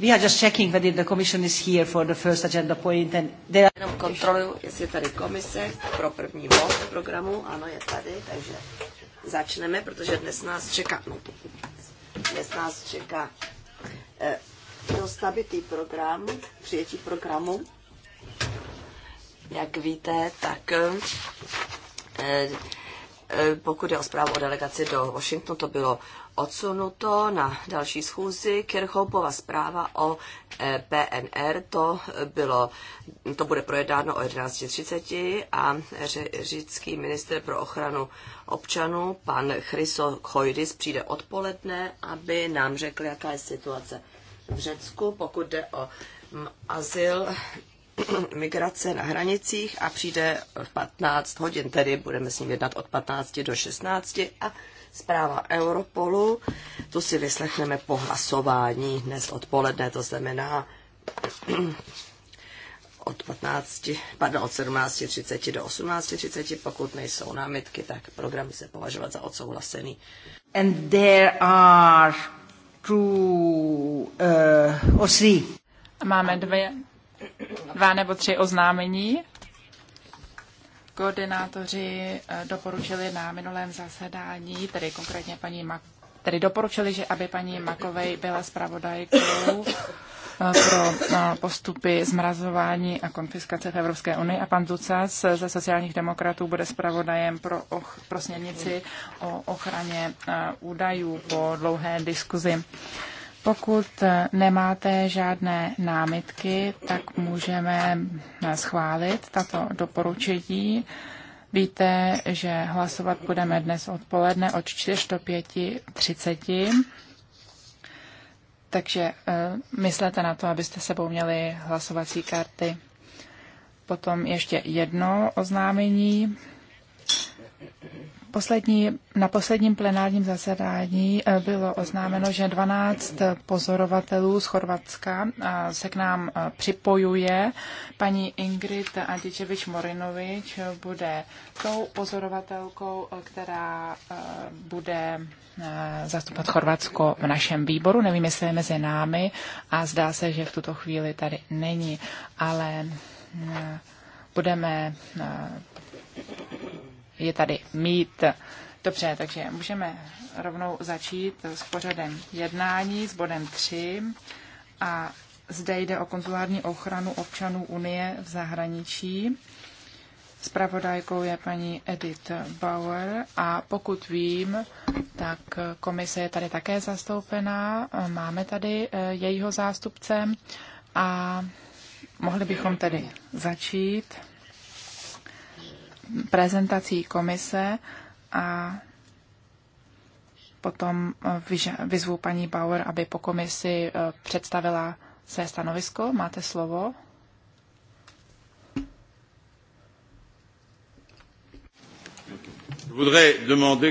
We are just checking whether the commission is here for the first agenda point and there are... Jenom jestli je tady komise pro první bod programu. Ano, je tady, takže začneme, protože dnes nás čeká... No, dnes nás čeká eh, program, přijetí programu. Jak víte, tak eh, Eh, pokud je o zprávu o delegaci do Washingtonu, to bylo odsunuto na další schůzi. Kirchhoffova zpráva o eh, PNR, to, bylo, to bude projednáno o 11.30 a řecký minister pro ochranu občanů, pan Chryso Choidis, přijde odpoledne, aby nám řekl, jaká je situace v Řecku, pokud jde o mm, azyl migrace na hranicích a přijde v 15 hodin, tedy budeme s ním jednat od 15 do 16 a zpráva Europolu, tu si vyslechneme po hlasování dnes odpoledne, to znamená od 15, pardon, od 17.30 do 18.30, pokud nejsou námitky, tak program se považovat za odsouhlasený. And there are two uh, or three. Máme dvě dva nebo tři oznámení. Koordinátoři eh, doporučili na minulém zasedání, tedy konkrétně paní Mak, tedy doporučili, že aby paní Makovej byla zpravodajkou eh, pro eh, postupy zmrazování a konfiskace v Evropské unii a pan Ducas ze sociálních demokratů bude zpravodajem pro, och, pro směrnici o ochraně údajů po dlouhé diskuzi. Pokud nemáte žádné námitky, tak můžeme schválit tato doporučení. Víte, že hlasovat budeme dnes odpoledne od 4 do 5.30. Takže eh, myslete na to, abyste sebou měli hlasovací karty. Potom ještě jedno oznámení. Poslední, na posledním plenárním zasedání eh, bylo oznámeno, že 12 pozorovatelů z Chorvatska eh, se k nám eh, připojuje. Paní Ingrid Antičevič Morinovič bude tou pozorovatelkou, která bude zastupovat Chorvatsko v našem výboru. Nevím, jestli je mezi námi a zdá se, že v tuto chvíli tady není, ale mm, budeme je tady mít. Dobře, takže můžeme rovnou začít s pořadem jednání, s bodem 3. A zde jde o konzulární ochranu občanů Unie v zahraničí. Spravodajkou je paní Edith Bauer a pokud vím, tak komise je tady také zastoupená. Máme tady eh, jejího zástupce a mohli bychom tedy začít prezentací komise a potom eh, vyzvu paní Bauer, aby po komisi eh, představila své stanovisko. Máte slovo.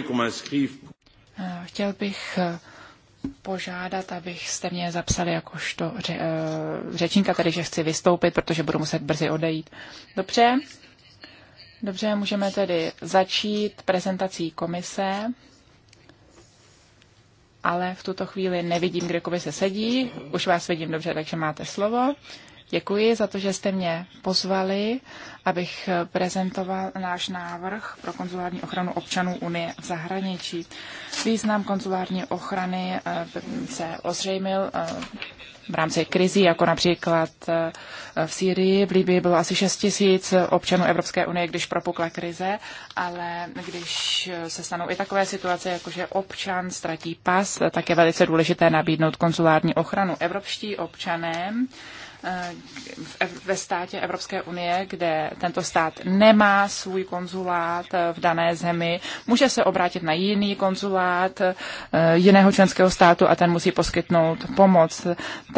Eh, chtěl bych požádat, jste mě zapsali jakožto řečníka, tedy že chci vystoupit, protože budu muset brzy odejít. Dobře, Dobře, můžeme tedy začít prezentací komise, ale v tuto chvíli nevidím, kde komise sedí. Už vás vidím dobře, takže máte slovo. Děkuji za to, že jste mě pozvali, abych prezentoval náš návrh pro konzulární ochranu občanů Unie v zahraničí. Význam konzulární ochrany eh, se ozřejmil eh, v rámci krizí, jako například eh, v Syrii, V Libii bylo asi 6 tisíc občanů Evropské unie, když propukla krize, ale když se stanou i takové situace, jako že občan ztratí pas, tak je velice důležité nabídnout konzulární ochranu. Evropští občané eh, ve státě Evropské unie, kde tento stát nemá svůj konzulát eh, v dané zemi, může se obrátit na jiný konzulát jiného členského státu a ten musí poskytnout pomoc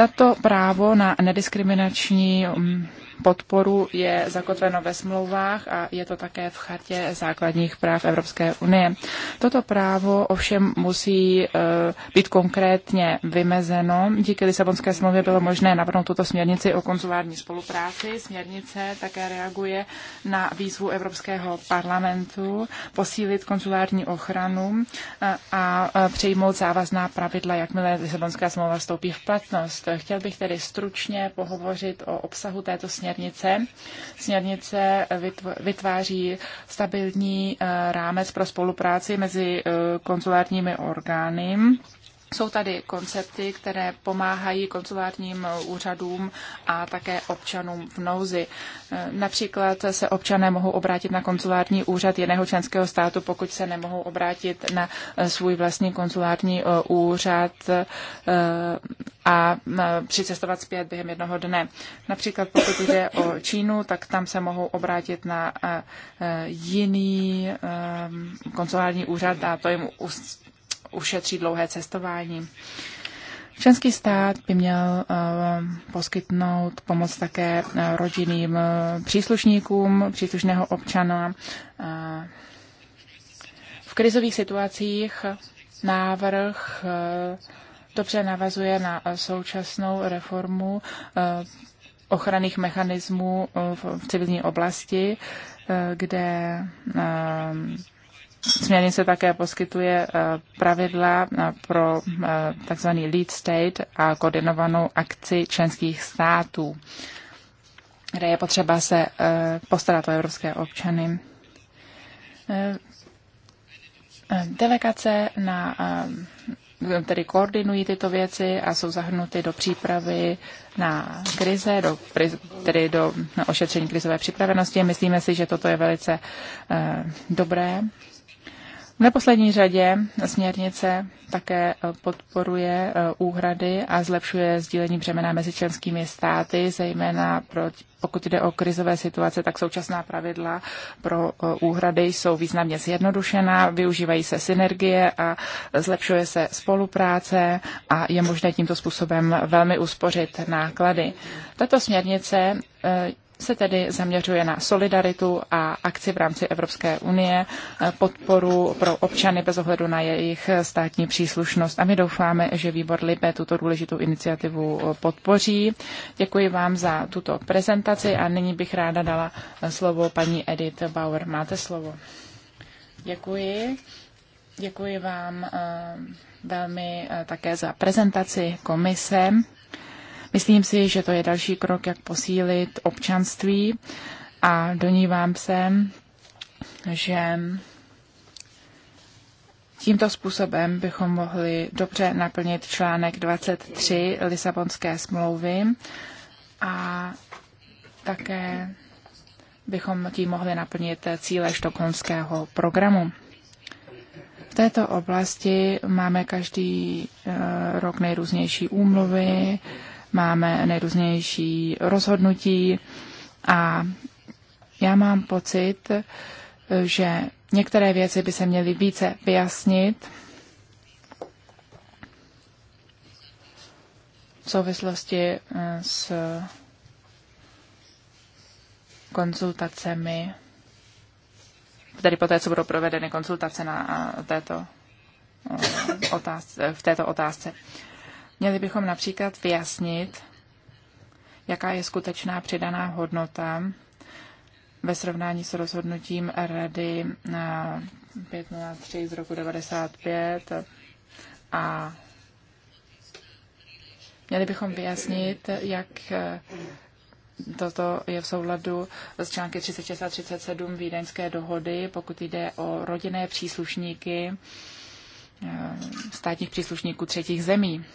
tato právo na nediskriminační mm, podporu je zakotveno ve smlouvách a je to také v chartě základních práv Evropské unie. Toto právo ovšem musí eh, být konkrétně vymezeno. Díky Lisabonské smlouvě bylo možné navrhnout tuto směrnici o konzulární spolupráci. Směrnice také reaguje na výzvu Evropského parlamentu posílit konzulární ochranu eh, a eh, přijmout závazná pravidla, jakmile Lisabonská smlouva vstoupí v platnost. Chtěl bych tedy stručně pohovořit o obsahu této směrnice směrnice. Směrnice vytváří stabilní eh, rámec pro spolupráci mezi eh, konzulárními orgány jsou tady koncepty, které pomáhají konzulárním úřadům a také občanům v nouzi. Například se občané mohou obrátit na konzulární úřad jiného členského státu, pokud se nemohou obrátit na svůj vlastní konzulární eh, úřad eh, a eh, přicestovat zpět během jednoho dne. Například pokud jde o Čínu, tak tam se mohou obrátit na jiný konzulární úřad a to jim ušetří dlouhé cestování. Členský stát by měl eh, poskytnout pomoc také eh, rodinným eh, příslušníkům příslušného občana. V krizových situacích návrh dobře navazuje na současnou reformu ochranných mechanismů v civilní oblasti, kde Směrnice také poskytuje eh, pravidla eh, pro eh, tzv. lead state a koordinovanou akci členských států, kde je potřeba se postarat o evropské občany. Delegace na, tedy koordinují tyto věci a jsou zahrnuty do přípravy na krize, do, tedy do ošetření krizové připravenosti. Myslíme si, že toto je velice dobré v neposlední řadě směrnice také e, podporuje e, úhrady a zlepšuje sdílení břemena mezi členskými státy, zejména pro, pokud jde o krizové situace, tak současná pravidla pro e, úhrady jsou významně zjednodušená, využívají se synergie a zlepšuje se spolupráce a je možné tímto způsobem velmi uspořit náklady. Tato směrnice se tedy zaměřuje na solidaritu a akci v rámci Evropské unie, e, podporu pro občany bez ohledu na jejich státní příslušnost. A my doufáme, že výbor Libe tuto důležitou iniciativu e, podpoří. Děkuji vám za tuto prezentaci a nyní bych ráda dala slovo paní Edith Bauer. Máte slovo. Děkuji. Děkuji vám e, velmi také za prezentaci komise. Myslím si, že to je další krok, jak posílit občanství a donívám se, že Tímto způsobem bychom mohli dobře naplnit článek 23 Lisabonské smlouvy a také bychom tím mohli naplnit cíle štokholmského programu. V této oblasti máme každý eh, rok nejrůznější úmluvy, máme nejrůznější rozhodnutí a já mám pocit, že některé věci by se měly více vyjasnit v souvislosti eh, s konzultacemi, tedy poté, co budou provedeny konzultace na této eh, otázce, v této otázce. Měli bychom například vyjasnit, jaká je skutečná přidaná hodnota ve srovnání s rozhodnutím Rady 503 z roku 95 a měli bychom vyjasnit, jak toto je v souladu s články 36 a 37 Vídeňské dohody, pokud jde o rodinné příslušníky eh, státních příslušníků třetích zemí.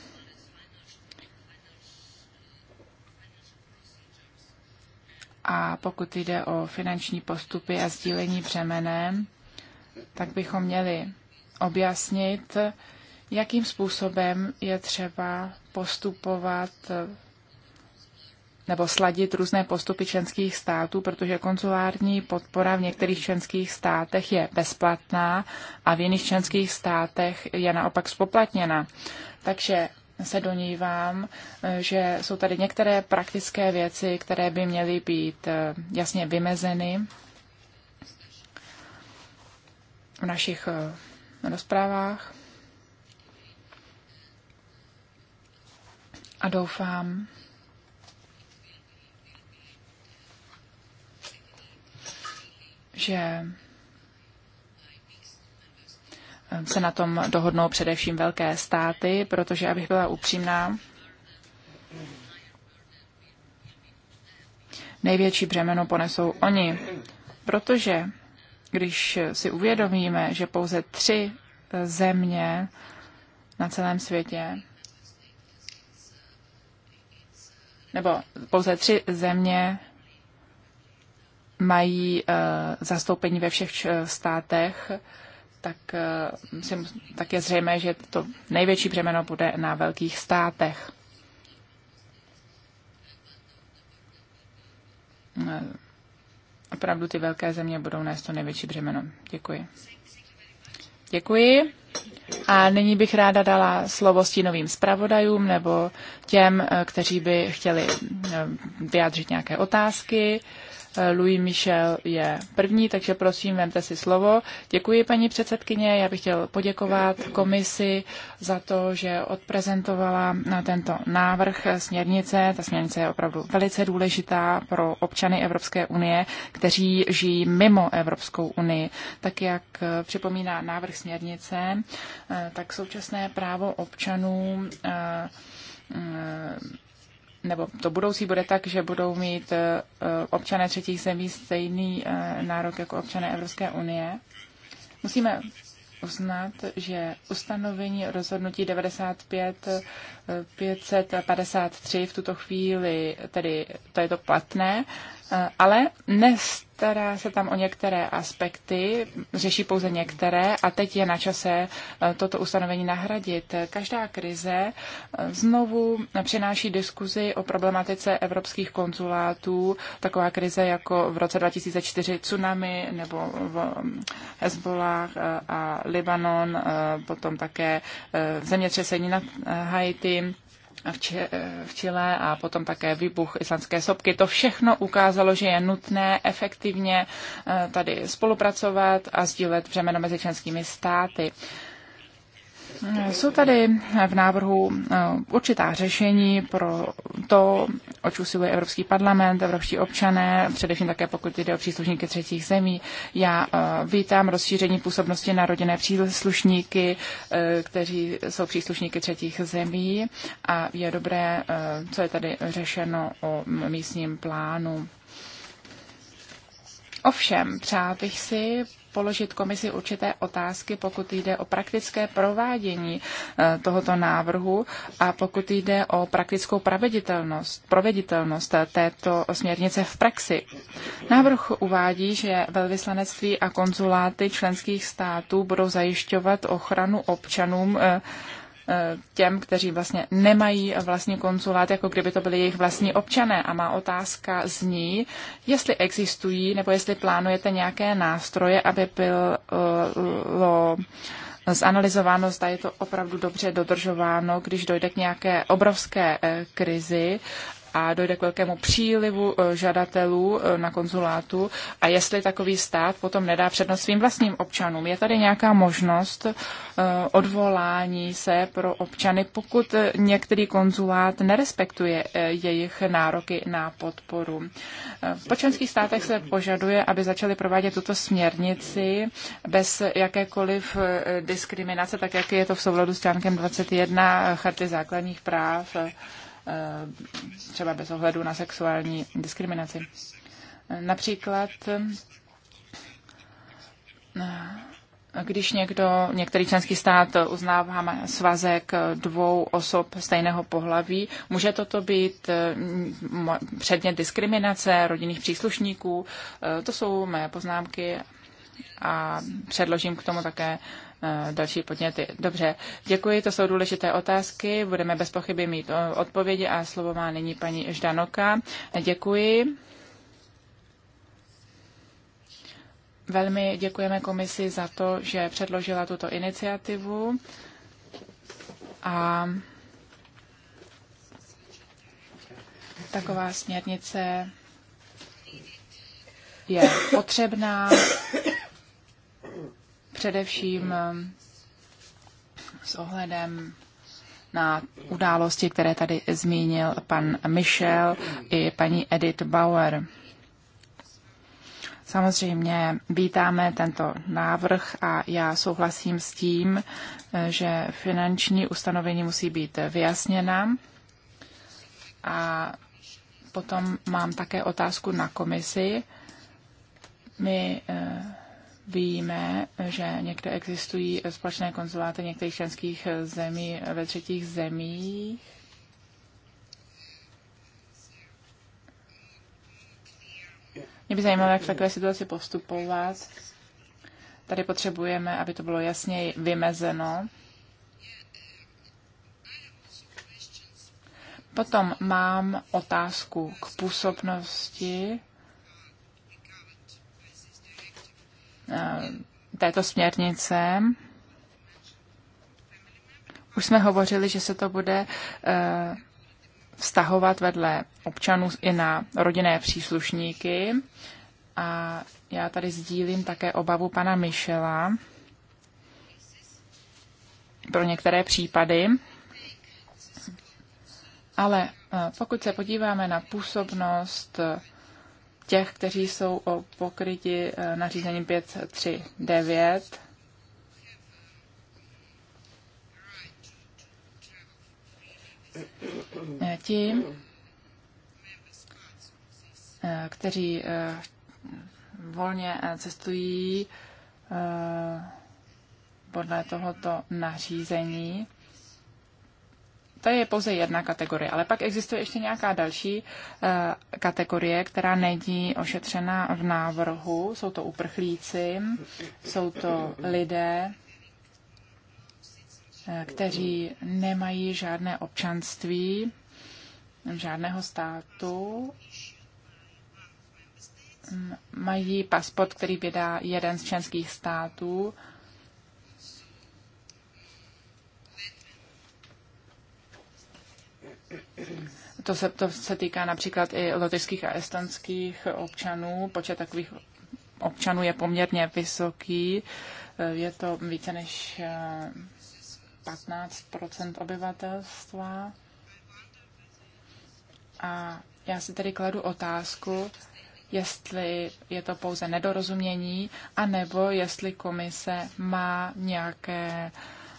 A pokud jde o finanční postupy a sdílení břemenem, tak bychom měli objasnit, jakým způsobem je třeba postupovat nebo sladit různé postupy členských států, protože konzulární podpora v některých členských státech je bezplatná a v jiných členských státech je naopak spoplatněna. Takže se donívám, že jsou tady některé praktické věci, které by měly být eh, jasně vymezeny v našich eh, rozprávách. A doufám, že se na tom dohodnou především velké státy, protože, abych byla upřímná, největší břemeno ponesou oni. Protože když si uvědomíme, že pouze tři země na celém světě, nebo pouze tři země mají eh, zastoupení ve všech eh, státech, tak, eh, myslím, tak je zřejmé, že to největší břemeno bude na velkých státech. Eh, opravdu ty velké země budou nést to největší břemeno. Děkuji. Děkuji. A nyní bych ráda dala slovo stínovým zpravodajům nebo těm, eh, kteří by chtěli vyjádřit nějaké otázky. Eh, Louis Michel je první, takže prosím, vemte si slovo. Děkuji, paní předsedkyně. Já bych chtěl poděkovat komisi za to, že odprezentovala eh, tento návrh eh, směrnice. Ta směrnice je opravdu velice důležitá pro občany Evropské unie, kteří žijí mimo Evropskou unii. Tak jak připomíná návrh směrnice, tak současné právo občanů mm, nebo to budoucí bude tak, že budou mít eh, občané třetích zemí stejný eh, nárok jako občané Evropské unie. Musíme uznat, že ustanovení rozhodnutí 95 553 eh, v tuto chvíli, tedy to je to platné, Eh, ale nestará se tam o některé aspekty, řeší pouze některé a teď je na čase eh, toto ustanovení nahradit. Každá krize eh, znovu přináší diskuzi o problematice evropských konzulátů, taková krize jako v roce 2004 tsunami nebo v Hezbollah a Libanon, potom také zemětřesení na Haiti v Chile a potom také výbuch islandské sopky. To všechno ukázalo, že je nutné efektivně eh, tady spolupracovat a sdílet břemeno mezi členskými státy. Jsou tady v návrhu eh, určitá řešení pro to, oč usiluje Evropský parlament, evropští občané, především také pokud jde o příslušníky třetích zemí. Já eh, vítám rozšíření působnosti na rodinné příslušníky, eh, kteří jsou příslušníky třetích zemí a je dobré, co je tady řešeno o místním plánu. Ovšem, přál bych si, položit komisi určité otázky, pokud jde o praktické provádění eh, tohoto návrhu a pokud jde o praktickou proveditelnost, proveditelnost této směrnice v praxi. Návrh uvádí, že velvyslanectví a konzuláty členských států budou zajišťovat ochranu občanům eh, těm, kteří vlastně nemají vlastní konzulát, jako kdyby to byli jejich vlastní občané. A má otázka z ní, jestli existují nebo jestli plánujete nějaké nástroje, aby bylo zanalizováno, zda je to opravdu dobře dodržováno, když dojde k nějaké obrovské eh, krizi a dojde k velkému přílivu e, žadatelů e, na konzulátu a jestli takový stát potom nedá přednost svým vlastním občanům. Je tady nějaká možnost e, odvolání se pro občany, pokud některý konzulát nerespektuje jejich nároky na podporu. V počenských státech se požaduje, aby začali provádět tuto směrnici bez jakékoliv diskriminace, tak jak je to v souladu s článkem 21 Charty základních práv Eh, třeba bez ohledu na sexuální diskriminaci. Například eh, když někdo, některý členský stát uznává svazek dvou osob stejného pohlaví, může toto být eh, předmět diskriminace rodinných příslušníků? To jsou mé poznámky a předložím k tomu také Eh, další podněty. Dobře, děkuji, to jsou důležité otázky, budeme bez pochyby mít eh, odpovědi a slovo má nyní paní Ždanoka. Děkuji. Velmi děkujeme komisi za to, že předložila tuto iniciativu a taková směrnice je potřebná Především eh, s ohledem na události, které tady zmínil pan Michel i paní Edith Bauer. Samozřejmě vítáme tento návrh a já souhlasím s tím, eh, že finanční ustanovení musí být vyjasněna. A potom mám také otázku na komisi. My eh, Víme, že někde existují společné konzuláty některých členských zemí ve třetích zemích. Mě by zajímalo, jak v takové situaci postupovat. Tady potřebujeme, aby to bylo jasně vymezeno. Potom mám otázku k působnosti Eh, této směrnice. Už jsme hovořili, že se to bude eh, vztahovat vedle občanů i na rodinné příslušníky. A já tady sdílím také obavu pana Michela pro některé případy. Ale eh, pokud se podíváme na působnost těch, kteří jsou o pokryti eh, nařízením 539. Eh, ti, eh, kteří volně cestují podle tohoto nařízení, to je pouze jedna kategorie, ale pak existuje ještě nějaká další eh, kategorie, která není ošetřena v návrhu. Jsou to uprchlíci, jsou to lidé, eh, kteří nemají žádné občanství žádného státu, mají pasport, který vydá jeden z členských států To se, to se týká například i lotyšských a estonských občanů. Počet takových občanů je poměrně vysoký. Eh, je to více než 15 eh, obyvatelstva. A já si tedy kladu otázku, jestli je to pouze nedorozumění, anebo jestli komise má nějaké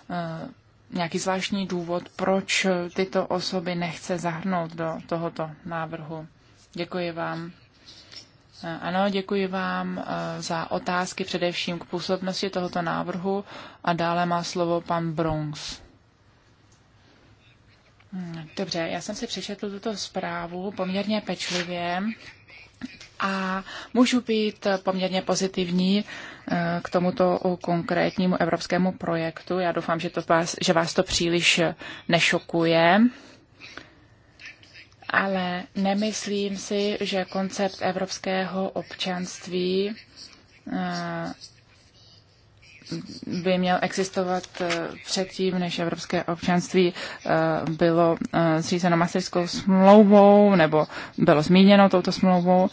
uh, nějaký zvláštní důvod, proč tyto osoby nechce zahrnout do tohoto návrhu. Děkuji vám. Eh, ano, děkuji vám eh, za otázky především k působnosti tohoto návrhu a dále má slovo pan Bronx. Hm, dobře, já jsem si přečetl tuto zprávu poměrně pečlivě a můžu být poměrně pozitivní eh, k tomuto konkrétnímu evropskému projektu. Já doufám, že, to vás, že vás to příliš nešokuje. Ale nemyslím si, že koncept evropského občanství eh, by měl existovat eh, předtím, než evropské občanství eh, bylo eh, zřízeno masterskou smlouvou nebo bylo zmíněno touto smlouvou.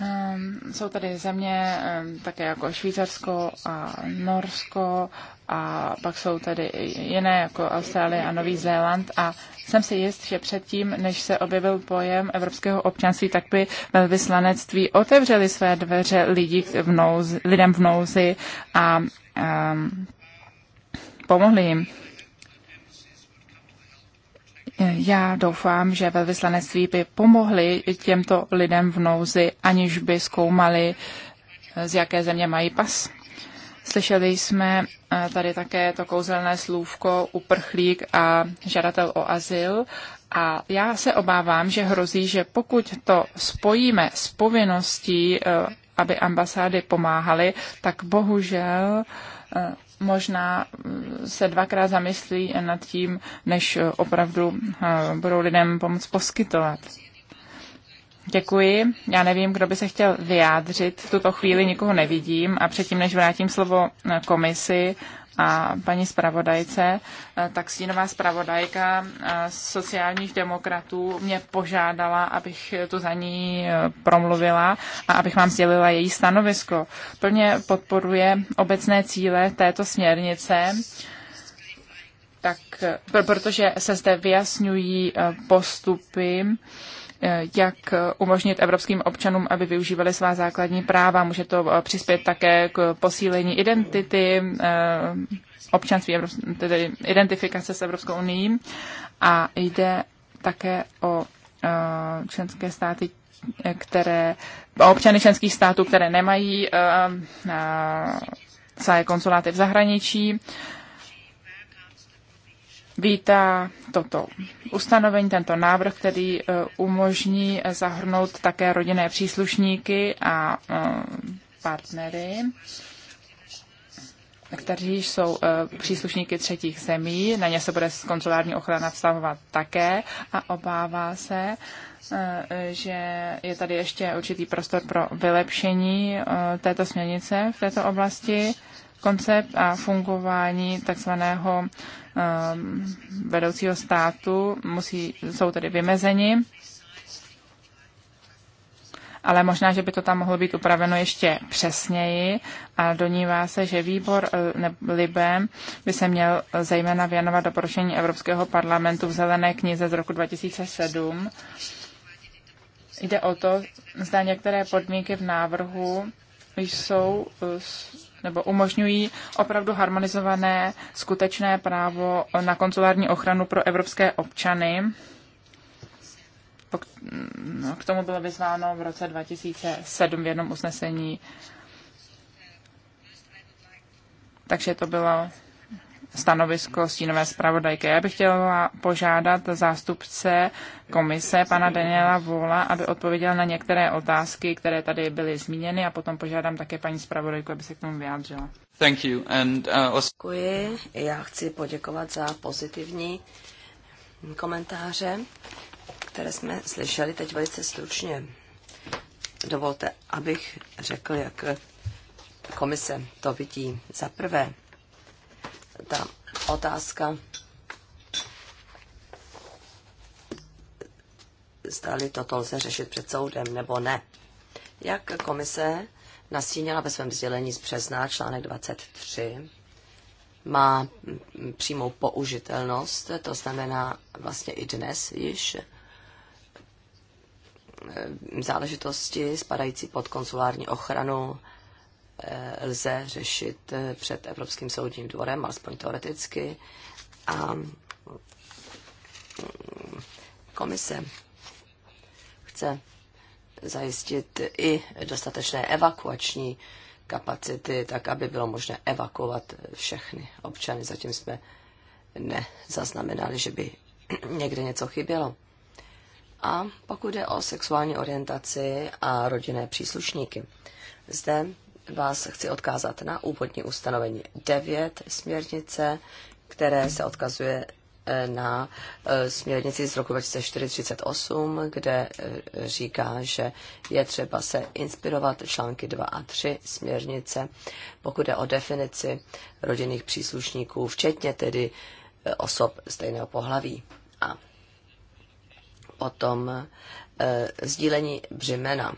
Ehm, jsou tady země ehm, také jako Švýcarsko a Norsko a pak jsou tady jiné jako Austrálie a Nový Zéland a jsem si jist, že předtím, než se objevil pojem evropského občanství, tak by velvyslanectví otevřeli své dveře lidí v nouzi, lidem v nouzi a Um, pomohli jim. Já doufám, že ve vyslanectví by pomohli těmto lidem v nouzi, aniž by zkoumali, z jaké země mají pas. Slyšeli jsme eh, tady také to kouzelné slůvko uprchlík a žadatel o azyl. A já se obávám, že hrozí, že pokud to spojíme s povinností eh, aby ambasády pomáhaly, tak bohužel eh, možná eh, se dvakrát zamyslí nad tím, než eh, opravdu budou lidem pomoc poskytovat. Děkuji. Já nevím, kdo by se chtěl vyjádřit. V tuto chvíli nikoho nevidím a předtím, než vrátím slovo komisi, a paní zpravodajce, eh, tak stínová zpravodajka eh, sociálních demokratů mě požádala, abych tu za ní eh, promluvila a abych vám sdělila její stanovisko. Plně podporuje obecné cíle této směrnice, tak, protože se zde vyjasňují postupy, Eh, jak umožnit evropským občanům, aby využívali svá základní práva. Může to eh, přispět také k posílení identity, eh, občanství, tedy identifikace s Evropskou unii. A jde také o členské státy, které, o občany členských států, které nemají své konzuláty v zahraničí vítá toto ustanovení, tento návrh, který e, umožní zahrnout také rodinné příslušníky a e, partnery kteří jsou e, příslušníky třetích zemí. Na ně se bude konzulární ochrana vztahovat také a obává se, že je tady ještě určitý prostor pro vylepšení této směrnice v této oblasti koncept a fungování takzvaného ehm, vedoucího státu musí, jsou tedy vymezeni, ale možná, že by to tam mohlo být upraveno ještě přesněji a donívá se, že výbor eh, Libem by se měl zejména věnovat doporučení Evropského parlamentu v zelené knize z roku 2007. Jde o to, zda některé podmínky v návrhu jsou eh, nebo umožňují opravdu harmonizované skutečné právo na konzulární ochranu pro evropské občany. No, k tomu bylo vyzváno v roce 2007 v jednom usnesení. Takže to bylo stanovisko stínové zpravodajky. Já bych chtěla požádat zástupce komise, pana Daniela Vola, aby odpověděl na některé otázky, které tady byly zmíněny a potom požádám také paní zpravodajku, aby se k tomu vyjádřila. Thank you. And, uh, Děkuji. Já chci poděkovat za pozitivní komentáře, které jsme slyšeli teď velice stručně. Dovolte, abych řekl, jak komise to vidí. Za prvé, ta otázka, zdali toto lze řešit před soudem nebo ne. Jak komise nastínila ve svém sdělení z března článek 23, má přímou použitelnost, to znamená vlastně i dnes již eh, záležitosti spadající pod konsulární ochranu lze řešit eh, před Evropským soudním dvorem, alespoň teoreticky. A mm, komise chce zajistit i dostatečné evakuační kapacity, tak aby bylo možné evakuovat všechny občany. Zatím jsme nezaznamenali, že by někde něco chybělo. A pokud je o sexuální orientaci a rodinné příslušníky, zde vás chci odkázat na úvodní ustanovení 9 směrnice, které se odkazuje e, na e, směrnici z roku 2438, kde e, říká, že je třeba se inspirovat články 2 a 3 směrnice, pokud je o definici rodinných příslušníků, včetně tedy osob stejného pohlaví. A potom Eh, sdílení břemena.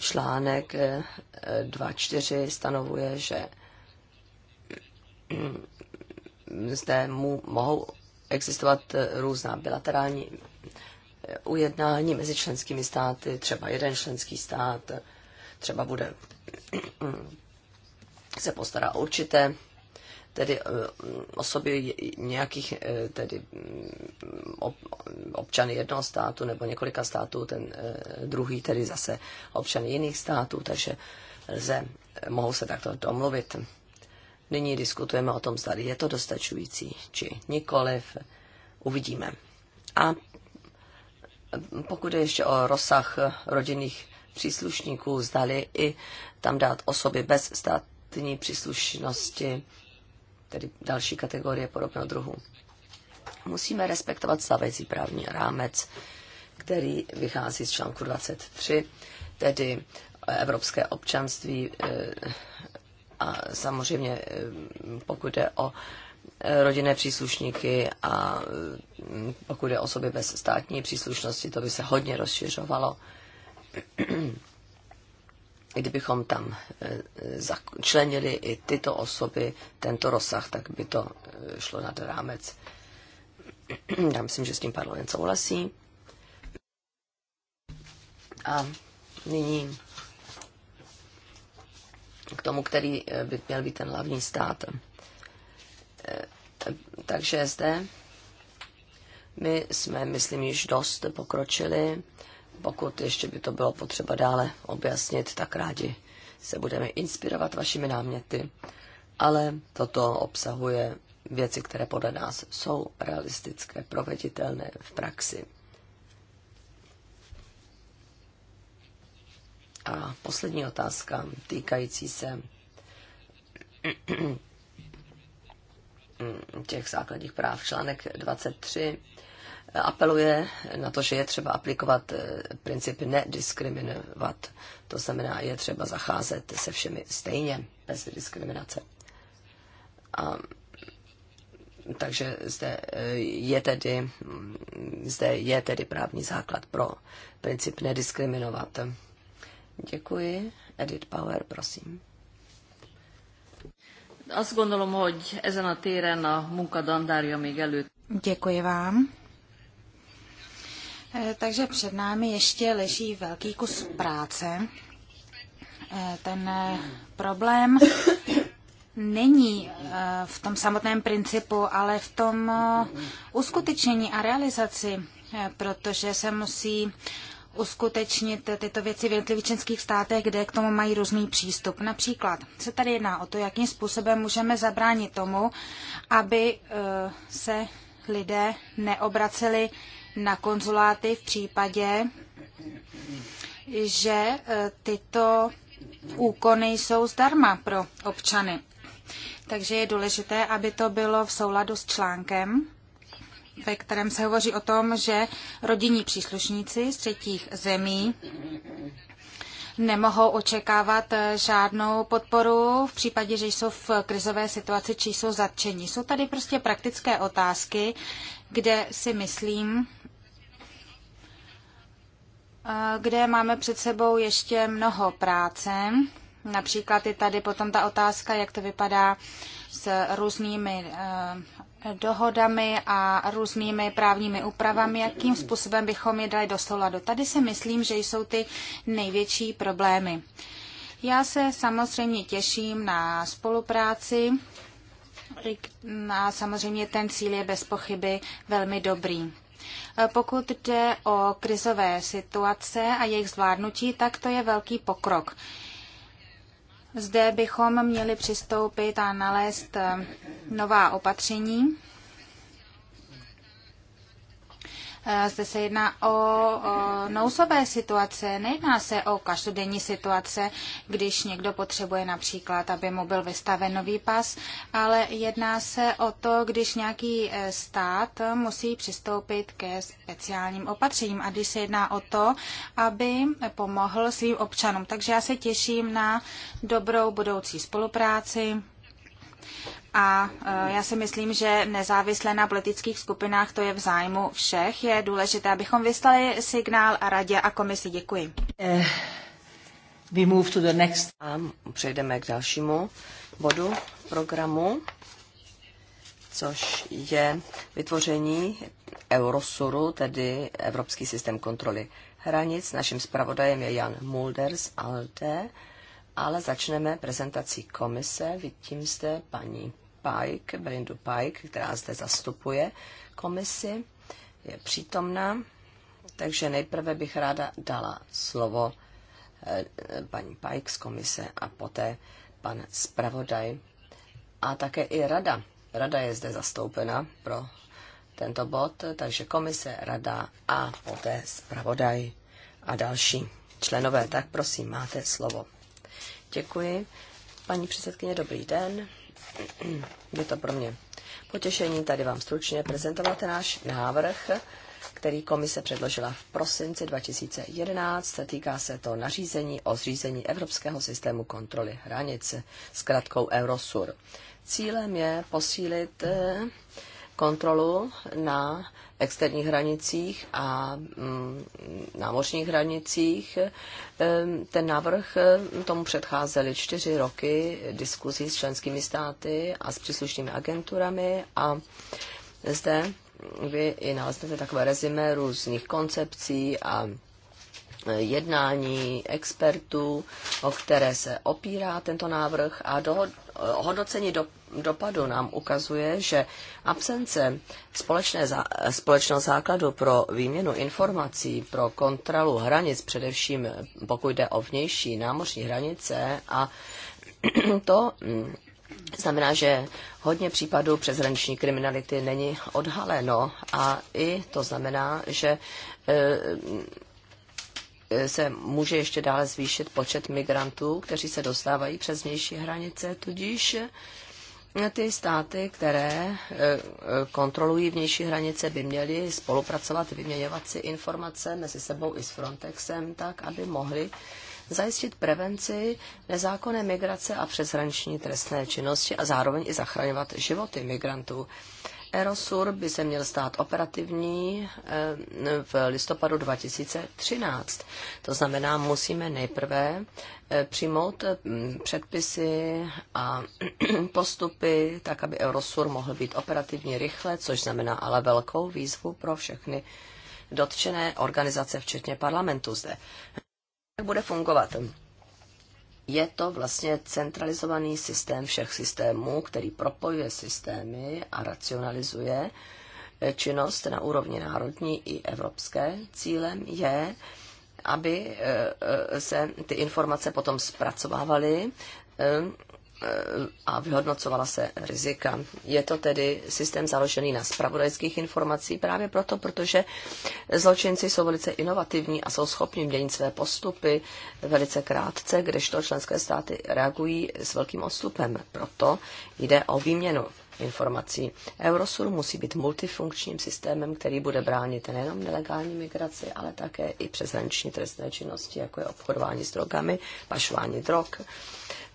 Článek 2.4 eh, stanovuje, že mm, zde mu mohou existovat eh, různá bilaterální ujednání mezi členskými státy, třeba jeden členský stát třeba bude mm, se postará o určité tedy eh, osoby nějakých eh, tedy mm, občany jednoho státu nebo několika států, ten eh, druhý tedy zase občany jiných států, takže lze, mohou se takto domluvit. Nyní diskutujeme o tom, zda je to dostačující, či nikoliv. Uvidíme. A pokud je ještě o rozsah rodinných příslušníků, zdali i tam dát osoby bez státní příslušnosti, tedy další kategorie podobného druhu. Musíme respektovat stávající právní rámec, který vychází z článku 23, tedy evropské občanství eh, a samozřejmě eh, pokud jde o eh, rodinné příslušníky a mm, pokud jde osoby bez státní příslušnosti, to by se hodně rozšiřovalo. kdybychom tam eh, začlenili i tyto osoby, tento rozsah, tak by to eh, šlo nad rámec. Já myslím, že s tím parlament souhlasí. A nyní k tomu, který eh, by měl být ten hlavní stát. Takže zde my jsme, myslím, již dost pokročili pokud ještě by to bylo potřeba dále objasnit, tak rádi se budeme inspirovat vašimi náměty. Ale toto obsahuje věci, které podle nás jsou realistické, proveditelné v praxi. A poslední otázka týkající se těch základních práv. Článek 23 apeluje na to, že je třeba aplikovat eh, princip nediskriminovat. To znamená, je třeba zacházet se všemi stejně, bez diskriminace. A, takže zde eh, je, tedy, hm, zde je tedy právní základ pro princip nediskriminovat. Děkuji. Edit Power, prosím. Azt gondolom, hogy ezen a téren a munkadandárja még előtt. Děkuji vám. Eh, takže před námi ještě leží velký kus práce. Eh, ten eh, problém není v tom samotném principu, ale v tom uskutečnění a realizaci, protože se musí uskutečnit tyto věci v jednotlivých členských státech, kde k tomu mají různý přístup. Například se tady jedná o to, jakým způsobem můžeme zabránit tomu, aby se lidé neobraceli na konzuláty v případě, že e, tyto úkony jsou zdarma pro občany. Takže je důležité, aby to bylo v souladu s článkem, ve kterém se hovoří o tom, že rodinní příslušníci z třetích zemí nemohou očekávat e, žádnou podporu v případě, že jsou v krizové situaci či jsou zatčeni. Jsou tady prostě praktické otázky, kde si myslím, kde máme před sebou ještě mnoho práce. Například je tady potom ta otázka, jak to vypadá s různými eh, dohodami a různými právními úpravami, jakým způsobem bychom je dali do souladu. Tady si myslím, že jsou ty největší problémy. Já se samozřejmě těším na spolupráci a samozřejmě ten cíl je bez pochyby velmi dobrý. Eh, pokud jde o krizové situace a jejich zvládnutí, tak to je velký pokrok. Zde bychom měli přistoupit a nalézt eh, nová opatření Eh, zde se jedná o, o nouzové situace, nejedná se o každodenní situace, když někdo potřebuje například, aby mu byl vystaven nový pas, ale jedná se o to, když nějaký eh, stát musí přistoupit ke speciálním opatřením a když se jedná o to, aby pomohl svým občanům. Takže já se těším na dobrou budoucí spolupráci a eh, já si myslím, že nezávisle na politických skupinách to je v zájmu všech. Je důležité, abychom vyslali signál a radě a komisi. Děkuji. Uh, we move to the next. A přejdeme k dalšímu bodu programu, což je vytvoření Eurosuru, tedy Evropský systém kontroly hranic. Naším zpravodajem je Jan Mulder z ALDE, ale začneme prezentací komise. Vidím zde paní Pajk, Belindu Pajk, která zde zastupuje komisi, je přítomná. Takže nejprve bych ráda dala slovo eh, paní Pajk z komise a poté pan zpravodaj a také i rada. Rada je zde zastoupena pro tento bod, takže komise, rada a poté zpravodaj a další členové. Tak prosím, máte slovo. Děkuji. Paní předsedkyně, dobrý den je to pro mě potěšení tady vám stručně prezentovat náš návrh, který komise předložila v prosinci 2011. Týká se to nařízení o zřízení Evropského systému kontroly hranic s kratkou Eurosur. Cílem je posílit eh, kontrolu na externích hranicích a mm, námořních hranicích. Ten návrh mm, tomu předcházely čtyři roky diskuzí s členskými státy a s příslušnými agenturami a zde vy i naleznete takové rezime různých koncepcí a e, jednání expertů, o které se opírá tento návrh a dohod, hodnocení do, dopadu nám ukazuje, že absence společné zá, společného základu pro výměnu informací, pro kontrolu hranic, především pokud jde o vnější námořní hranice a to mm, Znamená, že hodně případů přeshraniční kriminality není odhaleno a i to znamená, že eh, se může ještě dále zvýšit počet migrantů, kteří se dostávají přes vnější hranice, tudíž ty státy, které e, e, kontrolují vnější hranice, by měly spolupracovat, vyměňovat si informace mezi sebou i s Frontexem, tak, aby mohli zajistit prevenci nezákonné migrace a přeshraniční trestné činnosti a zároveň i zachraňovat životy migrantů. Erosur by se měl stát operativní eh, v listopadu 2013. To znamená, musíme nejprve eh, přijmout eh, předpisy a postupy, tak aby Eurosur mohl být operativní rychle, což znamená ale velkou výzvu pro všechny dotčené organizace, včetně parlamentu zde. Jak bude fungovat? je to vlastně centralizovaný systém všech systémů, který propojuje systémy a racionalizuje eh, činnost na úrovni národní i evropské. Cílem je, aby eh, eh, se ty informace potom zpracovávaly a vyhodnocovala se rizika. Je to tedy systém založený na spravodajských informací právě proto, protože zločinci jsou velice inovativní a jsou schopni měnit své postupy velice krátce, kdežto členské státy reagují s velkým odstupem. Proto jde o výměnu informací. Eurosur musí být multifunkčním systémem, který bude bránit nejenom nelegální migraci, ale také i přeshraniční trestné činnosti, jako je obchodování s drogami, pašování drog,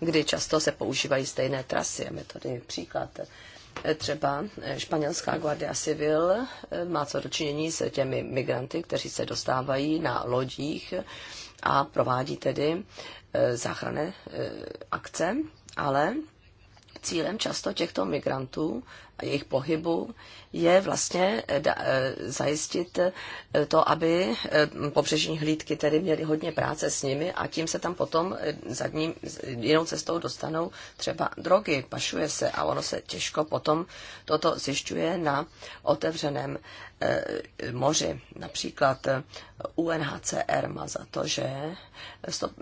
kdy často se používají stejné trasy a metody. Příklad eh, třeba eh, španělská Guardia Civil eh, má co dočinění s těmi migranty, kteří se dostávají na lodích a provádí tedy záchranné akce, ale cílem často těchto migrantů a jejich pohybu je vlastně eh, eh, zajistit eh, to, aby pobřežní hlídky tedy měly hodně práce s nimi a tím se tam potom zadním jinou cestou dostanou třeba drogy, pašuje se a ono se těžko potom toto zjišťuje na otevřeném Eh, moři. Například eh, UNHCR má za to, že,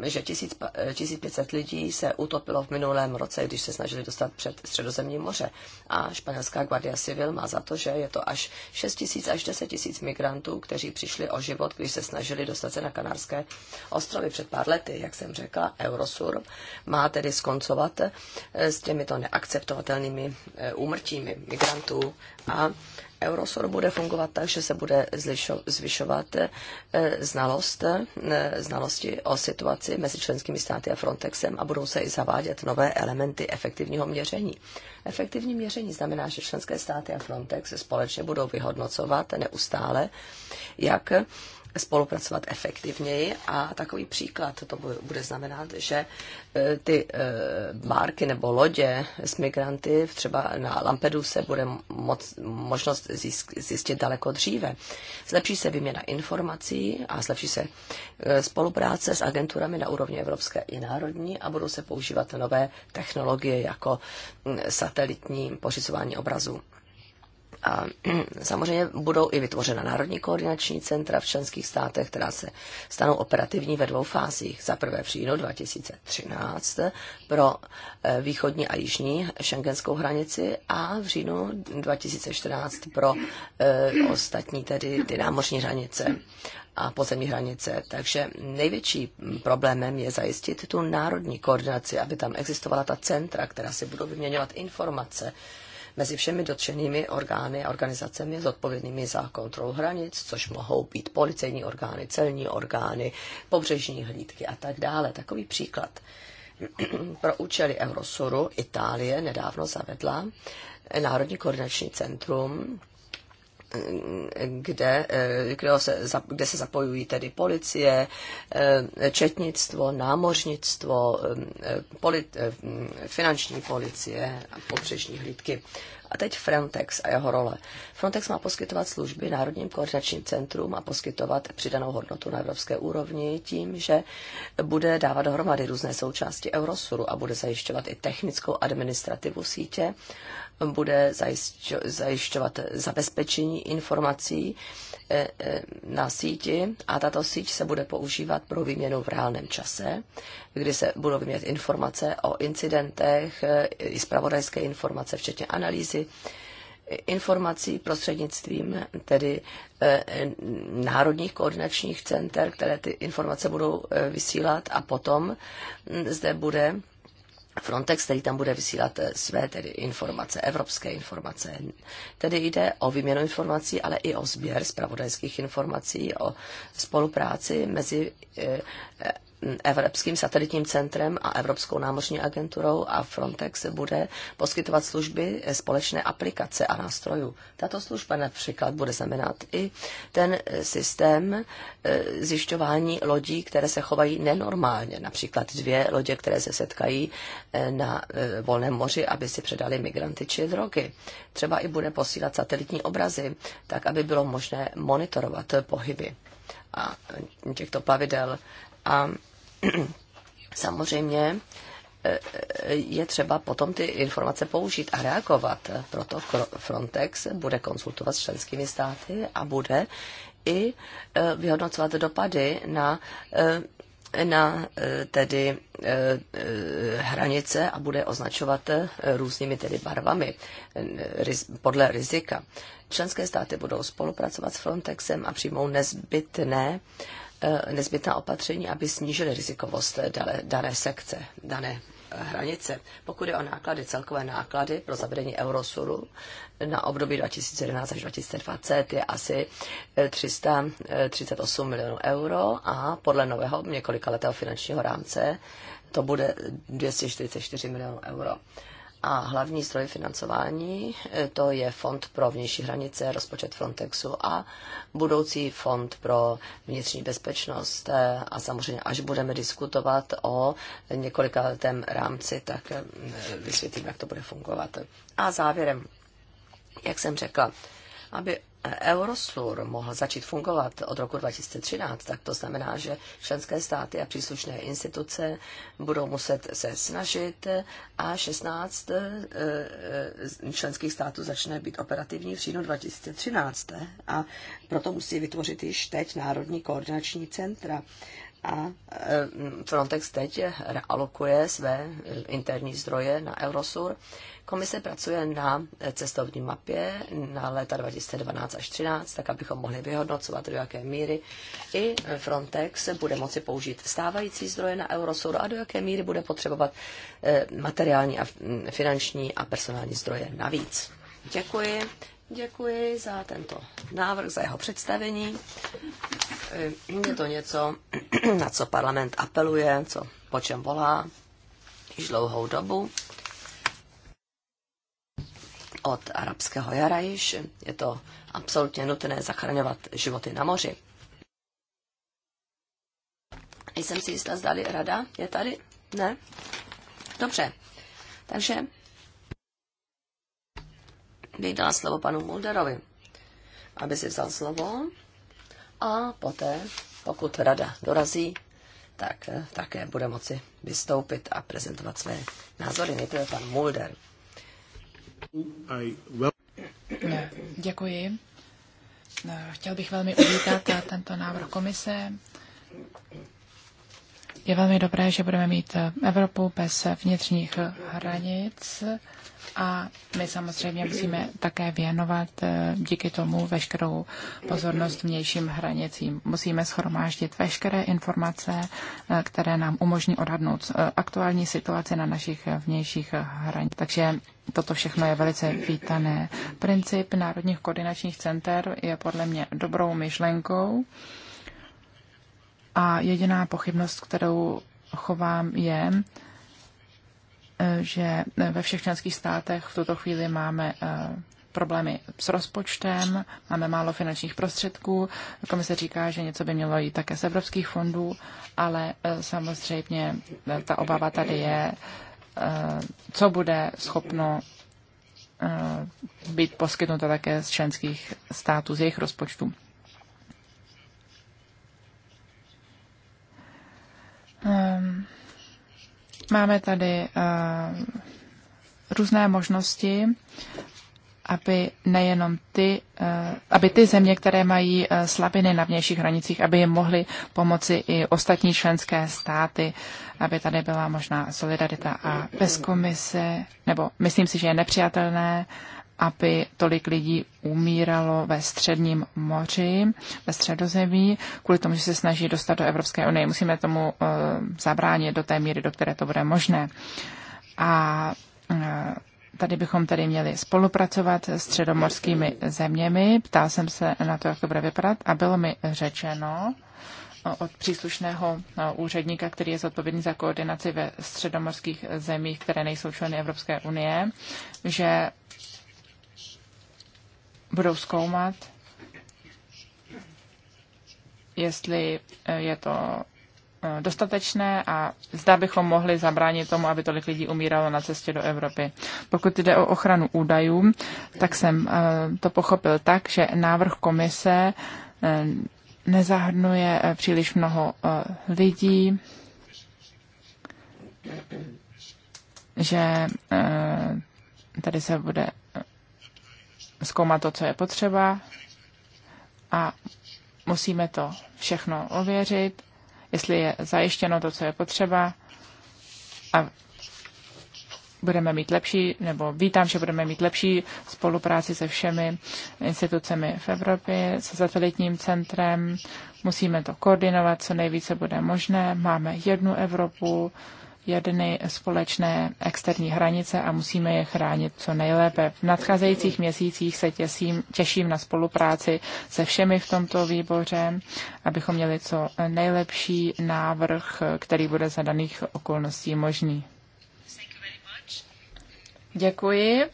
že 1500 eh, lidí se utopilo v minulém roce, když se snažili dostat před Středozemní moře. A španělská Guardia Civil má za to, že je to až 6000 až 10 000 migrantů, kteří přišli o život, když se snažili dostat se na Kanárské ostrovy před pár lety. Jak jsem řekla, Eurosur má tedy skoncovat s těmito neakceptovatelnými úmrtími migrantů a Eurosor bude fungovat tak, že se bude zvyšovat eh, znalost, eh, znalosti o situaci mezi členskými státy a Frontexem a budou se i zavádět nové elementy efektivního měření. Efektivní měření znamená, že členské státy a Frontex společně budou vyhodnocovat neustále, jak spolupracovat efektivněji a takový příklad to bude znamenat, že e, ty e, bárky nebo lodě s migranty třeba na Lampeduse bude moc, možnost zjistit daleko dříve. Zlepší se výměna informací a zlepší se e, spolupráce s agenturami na úrovni evropské i národní a budou se používat nové technologie jako satelitní pořizování obrazů. A mm, samozřejmě budou i vytvořena národní koordinační centra v členských státech, která se stanou operativní ve dvou fázích. Za prvé v říjnu 2013 pro e, východní a jižní šengenskou hranici a v říjnu 2014 pro e, ostatní, tedy ty námořní hranice a pozemní hranice. Takže největší problémem je zajistit tu národní koordinaci, aby tam existovala ta centra, která si budou vyměňovat informace mezi všemi dotčenými orgány a organizacemi zodpovědnými za kontrolu hranic, což mohou být policejní orgány, celní orgány, pobřežní hlídky a tak dále. Takový příklad. Pro účely Eurosuru Itálie nedávno zavedla Národní koordinační centrum kde, eh, kde, se, kde se zapojují tedy policie, eh, četnictvo, námořnictvo, eh, polit, finanční policie a pobřežní hlídky. A teď Frontex a jeho role. Frontex má poskytovat služby národním koordinačním centrum a poskytovat přidanou hodnotu na evropské úrovni tím, že bude dávat dohromady různé součásti Eurosuru a bude zajišťovat i technickou administrativu sítě, bude zajišťovat zabezpečení informací e, e, na síti a tato síť se bude používat pro výměnu v reálném čase, kdy se budou vyměnit informace o incidentech, e, i zpravodajské informace, včetně analýzy transpozici informací prostřednictvím tedy eh, národních koordinačních center, které ty informace budou eh, vysílat a potom hm, zde bude Frontex, který tam bude vysílat eh, své tedy informace, evropské informace. Tedy jde o výměnu informací, ale i o sběr zpravodajských informací, o spolupráci mezi Evropským satelitním centrem a Evropskou námořní agenturou a Frontex bude poskytovat služby eh, společné aplikace a nástrojů. Tato služba například bude znamenat i ten eh, systém eh, zjišťování lodí, které se chovají nenormálně. Například dvě lodě, které se setkají na volném moři, aby si předali migranty či drogy. Třeba i bude posílat satelitní obrazy, tak aby bylo možné monitorovat pohyby a těchto plavidel a Samozřejmě e, e, je třeba potom ty informace použít a reagovat. Proto Frontex bude konsultovat s členskými státy a bude i e, vyhodnocovat dopady na, na tedy hranice a bude označovat různými tedy barvami podle rizika. Členské státy budou spolupracovat s Frontexem a přijmou nezbytné uh, Eh, nezbytná opatření, aby snížili rizikovost dané sekce, dané eh, hranice. Pokud je o náklady, celkové náklady pro zavedení Eurosuru na období 2011 až 2020 je asi 338 eh, milionů euro a podle nového letého finančního rámce to bude 244 milionů euro. A hlavní zdroj financování e, to je Fond pro vnější hranice, rozpočet Frontexu a budoucí Fond pro vnitřní bezpečnost. E, a samozřejmě, až budeme diskutovat o několika letém rámci, tak e, vysvětlím, jak to bude fungovat. A závěrem, jak jsem řekla, aby Eurosur mohl začít fungovat od roku 2013, tak to znamená, že členské státy a příslušné instituce budou muset se snažit a 16 eh, eh, členských států začne být operativní v říjnu 2013 a proto musí vytvořit již teď Národní koordinační centra. A eh, Frontex teď realokuje své interní zdroje na Eurosur Komise pracuje na cestovní mapě na léta 2012 až 2013, tak abychom mohli vyhodnocovat, do jaké míry i Frontex bude moci použít stávající zdroje na Eurosur a do jaké míry bude potřebovat eh, materiální a finanční a personální zdroje navíc. Děkuji. Děkuji za tento návrh, za jeho představení. Eh, je to něco, na co parlament apeluje, co po čem volá již dlouhou dobu od arabského jara již. Je to absolutně nutné zachraňovat životy na moři. Jsem si jistá, zdali rada je tady? Ne? Dobře. Takže bych dala slovo panu Mulderovi, aby si vzal slovo a poté, pokud rada dorazí, tak eh, také bude moci vystoupit a prezentovat své názory. Nejprve pan Mulder. Děkuji. Chtěl bych velmi uvítat tento návrh komise je velmi dobré, že budeme mít eh, Evropu bez vnitřních eh, hranic a my samozřejmě musíme také věnovat eh, díky tomu veškerou pozornost vnějším hranicím. Musíme schromáždit veškeré informace, které nám umožní odhadnout aktuální situaci na našich vnějších hranicích. Takže toto všechno je velice vítané. Princip národních koordinačních center je podle mě dobrou myšlenkou. A jediná pochybnost, kterou chovám, je, eh, že ve všech členských státech v tuto chvíli máme eh, problémy s rozpočtem, máme málo finančních prostředků. Komise říká, že něco by mělo jít také z evropských fondů, ale eh, samozřejmě ta obava tady je, co bude schopno být poskytnuto také z členských států, z jejich rozpočtů. Ehm, máme tady ehm, různé možnosti, aby nejenom ty, eh, aby ty země, které mají eh, slabiny na vnějších hranicích, aby jim mohly pomoci i ostatní členské státy, aby tady byla možná solidarita a bez komise, nebo myslím si, že je nepřijatelné, aby tolik lidí umíralo ve středním moři, ve středozemí, kvůli tomu, že se snaží dostat do Evropské unie. Musíme tomu eh, zabránit do té míry, do které to bude možné. A eh, Tady bychom tedy měli spolupracovat s středomorskými zeměmi. Ptal jsem se na to, jak to bude vypadat a bylo mi řečeno eh, od příslušného úředníka, který je zodpovědný za koordinaci ve středomorských zemích, které nejsou členy Evropské unie, že budou zkoumat, jestli eh, je to eh, dostatečné a zda bychom mohli zabránit tomu, aby tolik lidí umíralo na cestě do Evropy. Pokud jde o ochranu údajů, tak jsem eh, to pochopil tak, že návrh komise nezahrnuje příliš mnoho lidí, že tady se bude zkoumat to, co je potřeba a musíme to všechno ověřit, jestli je zajištěno to, co je potřeba a budeme mít lepší, nebo vítám, že budeme mít lepší spolupráci se všemi institucemi v Evropě, se satelitním centrem. Musíme to koordinovat, co nejvíce bude možné. Máme jednu Evropu, jedny společné externí hranice a musíme je chránit co nejlépe. V nadcházejících měsících se těsím, těším na spolupráci se všemi v tomto výboře, abychom měli co nejlepší návrh, který bude za daných okolností možný. Děkuji.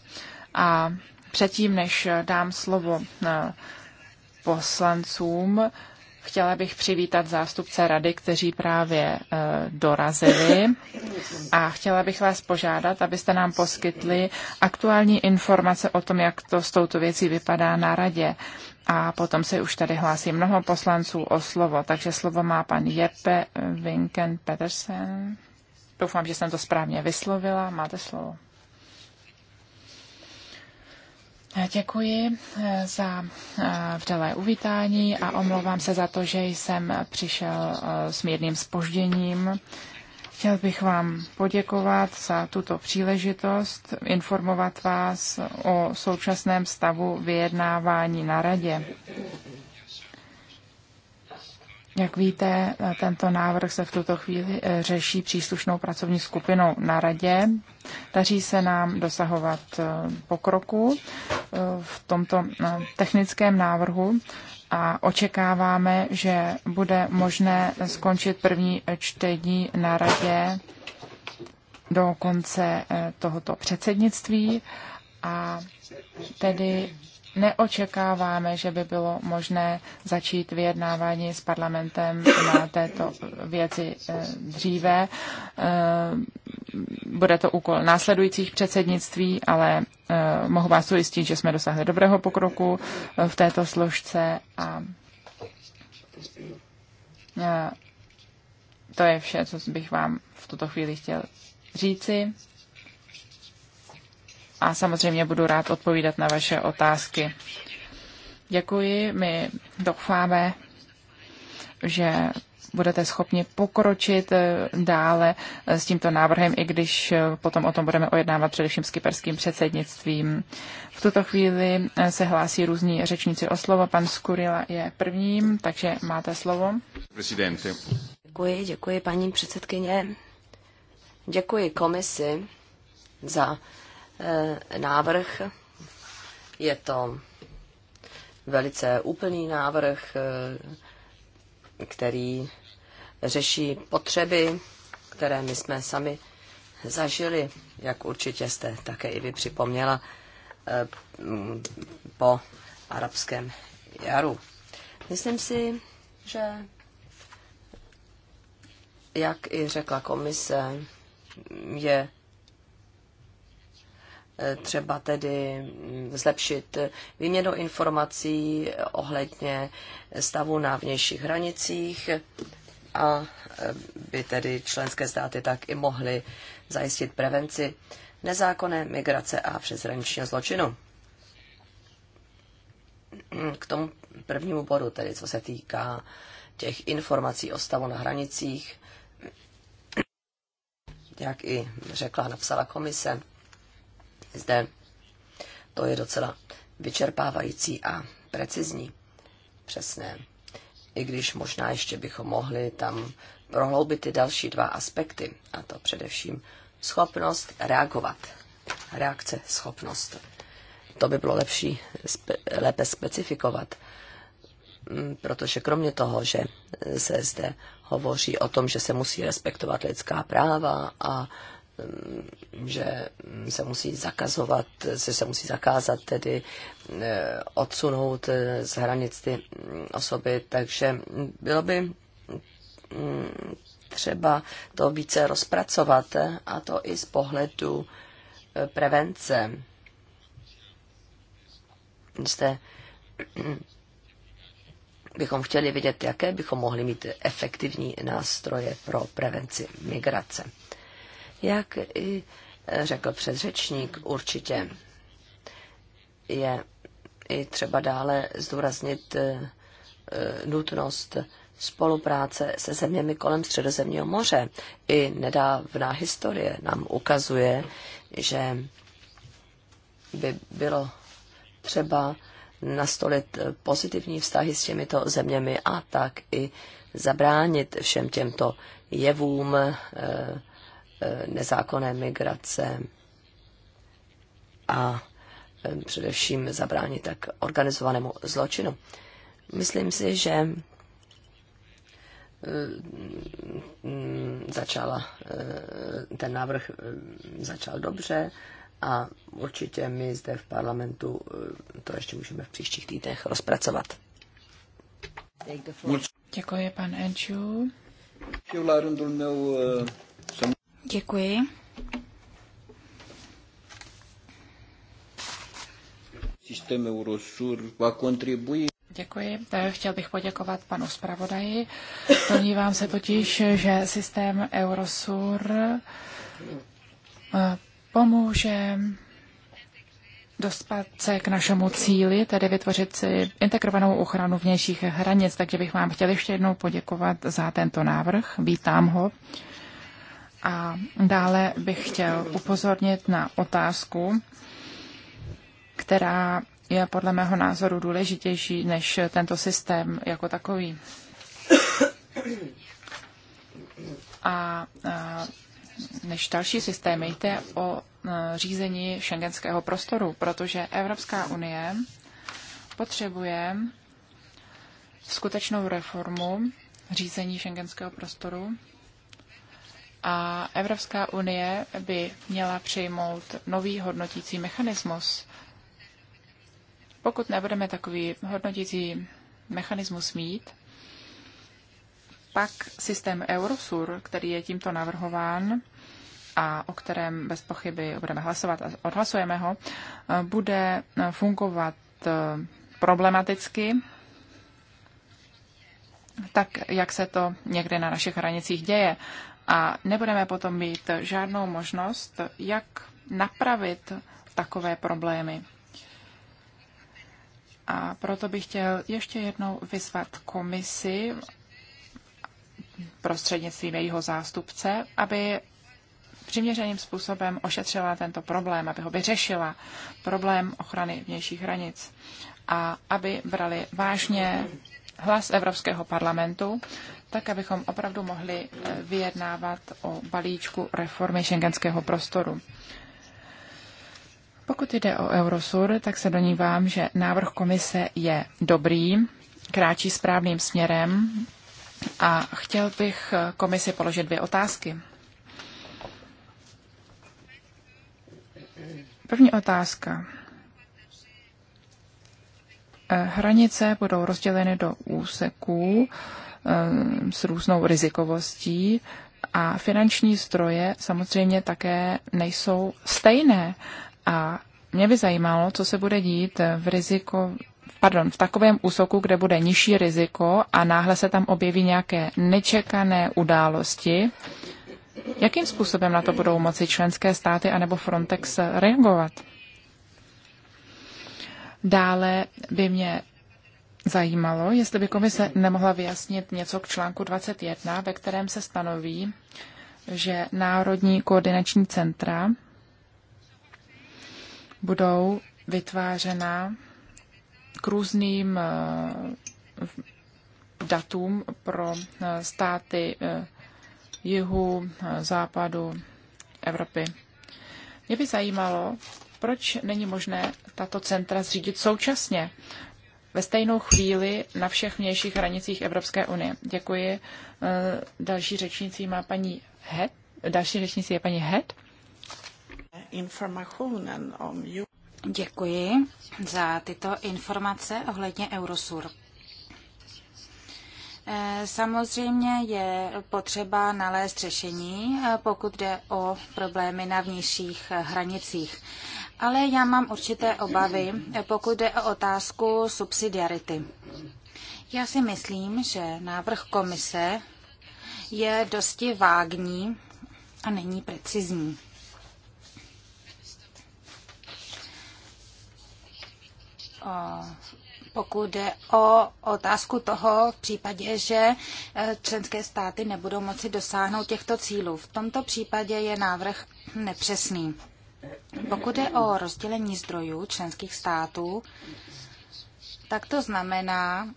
A předtím, než dám slovo eh, poslancům, Chtěla bych přivítat zástupce rady, kteří právě eh, dorazili a chtěla bych vás požádat, abyste nám poskytli aktuální informace o tom, jak to s touto věcí vypadá na radě. A potom se už tady hlásí mnoho poslanců o slovo, takže slovo má pan Jeppe Winken Petersen. Doufám, že jsem to správně vyslovila. Máte slovo. Děkuji eh, za eh, vřelé uvítání a omlouvám se za to, že jsem přišel eh, s mírným spožděním. Chtěl bych vám poděkovat za tuto příležitost informovat vás o současném stavu vyjednávání na radě. Jak víte, tento návrh se v tuto chvíli eh, řeší příslušnou pracovní skupinou na radě. Daří se nám dosahovat eh, pokroku eh, v tomto technickém návrhu a očekáváme, že bude možné skončit první čtení na radě do konce tohoto předsednictví a tedy neočekáváme, že by bylo možné začít vyjednávání s parlamentem na této věci eh, dříve. Eh, bude to úkol následujících předsednictví, ale eh, mohu vás ujistit, že jsme dosáhli dobrého pokroku v této složce a to je vše, co bych vám v tuto chvíli chtěl říci a samozřejmě budu rád odpovídat na vaše otázky. Děkuji, my doufáme, že budete schopni pokročit eh, dále eh, s tímto návrhem, i když eh, potom o tom budeme ojednávat především s kyperským předsednictvím. V tuto chvíli se hlásí různí řečníci o slovo. Pan Skurila je prvním, takže máte slovo. Presidente. Děkuji, děkuji paní předsedkyně. Děkuji komisi za Eh, návrh. Je to velice úplný návrh, eh, který řeší potřeby, které my jsme sami zažili, jak určitě jste také i vy připomněla, eh, po arabském jaru. Myslím si, že jak i řekla komise, je Eh, třeba tedy mm, zlepšit výměnu informací ohledně stavu na vnějších hranicích a eh, by tedy členské státy tak i mohly zajistit prevenci nezákonné migrace a přeshraničního zločinu. Mm, k tomu prvnímu bodu, tedy co se týká těch informací o stavu na hranicích, jak i řekla, napsala komise, zde. To je docela vyčerpávající a precizní, přesné. I když možná ještě bychom mohli tam prohloubit ty další dva aspekty, a to především schopnost reagovat. Reakce, schopnost. To by bylo lepší, spe, lépe specifikovat, mm, protože kromě toho, že se zde hovoří o tom, že se musí respektovat lidská práva a že se musí zakazovat, se, se musí zakázat tedy eh, odsunout eh, z hranic ty mm, osoby, takže bylo by mm, třeba to více rozpracovat eh, a to i z pohledu prevence. Zde mm, bychom chtěli vidět, jaké bychom mohli mít efektivní nástroje pro prevenci migrace. Jak i e, řekl předřečník, určitě je i třeba dále zdůraznit e, e, nutnost spolupráce se zeměmi kolem Středozemního moře. I nedávná historie nám ukazuje, že by bylo třeba nastolit pozitivní vztahy s těmito zeměmi a tak i zabránit všem těmto jevům, E, nezákonné migrace a e, především zabránit tak organizovanému zločinu. Myslím si, že e, mm, začala, ten návrh začal dobře a určitě my zde v parlamentu to ještě můžeme v příštích týdnech rozpracovat. Děkuji, pan Enču. Děkuji. Systém Eurosur va Děkuji. Eh, chtěl bych poděkovat panu zpravodaji. Domnívám se totiž, že systém Eurosur eh, pomůže dostat se k našemu cíli, tedy vytvořit si integrovanou ochranu vnějších hranic. Takže bych vám chtěl ještě jednou poděkovat za tento návrh. Vítám ho. A dále bych chtěl upozornit na otázku, která je podle mého názoru důležitější než tento systém jako takový. A, a než další systémy jde o e, řízení šengenského prostoru, protože Evropská unie potřebuje skutečnou reformu řízení šengenského prostoru a Evropská unie by měla přijmout nový hodnotící mechanismus. Pokud nebudeme takový hodnotící mechanismus mít, pak systém Eurosur, který je tímto navrhován a o kterém bez pochyby budeme hlasovat a odhlasujeme ho, bude fungovat eh, problematicky, tak jak se to někde na našich hranicích děje a nebudeme potom mít žádnou možnost, jak napravit takové problémy. A proto bych chtěl ještě jednou vyzvat komisi prostřednictvím jejího zástupce, aby přiměřeným způsobem ošetřila tento problém, aby ho vyřešila, problém ochrany vnějších hranic a aby brali vážně hlas Evropského parlamentu, tak abychom opravdu mohli eh, vyjednávat o balíčku reformy šengenského prostoru. Pokud jde o Eurosur, tak se donívám, že návrh komise je dobrý, kráčí správným směrem a chtěl bych eh, komisi položit dvě otázky. První otázka. Eh, hranice budou rozděleny do úseků Eh, s různou rizikovostí a finanční stroje samozřejmě také nejsou stejné. A mě by zajímalo, co se bude dít v riziko, pardon, v takovém úsoku, kde bude nižší riziko a náhle se tam objeví nějaké nečekané události. Jakým způsobem na to budou moci členské státy anebo Frontex reagovat? Dále by mě zajímalo, jestli by komise nemohla vyjasnit něco k článku 21, ve kterém se stanoví, že národní koordinační centra budou vytvářena k různým eh, datům pro eh, státy eh, jihu, západu Evropy. Mě by zajímalo, proč není možné tato centra zřídit současně, ve stejnou chvíli na všech vnějších hranicích Evropské unie. Děkuji. Eh, další řečnící má paní Het. Další řečnící je paní Het. Děkuji za tyto informace ohledně Eurosur. Eh, samozřejmě je potřeba nalézt řešení, eh, pokud jde o problémy na vnějších hranicích. Ale já mám určité obavy, pokud jde o otázku subsidiarity. Já si myslím, že návrh komise je dosti vágní a není precizní. O, pokud jde o otázku toho v případě, že e, členské státy nebudou moci dosáhnout těchto cílů. V tomto případě je návrh nepřesný. Pokud je o rozdělení zdrojů členských států, tak to znamená,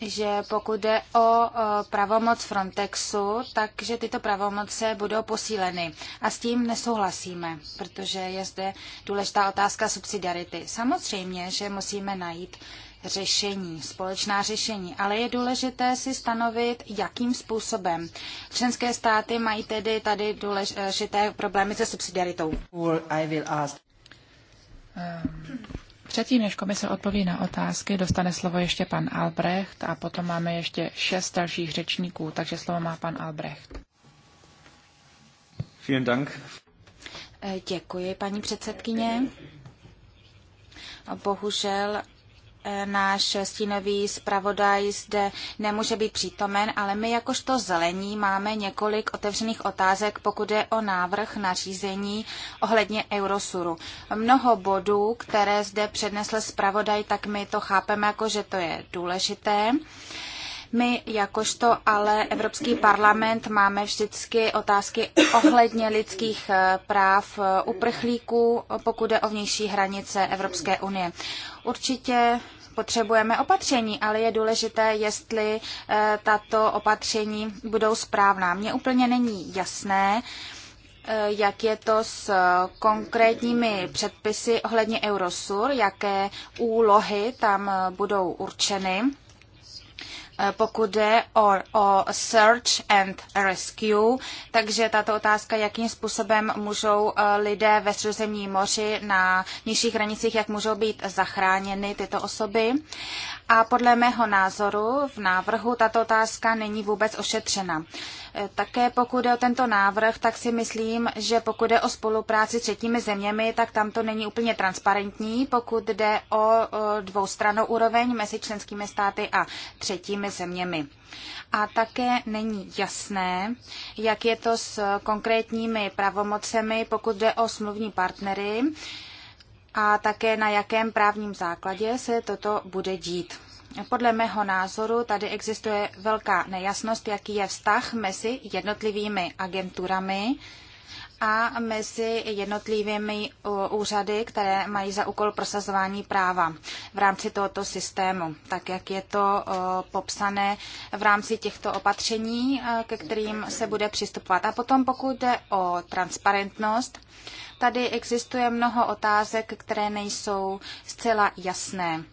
že pokud je o pravomoc Frontexu, takže tyto pravomoce budou posíleny. A s tím nesouhlasíme, protože je zde důležitá otázka subsidiarity. Samozřejmě, že musíme najít řešení, společná řešení, ale je důležité si stanovit, jakým způsobem. Členské státy mají tedy tady důležité problémy se subsidiaritou. Ehm, předtím, než komise odpoví na otázky, dostane slovo ještě pan Albrecht a potom máme ještě šest dalších řečníků, takže slovo má pan Albrecht. Vielen Dank. Děkuji, paní předsedkyně. Bohužel náš stínový zpravodaj zde nemůže být přítomen, ale my jakožto zelení máme několik otevřených otázek, pokud je o návrh nařízení ohledně Eurosuru. Mnoho bodů, které zde přednesl zpravodaj, tak my to chápeme jako, že to je důležité. My jakožto ale Evropský parlament máme vždycky otázky ohledně lidských eh, práv eh, uprchlíků, pokud je o vnější hranice Evropské unie. Určitě potřebujeme opatření, ale je důležité, jestli eh, tato opatření budou správná. Mně úplně není jasné, eh, jak je to s eh, konkrétními předpisy ohledně Eurosur, jaké úlohy tam budou určeny. Eh, pokud jde o, o search and rescue, takže tato otázka, jakým způsobem můžou eh, lidé ve Středozemní moři na nižších hranicích, jak můžou být zachráněny tyto osoby. A podle mého názoru v návrhu tato otázka není vůbec ošetřena. Také pokud je o tento návrh, tak si myslím, že pokud je o spolupráci s třetími zeměmi, tak tam to není úplně transparentní, pokud jde o dvoustranou úroveň mezi členskými státy a třetími zeměmi. A také není jasné, jak je to s konkrétními pravomocemi, pokud jde o smluvní partnery a také na jakém právním základě se toto bude dít. Podle mého názoru tady existuje velká nejasnost, jaký je vztah mezi jednotlivými agenturami a mezi jednotlivými úřady, které mají za úkol prosazování práva v rámci tohoto systému, tak jak je to popsané v rámci těchto opatření, e, ke kterým se bude přistupovat. A potom pokud jde o transparentnost, tady existuje mnoho otázek, které nejsou zcela jasné.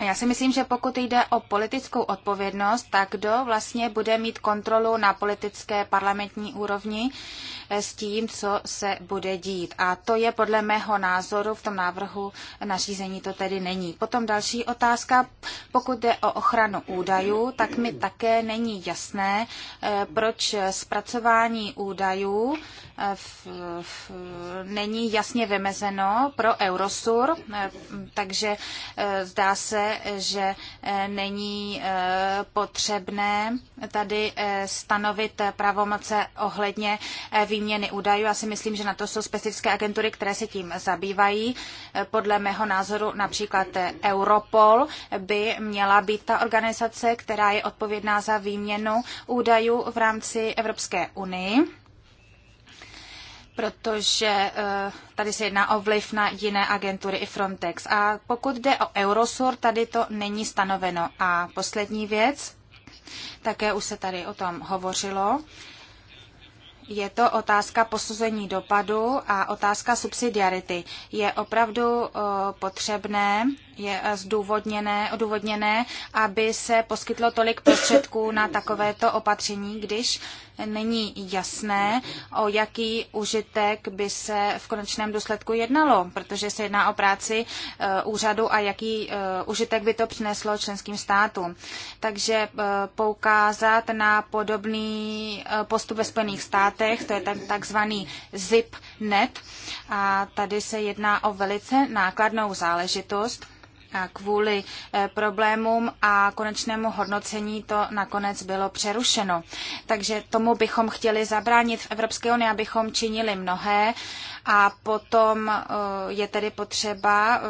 Já si myslím, že pokud jde o politickou odpovědnost, tak kdo vlastně bude mít kontrolu na politické parlamentní úrovni s tím, co se bude dít. A to je podle mého názoru v tom návrhu nařízení to tedy není. Potom další otázka, pokud jde o ochranu údajů, tak mi také není jasné, eh, proč zpracování údajů eh, v, v, není jasně vymezeno pro Eurosur, eh, takže zdá se, že není potřebné tady stanovit pravomoce ohledně výměny údajů. Já si myslím, že na to jsou specifické agentury, které se tím zabývají. Podle mého názoru například Europol by měla být ta organizace, která je odpovědná za výměnu údajů v rámci Evropské unii protože eh, tady se jedná o vliv na jiné agentury i Frontex. A pokud jde o Eurosur, tady to není stanoveno. A poslední věc, také už se tady o tom hovořilo, je to otázka posuzení dopadu a otázka subsidiarity. Je opravdu eh, potřebné, je eh, zdůvodněné, odůvodněné, aby se poskytlo tolik prostředků na takovéto opatření, když není jasné, o jaký užitek by se v konečném důsledku jednalo, protože se jedná o práci eh, úřadu a jaký eh, užitek by to přineslo členským státům. Takže eh, poukázat na podobný postup ve Spojených státech, to je takzvaný ZIP net a tady se jedná o velice nákladnou záležitost, kvůli eh, problémům a konečnému hodnocení to nakonec bylo přerušeno. Takže tomu bychom chtěli zabránit v Evropské unii, abychom činili mnohé a potom eh, je tedy potřeba eh,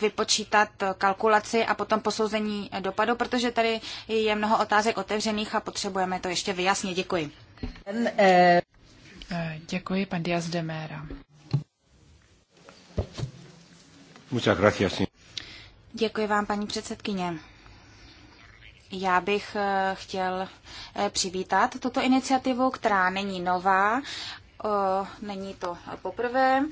vypočítat kalkulaci a potom posouzení dopadu, protože tady je mnoho otázek otevřených a potřebujeme to ještě vyjasnit. Děkuji. Děkuji, pan Diaz de Mera. Muchas gracias, Děkuji vám, paní předsedkyně. Já bych eh, chtěl eh, přivítat tuto iniciativu, která není nová, eh, není to poprvé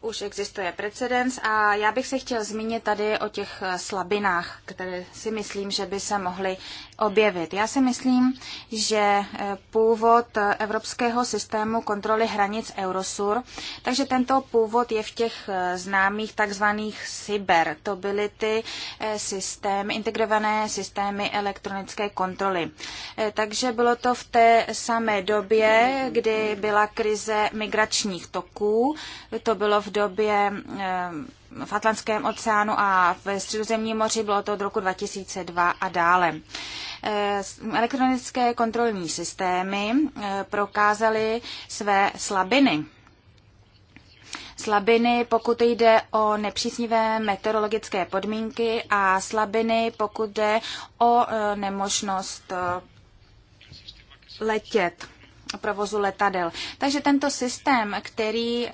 už existuje precedens a já bych se chtěl zmínit tady o těch slabinách, které si myslím, že by se mohly objevit. Já si myslím, že eh, původ Evropského systému kontroly hranic Eurosur, takže tento původ je v těch eh, známých takzvaných cyber. To byly ty eh, systémy, integrované systémy elektronické kontroly. Takže bylo to v té samé době, kdy byla krize migračních toků. To bylo v v době eh, v Atlantském oceánu a ve Středozemním moři, bylo to od roku 2002 a dále. Eh, elektronické kontrolní systémy eh, prokázaly své slabiny. Slabiny, pokud jde o nepříznivé meteorologické podmínky a slabiny, pokud jde o nemožnost letět provozu letadel. Takže tento systém, který eh,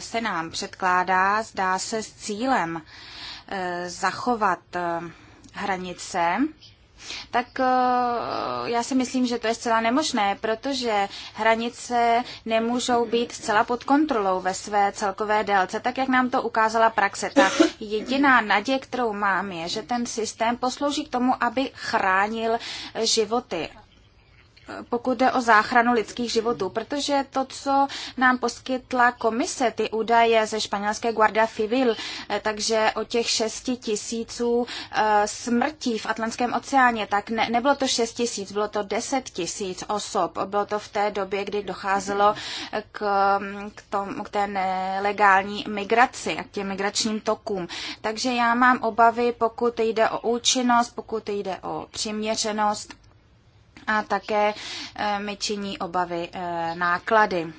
se nám předkládá, zdá se s cílem eh, zachovat eh, hranice, tak já si myslím, že to je zcela nemožné, protože hranice nemůžou být zcela pod kontrolou ve své celkové délce, tak jak nám to ukázala praxe. Ta jediná naděje, kterou mám, je, že ten systém poslouží k tomu, aby chránil životy pokud jde o záchranu lidských životů, protože to, co nám poskytla komise, ty údaje ze španělské Guardia Civil, eh, takže o těch 6 tisíců eh, smrtí v Atlantském oceáně, tak ne, nebylo to 6 tisíc, bylo to 10 tisíc osob. Bylo to v té době, kdy docházelo eh, k, k, tom, k té nelegální migraci a k těm migračním tokům. Takže já mám obavy, pokud jde o účinnost, pokud jde o přiměřenost, a také eh, mi činí obavy eh, náklady.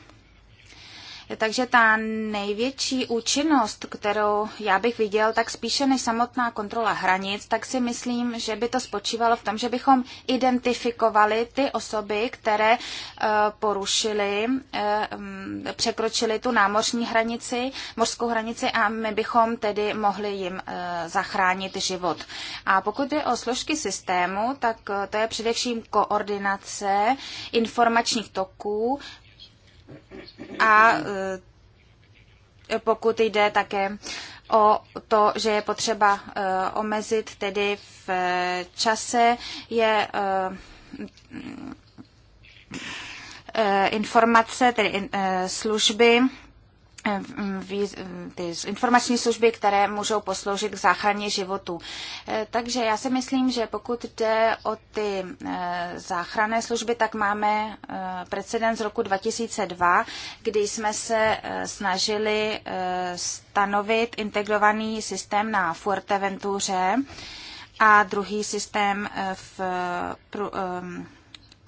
Takže ta největší účinnost, kterou já bych viděl, tak spíše než samotná kontrola hranic, tak si myslím, že by to spočívalo v tom, že bychom identifikovali ty osoby, které eh, porušily, eh, mm, překročily tu námořní hranici, mořskou hranici a my bychom tedy mohli jim eh, zachránit život. A pokud je o složky systému, tak to je především koordinace informačních toků, a e, pokud jde také o to, že je potřeba e, omezit tedy v čase, je e, informace, tedy služby ty informační služby, které můžou posloužit k záchraně životu. Eh, takže já si myslím, že pokud jde o ty eh, záchranné služby, tak máme eh, precedens z roku 2002, kdy jsme se snažili stanovit integrovaný systém na Fuerteventuře a druhý systém v ehm,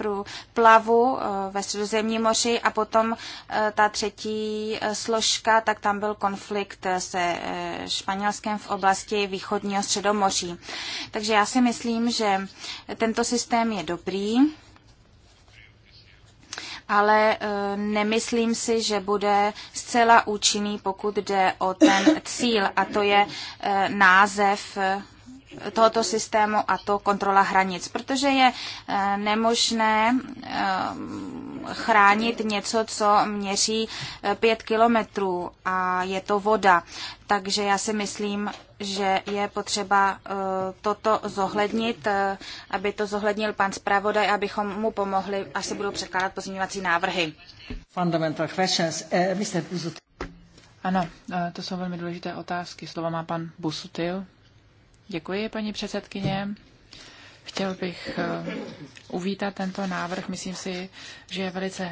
průplavu eh, ve Středozemním moři a potom eh, ta třetí eh, složka, tak tam byl konflikt se Španělskem v oblasti východního Středomoří. Takže já si myslím, že tento systém je dobrý ale nemyslím si, že bude zcela účinný, pokud jde o ten cíl, a to je název tohoto systému a to kontrola hranic, protože je eh, nemožné eh, chránit něco, co měří eh, pět kilometrů a je to voda. Takže já si myslím, že je potřeba toto zohlednit, aby to zohlednil pan zpravodaj, abychom mu pomohli, až se budou překládat pozměňovací návrhy. Fundamental questions. Uh, Mr. Ano, to jsou velmi důležité otázky. Slovo má pan Busutil. Děkuji, paní předsedkyně. Chtěl bych eh, uvítat tento návrh. Myslím si, že je velice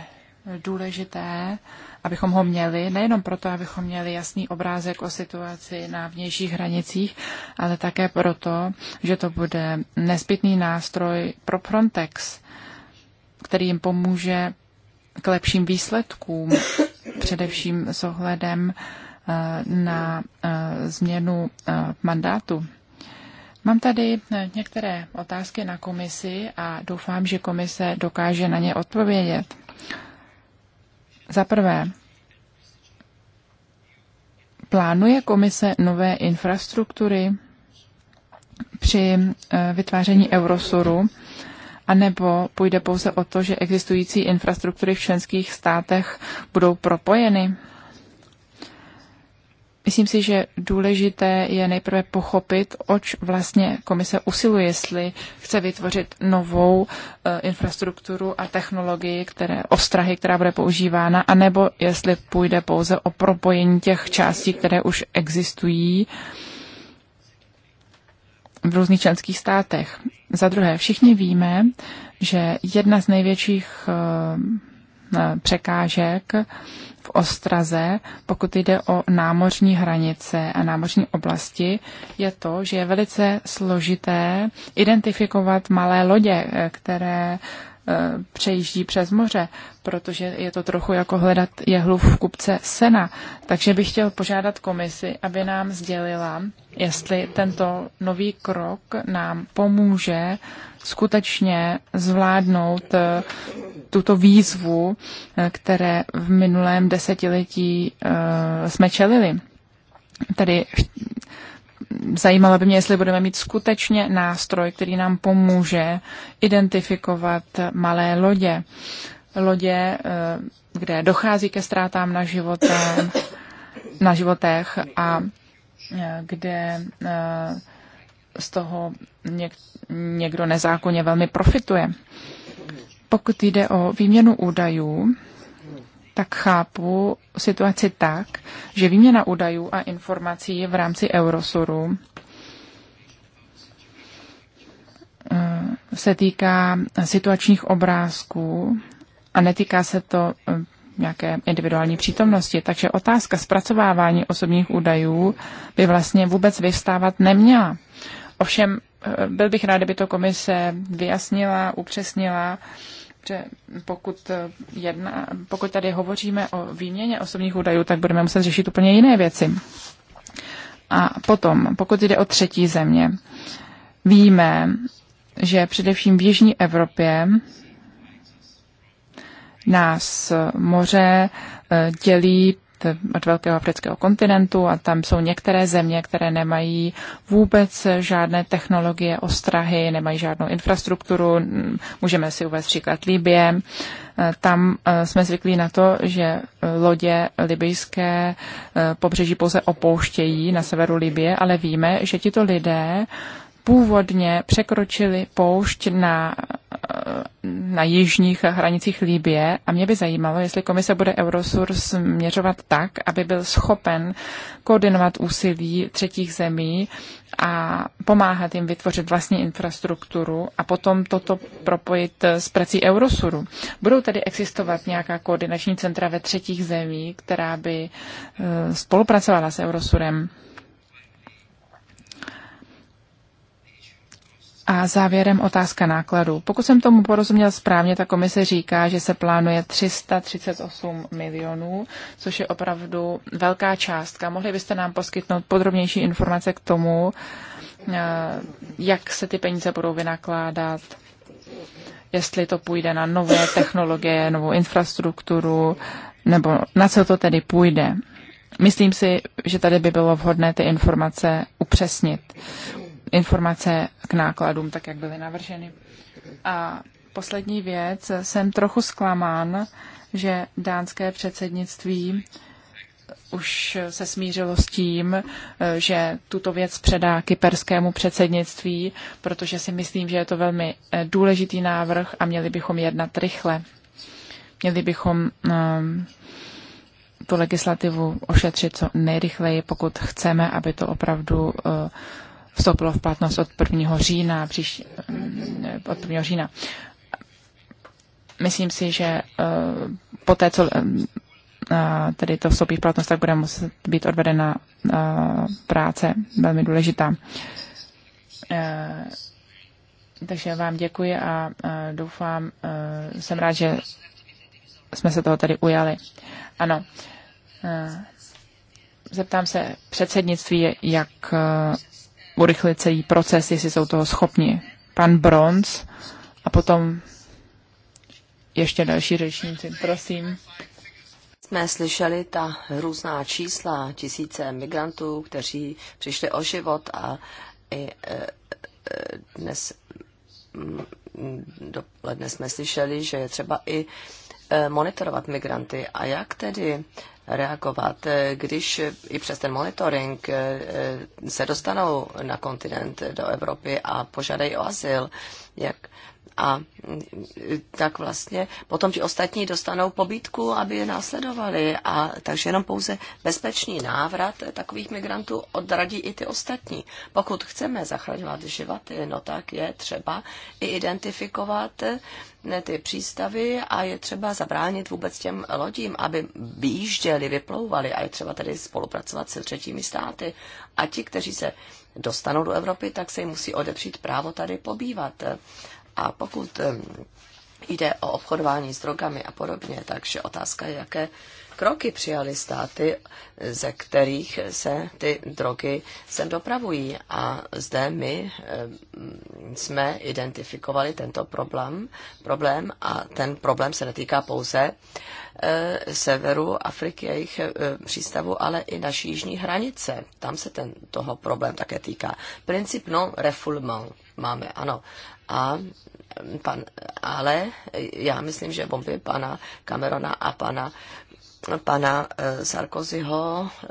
důležité, abychom ho měli, nejenom proto, abychom měli jasný obrázek o situaci na vnějších hranicích, ale také proto, že to bude nezbytný nástroj pro Frontex, který jim pomůže k lepším výsledkům, především s ohledem eh, na eh, změnu mandátu Mám tady eh, některé otázky na komisi a doufám, že komise dokáže na ně odpovědět. Za prvé, plánuje komise nové infrastruktury při eh, vytváření Eurosuru, anebo půjde pouze o to, že existující infrastruktury v členských státech budou propojeny? Myslím si, že důležité je nejprve pochopit, oč vlastně komise usiluje, jestli chce vytvořit novou e, infrastrukturu a technologii, které, ostrahy, která bude používána, anebo jestli půjde pouze o propojení těch částí, které už existují v různých členských státech. Za druhé, všichni víme, že jedna z největších e, překážek v Ostraze, pokud jde o námořní hranice a námořní oblasti, je to, že je velice složité identifikovat malé lodě, eh, které Eh, přejíždí přes moře, protože je to trochu jako hledat jehlu v kupce sena. Takže bych chtěl požádat komisi, aby nám sdělila, jestli tento nový krok nám pomůže skutečně zvládnout eh, tuto výzvu, eh, které v minulém desetiletí jsme čelili. Tady zajímalo by mě, jestli budeme mít skutečně nástroj, který nám pomůže identifikovat malé lodě. Lodě, eh, kde dochází ke ztrátám na, životě, na životech a eh, kde eh, z toho někdo nezákonně velmi profituje. Pokud jde o výměnu údajů, tak chápu situaci tak, že výměna údajů a informací v rámci Eurosuru eh, se týká situačních obrázků a netýká se to eh, nějaké individuální přítomnosti. Takže otázka zpracovávání osobních údajů by vlastně vůbec vyvstávat neměla. Ovšem, eh, byl bych rád, kdyby to komise vyjasnila, upřesnila, že pokud, eh, jedna, pokud tady hovoříme o výměně osobních údajů, tak budeme muset řešit úplně jiné věci. A potom, pokud jde o třetí země, víme, že především v Jižní Evropě nás moře eh, dělí od velkého afrického kontinentu a tam jsou některé země, které nemají vůbec žádné technologie ostrahy, nemají žádnou infrastrukturu. Můžeme si uvést příklad Libie. Tam eh, jsme zvyklí na to, že lodě libijské eh, pobřeží pouze opouštějí na severu Libie, ale víme, že tito lidé původně překročili poušť na Eh, na jižních hranicích Líbie a mě by zajímalo, jestli komise bude Eurosur měřovat tak, aby byl schopen koordinovat úsilí třetích zemí a pomáhat jim vytvořit vlastní infrastrukturu a potom toto propojit s prací Eurosuru. Budou tedy existovat nějaká koordinační centra ve třetích zemí, která by eh, spolupracovala s Eurosurem? A závěrem otázka nákladů. Pokud jsem tomu porozuměl správně, ta komise říká, že se plánuje 338 milionů, což je opravdu velká částka. Mohli byste nám poskytnout podrobnější informace k tomu, eh, jak se ty peníze budou vynakládat, jestli to půjde na nové technologie, novou infrastrukturu, nebo na co to tedy půjde. Myslím si, že tady by bylo vhodné ty informace upřesnit informace k nákladům, tak jak byly navrženy. A poslední věc, jsem trochu zklamán, že dánské předsednictví už se smířilo s tím, že tuto věc předá kyperskému předsednictví, protože si myslím, že je to velmi eh, důležitý návrh a měli bychom jednat rychle. Měli bychom ehm, tu legislativu ošetřit co nejrychleji, pokud chceme, aby to opravdu eh, vstoupilo v platnost od 1. října. Příš, eh, od 1. října. Myslím si, že eh, po té, co eh, tedy to vstoupí v platnost, tak bude muset být odvedena práce velmi důležitá. Takže vám děkuji a doufám, jsem rád, že jsme se toho tady ujali. Ano. Zeptám se předsednictví, jak urychlit celý proces, jestli jsou toho schopni. Pan Bronz a potom ještě další řečníci, prosím. Jsme slyšeli ta různá čísla, tisíce migrantů, kteří přišli o život a i e, e, dnes dopoledne jsme slyšeli, že je třeba i Eh, monitorovat migranty a jak tedy reagovat, eh, když i přes ten monitoring eh, se dostanou na kontinent do Evropy a požádají o azyl, jak a tak vlastně potom ti ostatní dostanou pobítku, aby je následovali. A takže jenom pouze bezpečný návrat takových migrantů odradí i ty ostatní. Pokud chceme zachraňovat životy, no tak je třeba i identifikovat ty přístavy a je třeba zabránit vůbec těm lodím, aby výjížděli, vyplouvali a je třeba tedy spolupracovat se třetími státy. A ti, kteří se dostanou do Evropy, tak se jim musí odepřít právo tady pobývat. A pokud jde o obchodování s drogami a podobně, takže otázka je, jaké kroky přijaly státy, ze kterých se ty drogy sem dopravují. A zde my jsme identifikovali tento problém, problém a ten problém se netýká pouze e, severu Afriky a jejich e, přístavu, ale i naší jižní hranice. Tam se ten, toho problém také týká. Princip non refoulement máme, ano. A pan, ale já myslím, že bomby pana Camerona a pana pana eh, Sarkozyho eh,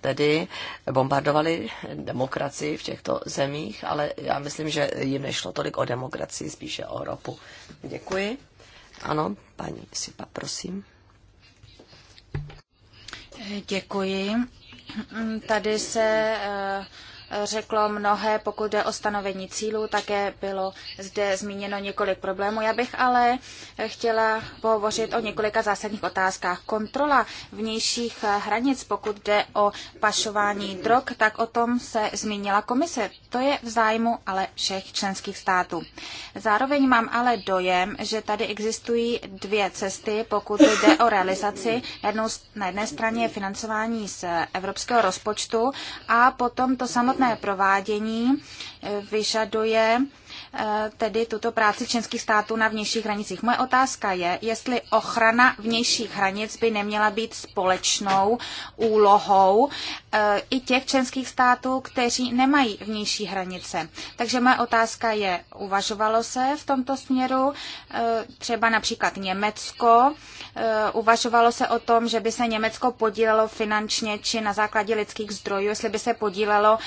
tedy bombardovali demokracii v těchto zemích, ale já myslím, že jim nešlo tolik o demokracii, spíše o ropu. Děkuji. Ano, paní Sipa, prosím. Děkuji. Tady se eh, řeklo mnohé, pokud jde o stanovení cílů, také bylo zde zmíněno několik problémů. Já bych ale chtěla pohovořit o několika zásadních otázkách. Kontrola vnějších hranic, pokud jde o pašování drog, tak o tom se zmínila komise. To je v zájmu ale všech členských států. Zároveň mám ale dojem, že tady existují dvě cesty, pokud jde o realizaci. Jednou, na jedné straně je financování z evropského rozpočtu a potom to samotné samotné provádění eh, vyžaduje eh, tedy tuto práci členských států na vnějších hranicích. Moje otázka je, jestli ochrana vnějších hranic by neměla být společnou úlohou Eh, i těch členských států, kteří nemají vnější hranice. Takže moje otázka je, uvažovalo se v tomto směru eh, třeba například Německo, eh, uvažovalo se o tom, že by se Německo podílelo finančně či na základě lidských zdrojů, jestli by se podílelo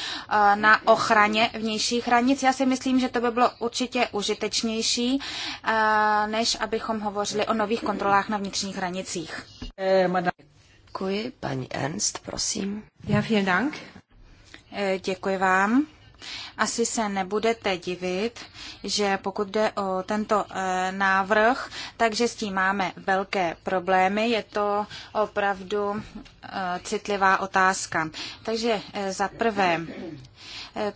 na ochraně vnějších hranic. Já si myslím, že to by bylo určitě užitečnější, než abychom hovořili o nových kontrolách na vnitřních hranicích. Děkuji. Paní Ernst, prosím. Já vielen Dank. Eh, děkuji vám. Asi se nebudete divit, že pokud jde o tento eh, návrh, takže s tím máme velké problémy. Je to opravdu eh, citlivá otázka. Takže za prvé,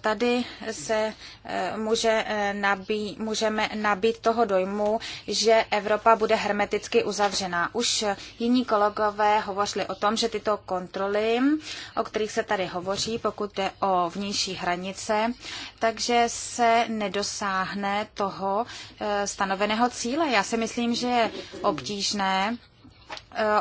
Tady se eh, může eh, nabí, můžeme nabít toho dojmu, že Evropa bude hermeticky uzavřená. Už jiní kolegové hovořili o tom, že tyto kontroly, o kterých se tady hovoří, pokud jde o vnější hranice, takže se nedosáhne toho eh, stanoveného cíle. Já si myslím, že je obtížné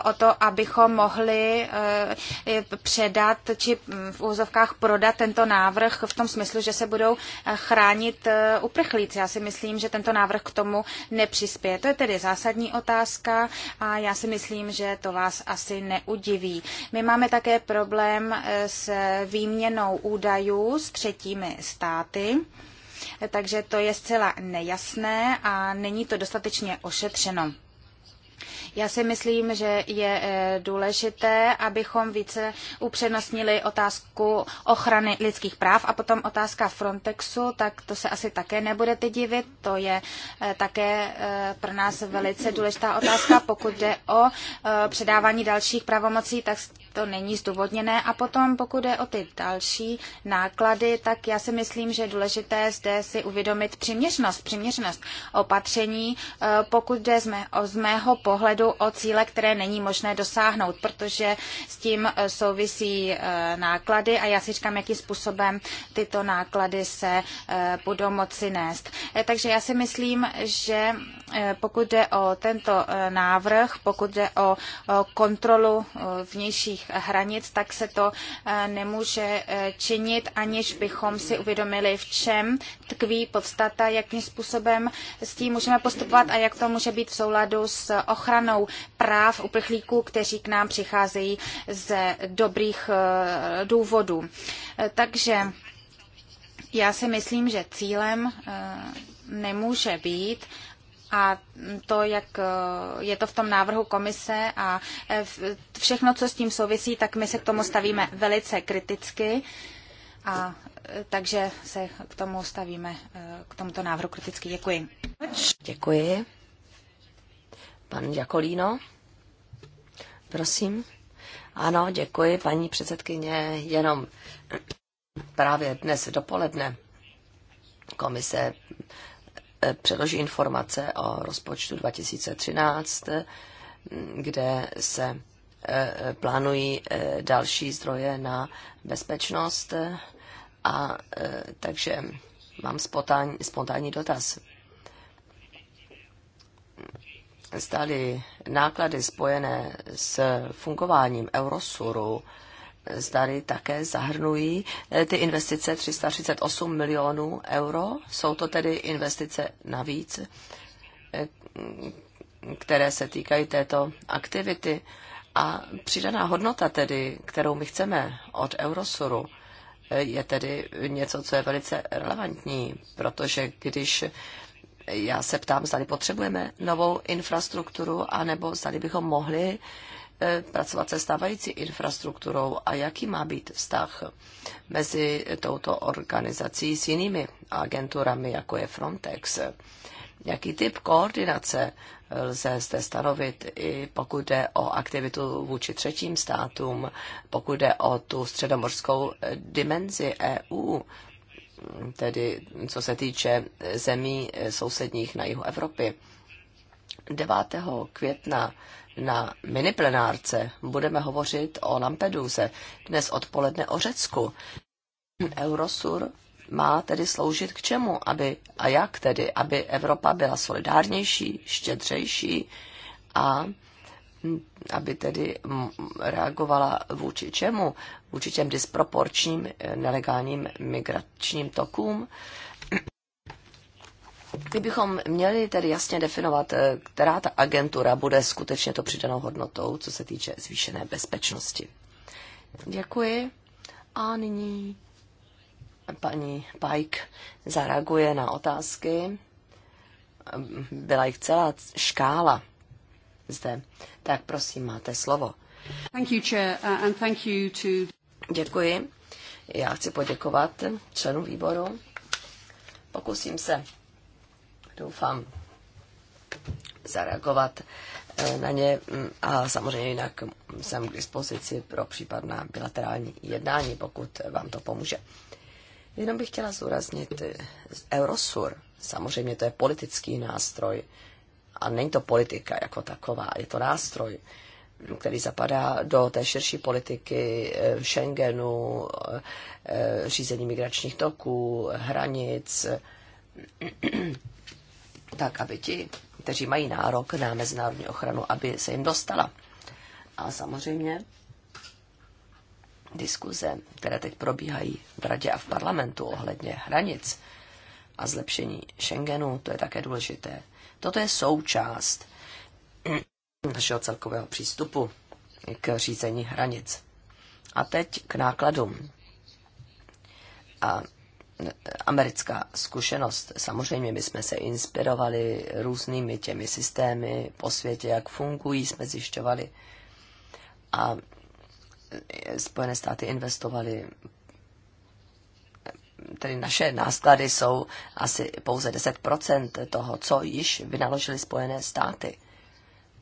o to, abychom mohli eh, předat či hm, v úzovkách prodat tento návrh v tom smyslu, že se budou eh, chránit eh, uprchlíci. Já si myslím, že tento návrh k tomu nepřispěje. To je tedy zásadní otázka a já si myslím, že to vás asi neudiví. My máme také problém s výměnou údajů s třetími státy takže to je zcela nejasné a není to dostatečně ošetřeno. Já si myslím, že je eh, důležité, abychom více upřednostnili otázku ochrany lidských práv a potom otázka Frontexu, tak to se asi také nebudete divit. To je eh, také eh, pro nás velice důležitá otázka. Pokud jde o předávání dalších pravomocí, tak to není zdůvodněné. A potom, pokud je o ty další náklady, tak já si myslím, že je důležité zde si uvědomit přiměřnost, přiměřnost opatření, eh, pokud jde z, mé, z mého pohledu o cíle, které není možné dosáhnout, protože s tím eh, souvisí eh, náklady a já si říkám, jakým způsobem tyto náklady se budou moci nést. Takže já si myslím, že pokud jde o tento návrh, pokud jde o kontrolu vnějších vnějších hranic, tak se to eh, nemůže eh, činit, aniž bychom si uvědomili, v čem tkví podstata, jakým způsobem s tím můžeme postupovat a jak to může být v souladu s ochranou práv uprchlíků, kteří k nám přicházejí z dobrých eh, důvodů. Takže já si myslím, že cílem nemůže být, a to, jak eh, je to v tom návrhu komise a eh, všechno, co s tím souvisí, tak my se k tomu stavíme velice kriticky. A eh, takže se k tomu stavíme, k tomuto návrhu kriticky. Děkuji. Děkuji. Pan Jakolíno, prosím. Ano, děkuji, paní předsedkyně. Jenom právě dnes dopoledne komise předloží informace o rozpočtu 2013, kde se e, plánují e, další zdroje na bezpečnost. A e, takže mám spontánní, spontánní dotaz. Zdali náklady spojené s fungováním Eurosuru zdary také zahrnují eh, ty investice 338 milionů euro. Jsou to tedy investice navíc, eh, které se týkají této aktivity. A přidaná hodnota tedy, kterou my chceme od Eurosuru, eh, je tedy něco, co je velice relevantní, protože když já se ptám, zda potřebujeme novou infrastrukturu, anebo zda bychom mohli E, pracovat se stávající infrastrukturou a jaký má být vztah mezi touto organizací s jinými agenturami, jako je Frontex. Jaký typ koordinace lze zde stanovit, i pokud jde o aktivitu vůči třetím státům, pokud jde o tu středomorskou dimenzi EU, tedy co se týče zemí sousedních na jihu Evropy. 9. května na miniplenárce budeme hovořit o Lampeduse, dnes odpoledne o Řecku. Eurosur má tedy sloužit k čemu? Aby, a jak tedy? Aby Evropa byla solidárnější, štědřejší a aby tedy reagovala vůči čemu? Vůči těm disproporčním nelegálním migračním tokům? Kdybychom měli tedy jasně definovat, eh, která ta agentura bude skutečně to přidanou hodnotou, co se týče zvýšené bezpečnosti. Děkuji. A nyní paní Pike zareaguje na otázky. Byla jich celá škála zde. Tak prosím, máte slovo. Thank you, chair, uh, and thank you to... Děkuji. Já chci poděkovat členům výboru. Pokusím se doufám, zareagovat eh, na ně mm, a samozřejmě jinak jsem k dispozici pro případná bilaterální jednání, pokud vám to pomůže. Jenom bych chtěla zúraznit eh, Eurosur. Samozřejmě to je politický nástroj a není to politika jako taková, je to nástroj, mm, který zapadá do té širší politiky eh, Schengenu, řízení migračních toků, hranic, tak aby ti, kteří mají nárok na mezinárodní ochranu, aby se jim dostala. A samozřejmě diskuze, které teď probíhají v radě a v parlamentu ohledně hranic a zlepšení Schengenu, to je také důležité. Toto je součást našeho celkového přístupu k řízení hranic. A teď k nákladům. A americká zkušenost. Samozřejmě my jsme se inspirovali různými těmi systémy po světě, jak fungují, jsme zjišťovali. A Spojené státy investovaly tedy naše náklady jsou asi pouze 10% toho, co již vynaložili Spojené státy.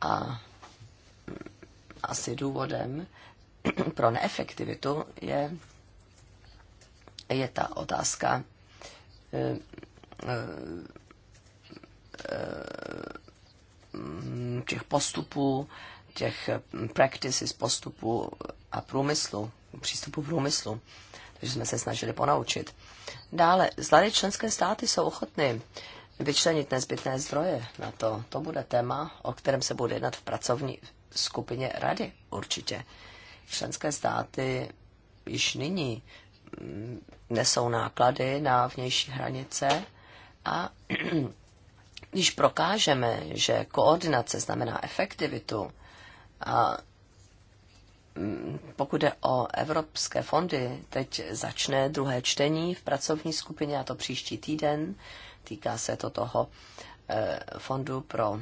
A asi důvodem pro neefektivitu je je ta otázka eh, eh, těch postupů, těch practices postupů a průmyslu, přístupu průmyslu. Takže jsme se snažili ponaučit. Dále, zlady členské státy jsou ochotny vyčlenit nezbytné zdroje na to. To bude téma, o kterém se bude jednat v pracovní skupině rady určitě. Členské státy již nyní nesou náklady na vnější hranice a když prokážeme, že koordinace znamená efektivitu a mm, pokud jde o evropské fondy, teď začne druhé čtení v pracovní skupině a to příští týden. Týká se to toho eh, fondu pro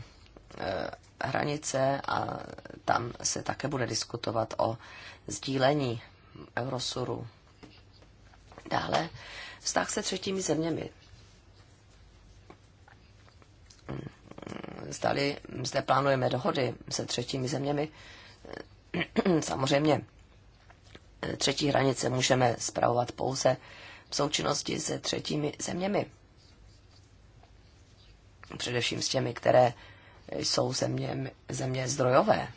eh, hranice a tam se také bude diskutovat o sdílení Eurosuru Dále vztah se třetími zeměmi. Zdali zde plánujeme dohody se třetími zeměmi. Samozřejmě třetí hranice můžeme spravovat pouze v součinnosti se třetími zeměmi. Především s těmi, které jsou země, země zdrojové,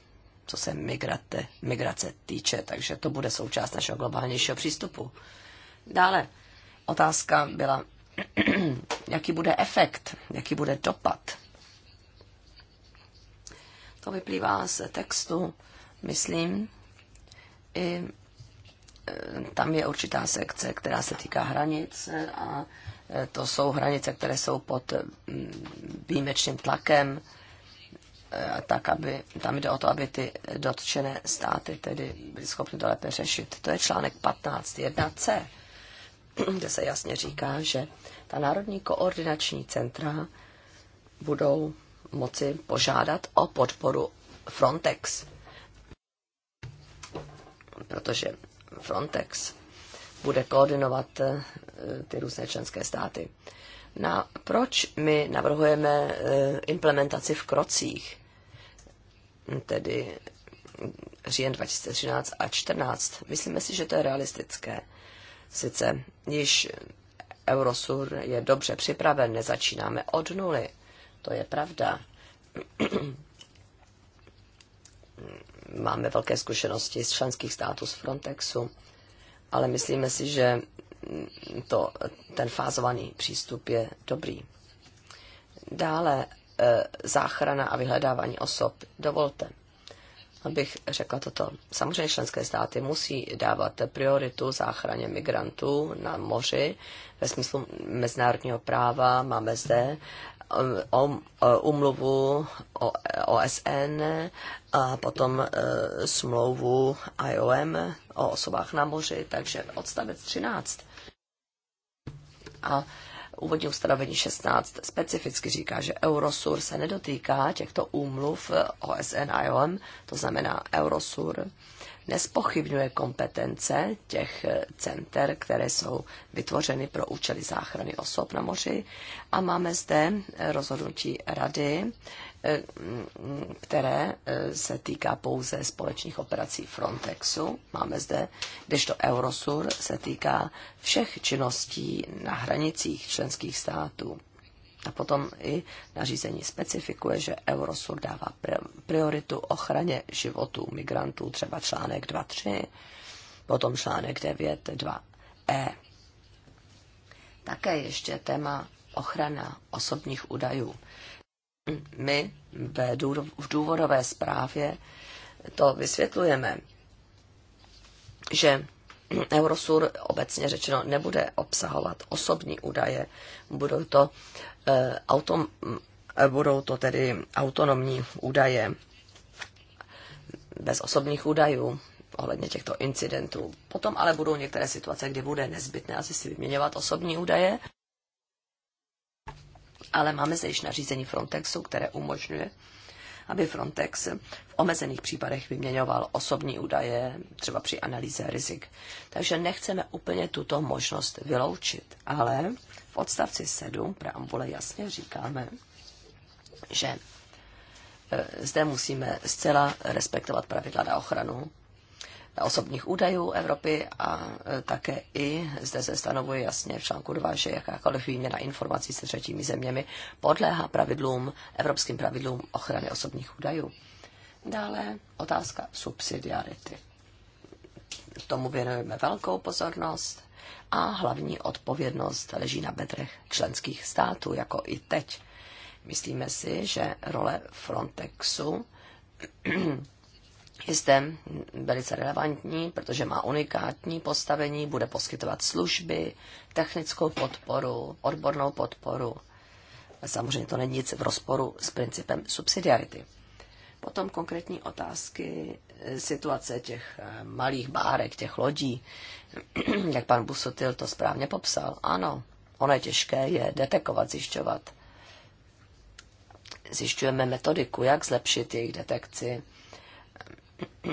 co se migrate, migrace týče, takže to bude součást našeho globálnějšího přístupu. Dále otázka byla, jaký bude efekt, jaký bude dopad. To vyplývá z textu, myslím, i e, tam je určitá sekce, která se týká hranic a e, to jsou hranice, které jsou pod výjimečným tlakem, e, tak aby, tam jde o to, aby ty dotčené státy tedy byly schopny to lépe řešit. To je článek 15.1c kde se jasně říká, že ta národní koordinační centra budou moci požádat o podporu Frontex. Protože Frontex bude koordinovat eh, ty různé členské státy. Na, proč my navrhujeme eh, implementaci v krocích, tedy říjen 2013 a 2014? Myslíme si, že to je realistické Sice již Eurosur je dobře připraven, nezačínáme od nuly, to je pravda. Máme velké zkušenosti z členských států z Frontexu, ale myslíme si, že to, ten fázovaný přístup je dobrý. Dále eh, záchrana a vyhledávání osob. Dovolte, abych řekla toto. Samozřejmě členské státy musí dávat prioritu záchraně migrantů na moři ve smyslu mezinárodního práva. Máme zde eh, eh, umluvu OSN a potom eh, smlouvu IOM o osobách na moři, takže odstavec 13. A úvodní ustanovení 16 specificky říká, že Eurosur se nedotýká těchto úmluv OSN a IOM, to znamená Eurosur nespochybňuje kompetence těch center, které jsou vytvořeny pro účely záchrany osob na moři. A máme zde rozhodnutí rady které eh, se týká pouze společných operací Frontexu. Máme zde, kdežto Eurosur se týká všech činností na hranicích členských států. A potom i nařízení specifikuje, že Eurosur dává prioritu ochraně životů migrantů, třeba článek 2.3, potom článek 9.2e. Také ještě téma ochrana osobních údajů my v důvodové zprávě to vysvětlujeme, že Eurosur obecně řečeno nebude obsahovat osobní údaje, budou to, eh, autom, eh, budou to tedy autonomní údaje bez osobních údajů ohledně těchto incidentů. Potom ale budou některé situace, kdy bude nezbytné asi si vyměňovat osobní údaje, ale máme zde již nařízení Frontexu, které umožňuje, aby Frontex v omezených případech vyměňoval osobní údaje, třeba při analýze rizik. Takže nechceme úplně tuto možnost vyloučit, ale v odstavci 7 preambule jasně říkáme, že e, zde musíme zcela respektovat pravidla na ochranu osobních údajů Evropy a e, také i zde se stanovuje jasně v článku 2, že jakákoliv výměna informací se třetími zeměmi podléhá pravidlům, evropským pravidlům ochrany osobních údajů. Dále otázka subsidiarity. Tomu věnujeme velkou pozornost a hlavní odpovědnost leží na bedrech členských států, jako i teď. Myslíme si, že role Frontexu je zde velice relevantní, protože má unikátní postavení, bude poskytovat služby, technickou podporu, odbornou podporu. Samozřejmě to není nic v rozporu s principem subsidiarity. Potom konkrétní otázky eh, situace těch eh, malých bárek, těch lodí, jak pan Busotil to správně popsal. Ano, ono je těžké je detekovat, zjišťovat. Zjišťujeme metodiku, jak zlepšit jejich detekci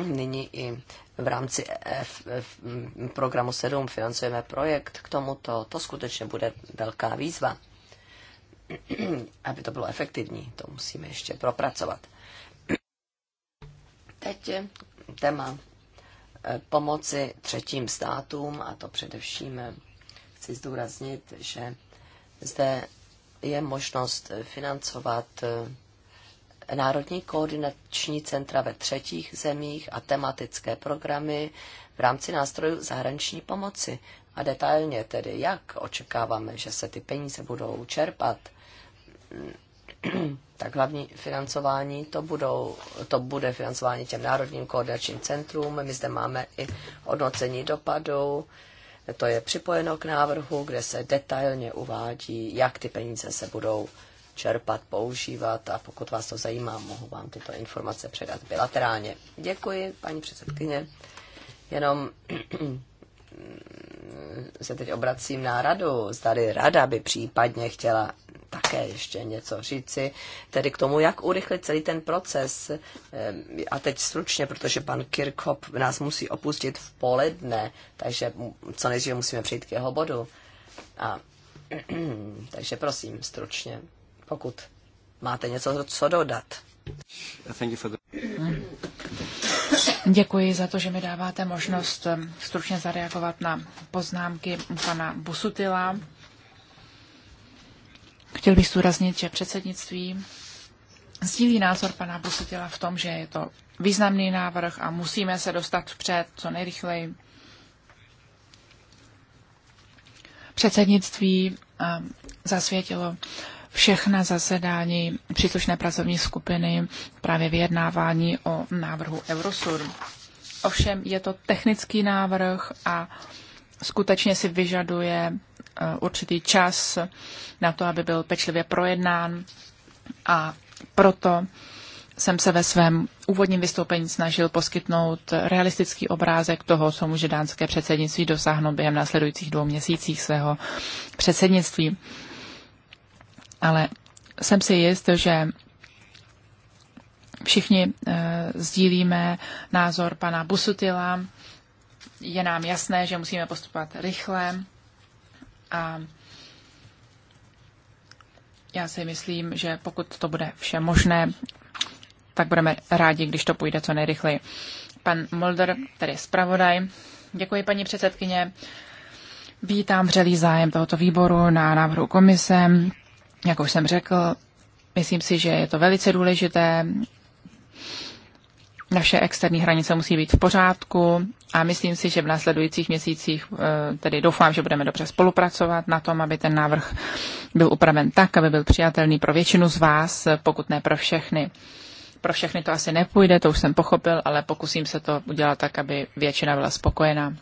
nyní i v rámci F, F, programu 7 financujeme projekt k tomuto. To skutečně bude velká výzva. Aby to bylo efektivní, to musíme ještě propracovat. Teď téma eh, pomoci třetím státům, a to především eh, chci zdůraznit, že zde je možnost financovat eh, národní koordinační centra ve třetích zemích a tematické programy v rámci nástrojů zahraniční pomoci. A detailně tedy, jak očekáváme, že se ty peníze budou čerpat, tak hlavní financování to, budou, to bude financování těm národním koordinačním centrům. My zde máme i hodnocení dopadu, to je připojeno k návrhu, kde se detailně uvádí, jak ty peníze se budou čerpat, používat a pokud vás to zajímá, mohu vám tyto informace předat bilaterálně. Děkuji, paní předsedkyně. Jenom se teď obracím na radu. Zdali rada by případně chtěla také ještě něco říci, tedy k tomu, jak urychlit celý ten proces. Ehm, a teď stručně, protože pan Kirchhoff nás musí opustit v poledne, takže co nejdříve musíme přijít k jeho bodu. A, takže prosím, stručně pokud máte něco, co dodat. Hmm. Děkuji za to, že mi dáváte možnost um, stručně zareagovat na poznámky pana Busutila. Chtěl bych zdůraznit, že předsednictví sdílí názor pana Busutila v tom, že je to významný návrh a musíme se dostat vpřed co nejrychleji. Předsednictví um, zasvětilo všechna zasedání příslušné pracovní skupiny právě vyjednávání o návrhu Eurosur. Ovšem je to technický návrh a skutečně si vyžaduje eh, určitý čas na to, aby byl pečlivě projednán a proto jsem se ve svém úvodním vystoupení snažil poskytnout realistický obrázek toho, co může dánské předsednictví dosáhnout během následujících dvou měsících svého předsednictví ale jsem si jist, že všichni e, sdílíme názor pana Busutila. Je nám jasné, že musíme postupovat rychle a já si myslím, že pokud to bude vše možné, tak budeme rádi, když to půjde co nejrychleji. Pan Mulder, tedy zpravodaj. Děkuji, paní předsedkyně. Vítám vřelý zájem tohoto výboru na návrhu komise. Jak už jsem řekl, myslím si, že je to velice důležité. Naše externí hranice musí být v pořádku a myslím si, že v následujících měsících, eh, tedy doufám, že budeme dobře spolupracovat na tom, aby ten návrh byl upraven tak, aby byl přijatelný pro většinu z vás, pokud ne pro všechny. Pro všechny to asi nepůjde, to už jsem pochopil, ale pokusím se to udělat tak, aby většina byla spokojená.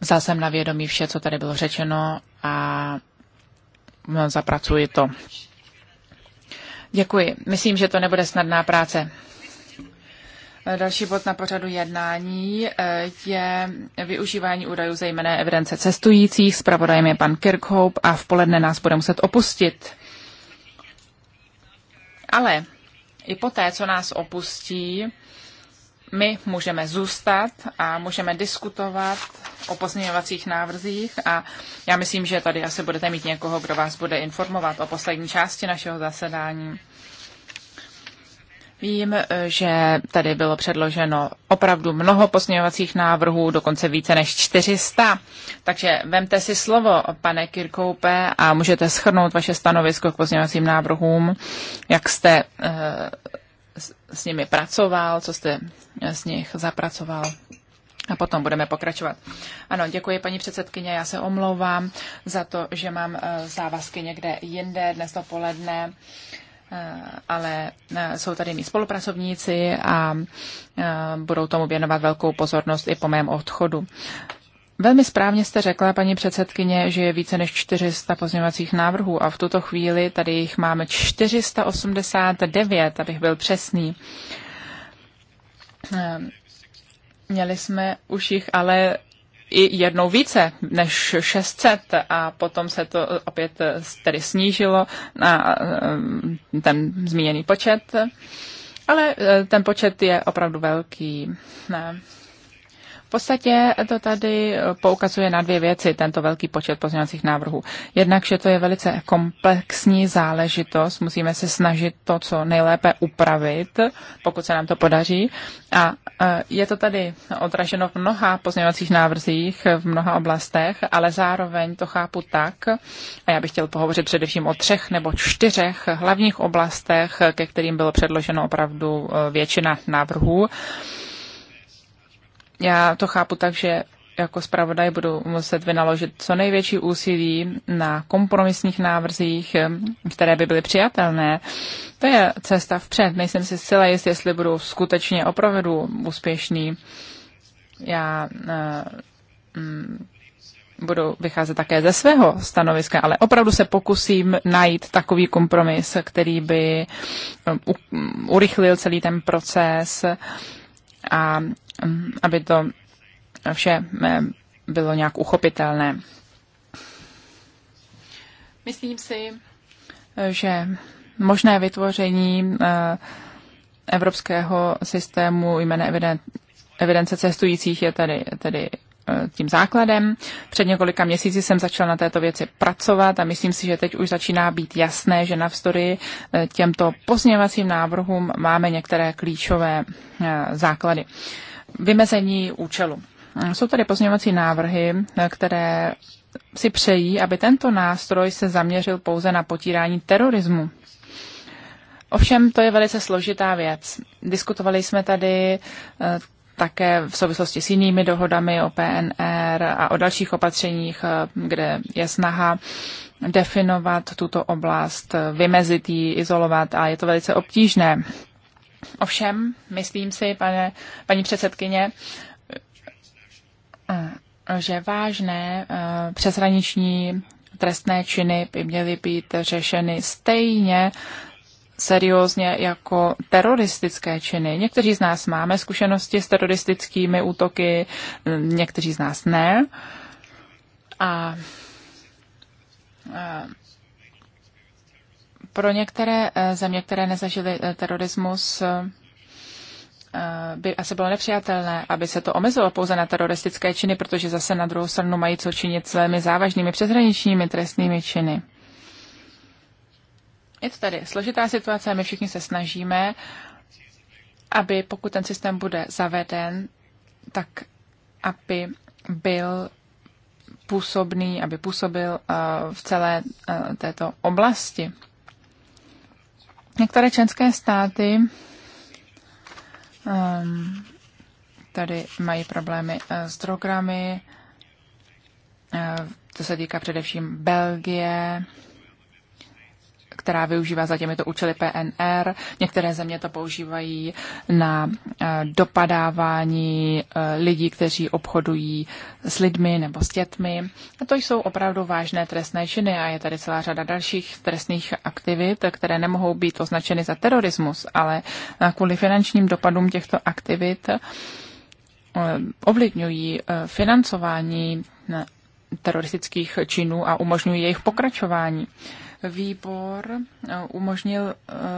Vzal jsem na vědomí vše, co tady bylo řečeno a zapracuji to. Děkuji. Myslím, že to nebude snadná práce. Další bod na pořadu jednání eh, je využívání údajů zejména evidence cestujících. Spravodajem je pan Kirkhope a v poledne nás bude muset opustit. Ale i poté, co nás opustí, my můžeme zůstat a můžeme diskutovat o pozměňovacích návrzích a já myslím, že tady asi budete mít někoho, kdo vás bude informovat o poslední části našeho zasedání. Vím, eh, že tady bylo předloženo opravdu mnoho pozměňovacích návrhů, dokonce více než 400. Takže vemte si slovo, pane Kirkoupe, a můžete schrnout vaše stanovisko k pozměňovacím návrhům, jak jste e, s nimi pracoval, co jste z nich zapracoval. A potom budeme pokračovat. Ano, děkuji paní předsedkyně, já se omlouvám za to, že mám eh, závazky někde jinde dnes dopoledne, eh, ale eh, jsou tady mý spolupracovníci a budou tomu věnovat velkou pozornost i po mém odchodu. Velmi správně jste řekla, paní předsedkyně, že je více než 400 pozměňovacích návrhů a v tuto chvíli tady jich máme 489, abych byl přesný. Eh, měli jsme už jich ale i jednou více než 600 a potom se to opět eh, tedy snížilo na eh, ten zmíněný počet. Ale ten počet je opravdu velký. Ne. V podstatě to tady poukazuje na dvě věci, tento velký počet pozměňovacích návrhů. Jednak, že to je velice komplexní záležitost, musíme se snažit to, co nejlépe upravit, pokud se nám to podaří. A e, je to tady odraženo v mnoha pozměňovacích návrzích, v mnoha oblastech, ale zároveň to chápu tak, a já bych chtěl pohovořit především o třech nebo čtyřech hlavních oblastech, ke kterým bylo předloženo opravdu e, většina návrhů, já to chápu tak, že jako zpravodaj budu muset vynaložit co největší úsilí na kompromisních návrzích, které by byly přijatelné. To je cesta vpřed. Nejsem si zcela jist, jestli budu skutečně opravdu úspěšný. Já uh, budu vycházet také ze svého stanoviska, ale opravdu se pokusím najít takový kompromis, který by eh, urychlil celý ten proces a Mm, aby to vše mm, bylo nějak uchopitelné. Myslím si, že možné vytvoření mm, evropského systému jména evidence cestujících je tady, tady tím základem. Před několika měsíci jsem začal na této věci pracovat a myslím si, že teď už začíná být jasné, že navzdory těmto pozněvacím návrhům máme některé klíčové základy vymezení účelu. Jsou tady pozměňovací návrhy, které si přejí, aby tento nástroj se zaměřil pouze na potírání terorismu. Ovšem, to je velice složitá věc. Diskutovali jsme tady eh, také v souvislosti s jinými dohodami o PNR a o dalších opatřeních, eh, kde je snaha definovat tuto oblast, vymezit ji, izolovat a je to velice obtížné. Ovšem, myslím si, pane, paní předsedkyně, že vážné eh, přeshraniční trestné činy by měly být řešeny stejně seriózně jako teroristické činy. Někteří z nás máme zkušenosti s teroristickými útoky, někteří z nás ne. A eh, pro některé eh, země, které nezažily eh, terorismus, eh, by asi bylo nepřijatelné, aby se to omezilo pouze na teroristické činy, protože zase na druhou stranu mají co činit s velmi závažnými přeshraničními trestnými činy. Je to tady složitá situace a my všichni se snažíme, aby pokud ten systém bude zaveden, tak aby byl působný, aby působil v celé této oblasti. Některé členské státy um, tady mají problémy eh, s drogami, eh, to se týká především Belgie, která využívá za těmito účely PNR. Některé země to používají na eh, dopadávání eh, lidí, kteří obchodují s lidmi nebo s dětmi. A to jsou opravdu vážné trestné činy a je tady celá řada dalších trestných aktivit, které nemohou být označeny za terorismus, ale eh, kvůli finančním dopadům těchto aktivit ovlivňují financování teroristických činů a umožňují jejich pokračování. Výbor eh, umožnil eh,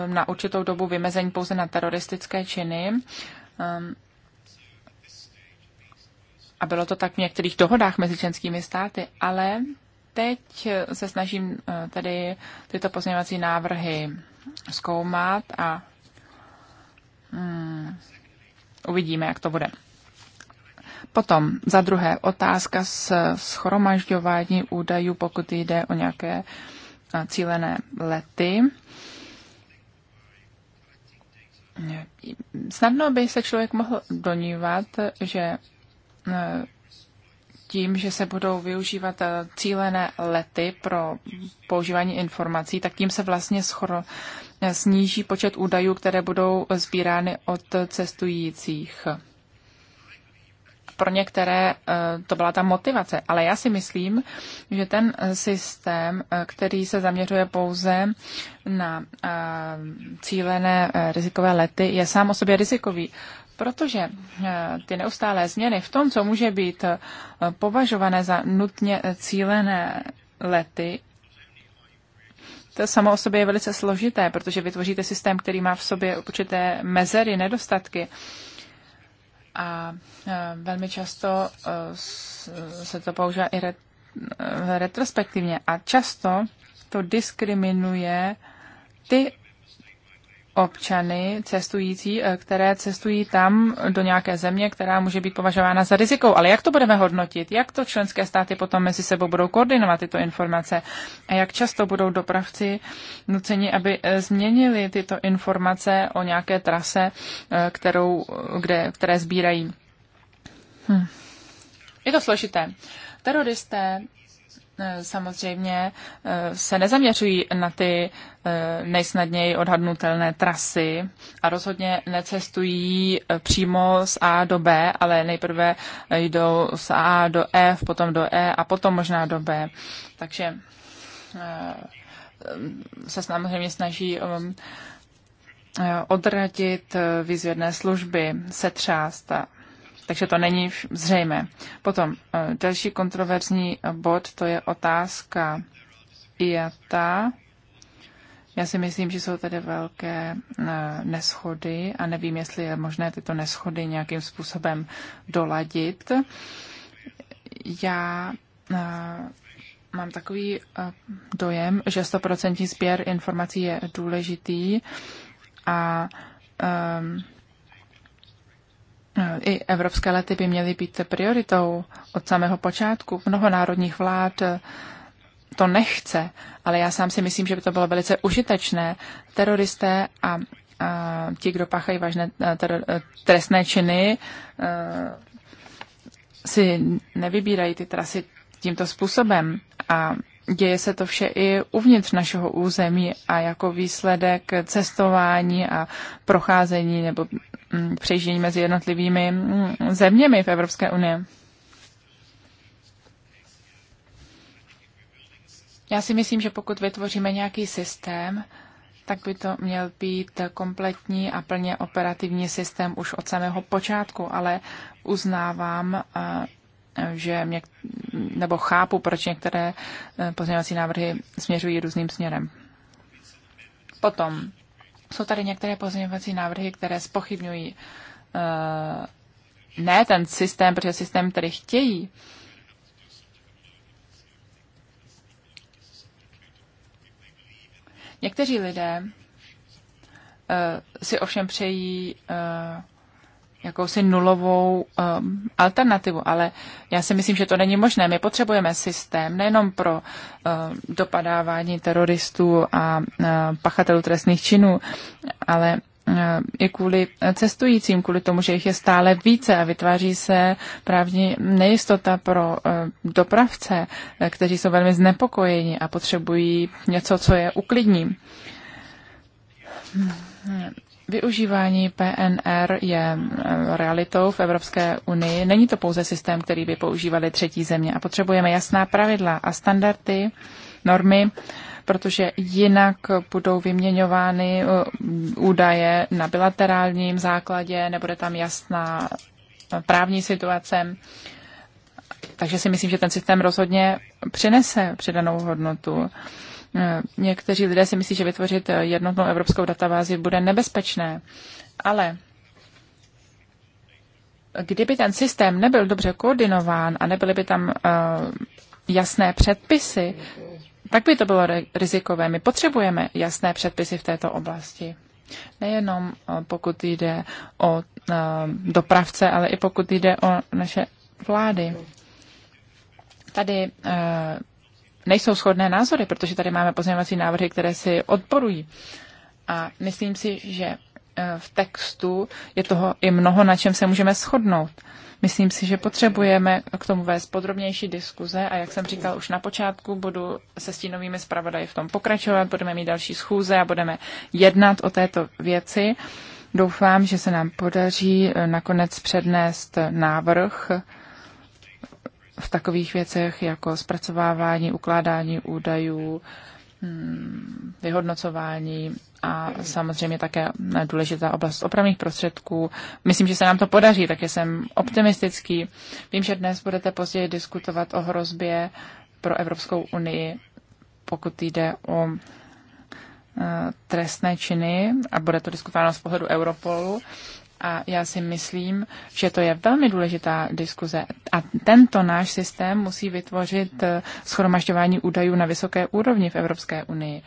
na určitou dobu vymezení pouze na teroristické činy. Ehm, a bylo to tak v některých dohodách mezi členskými státy, ale teď se snažím eh, tady tyto pozměňovací návrhy zkoumat a hmm, uvidíme, jak to bude. Potom za druhé otázka s schromažďování údajů, pokud jde o nějaké cílené lety. Snadno by se člověk mohl donívat, že eh, tím, že se budou využívat eh, cílené lety pro používání informací, tak tím se vlastně schoro, eh, sníží počet údajů, které budou sbírány od cestujících pro některé eh, to byla ta motivace, ale já si myslím, že ten eh, systém, eh, který se zaměřuje pouze na cílené rizikové lety, je sám o sobě rizikový, protože ty neustálé změny v tom, co může být považované za nutně cílené lety, to samo o sobě je velice složité, protože vytvoříte systém, který má v sobě určité mezery, nedostatky a e, velmi často e, se to používá i e, retrospektivně a často to diskriminuje ty občany cestující, eh, které cestují tam do nějaké země, která může být považována za rizikou. Ale jak to budeme hodnotit? Jak to členské státy potom mezi sebou budou koordinovat tyto informace? A jak často budou dopravci nuceni, aby eh, změnili tyto informace o nějaké trase, eh, kterou, kde, které sbírají? Hm. Je to složité. Teroristé Eh, samozřejmě eh, se nezaměřují na ty eh, nejsnadněji odhadnutelné trasy a rozhodně necestují přímo z A do B, ale nejprve jdou z A do F, e, potom do E a potom možná do B. Takže se samozřejmě snaží um, odradit výzvědné služby, setřást takže to není zřejmé. Potom e, další kontroverzní e, bod, to je otázka IATA. Já si myslím, že jsou tady velké e, neschody a nevím, jestli je možné tyto neschody nějakým způsobem doladit. Já mám takový dojem, že 100% sběr informací je důležitý a i evropské lety by měly být prioritou od samého počátku. Mnoho národních vlád to nechce, ale já sám si myslím, že by to bylo velice užitečné. Teroristé a, a ti, kdo páchají vážné eh, eh, trestné činy, eh, si nevybírají ty trasy tímto způsobem. A děje se to vše i uvnitř našeho území a jako výsledek cestování a procházení nebo mm, přejíždění mezi jednotlivými mm, zeměmi v Evropské unii. Já si myslím, že pokud vytvoříme nějaký systém, tak by to měl být kompletní a plně operativní systém už od samého počátku, ale uznávám, eh, že mě, nebo chápu, proč některé eh, pozměňovací návrhy směřují různým směrem. Potom jsou tady některé pozměňovací návrhy, které spochybňují uh, ne ten systém, protože systém, který chtějí, Někteří lidé uh, si ovšem přejí uh, jakousi nulovou um, alternativu, ale já si myslím, že to není možné. My potřebujeme systém nejenom pro uh, dopadávání teroristů a uh, pachatelů trestných činů, ale uh, i kvůli cestujícím, kvůli tomu, že jich je stále více a vytváří se právní nejistota pro uh, dopravce, eh, kteří jsou velmi znepokojeni a potřebují něco, co je uklidní. Hmm. Využívání PNR je eh, realitou v Evropské unii. Není to pouze systém, který by používaly třetí země a potřebujeme jasná pravidla a standardy, normy, protože jinak budou vyměňovány eh, údaje na bilaterálním základě, nebude tam jasná eh, právní situace. Takže si myslím, že ten systém rozhodně přinese přidanou hodnotu. Eh, někteří lidé si myslí, že vytvořit eh, jednotnou evropskou databázi bude nebezpečné, ale kdyby ten systém nebyl dobře koordinován a nebyly by tam eh, jasné předpisy, tak by to bylo rizikové. My potřebujeme jasné předpisy v této oblasti. Nejenom pokud jde o dopravce, ale i pokud jde o naše vlády. Tady nejsou shodné názory, protože tady máme pozměňovací návrhy, které si odporují. A myslím si, že e, v textu je toho i mnoho, na čem se můžeme shodnout. Myslím si, že potřebujeme k tomu vést podrobnější diskuze a jak jsem říkal už na počátku, budu se stínovými zpravodaji v tom pokračovat, budeme mít další schůze a budeme jednat o této věci. Doufám, že se nám podaří e, nakonec přednést návrh, v takových věcech jako zpracovávání, ukládání údajů, hmm, vyhodnocování a samozřejmě také důležitá oblast opravných prostředků. Myslím, že se nám to podaří, takže jsem optimistický. Vím, že dnes budete později diskutovat o hrozbě pro Evropskou unii, pokud jde o eh, trestné činy a bude to diskutováno z pohledu Europolu. A já si myslím, že to je velmi důležitá diskuze. A tento náš systém musí vytvořit eh, schromažďování údajů na vysoké úrovni v Evropské unii.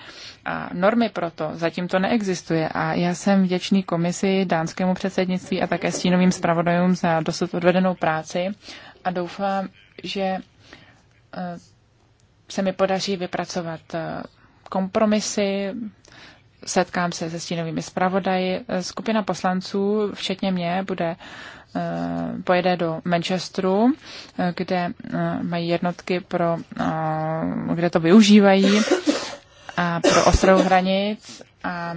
A normy proto zatím to neexistuje. A já jsem vděčný komisi, dánskému předsednictví a také stínovým zpravodajům za dosud odvedenou práci a doufám, že eh, se mi podaří vypracovat eh, kompromisy, setkám se se stínovými zpravodaji. Eh, skupina poslanců, včetně mě, bude eh, pojede do Manchesteru, eh, kde mají jednotky pro, kde to využívají a pro ostrou hranic a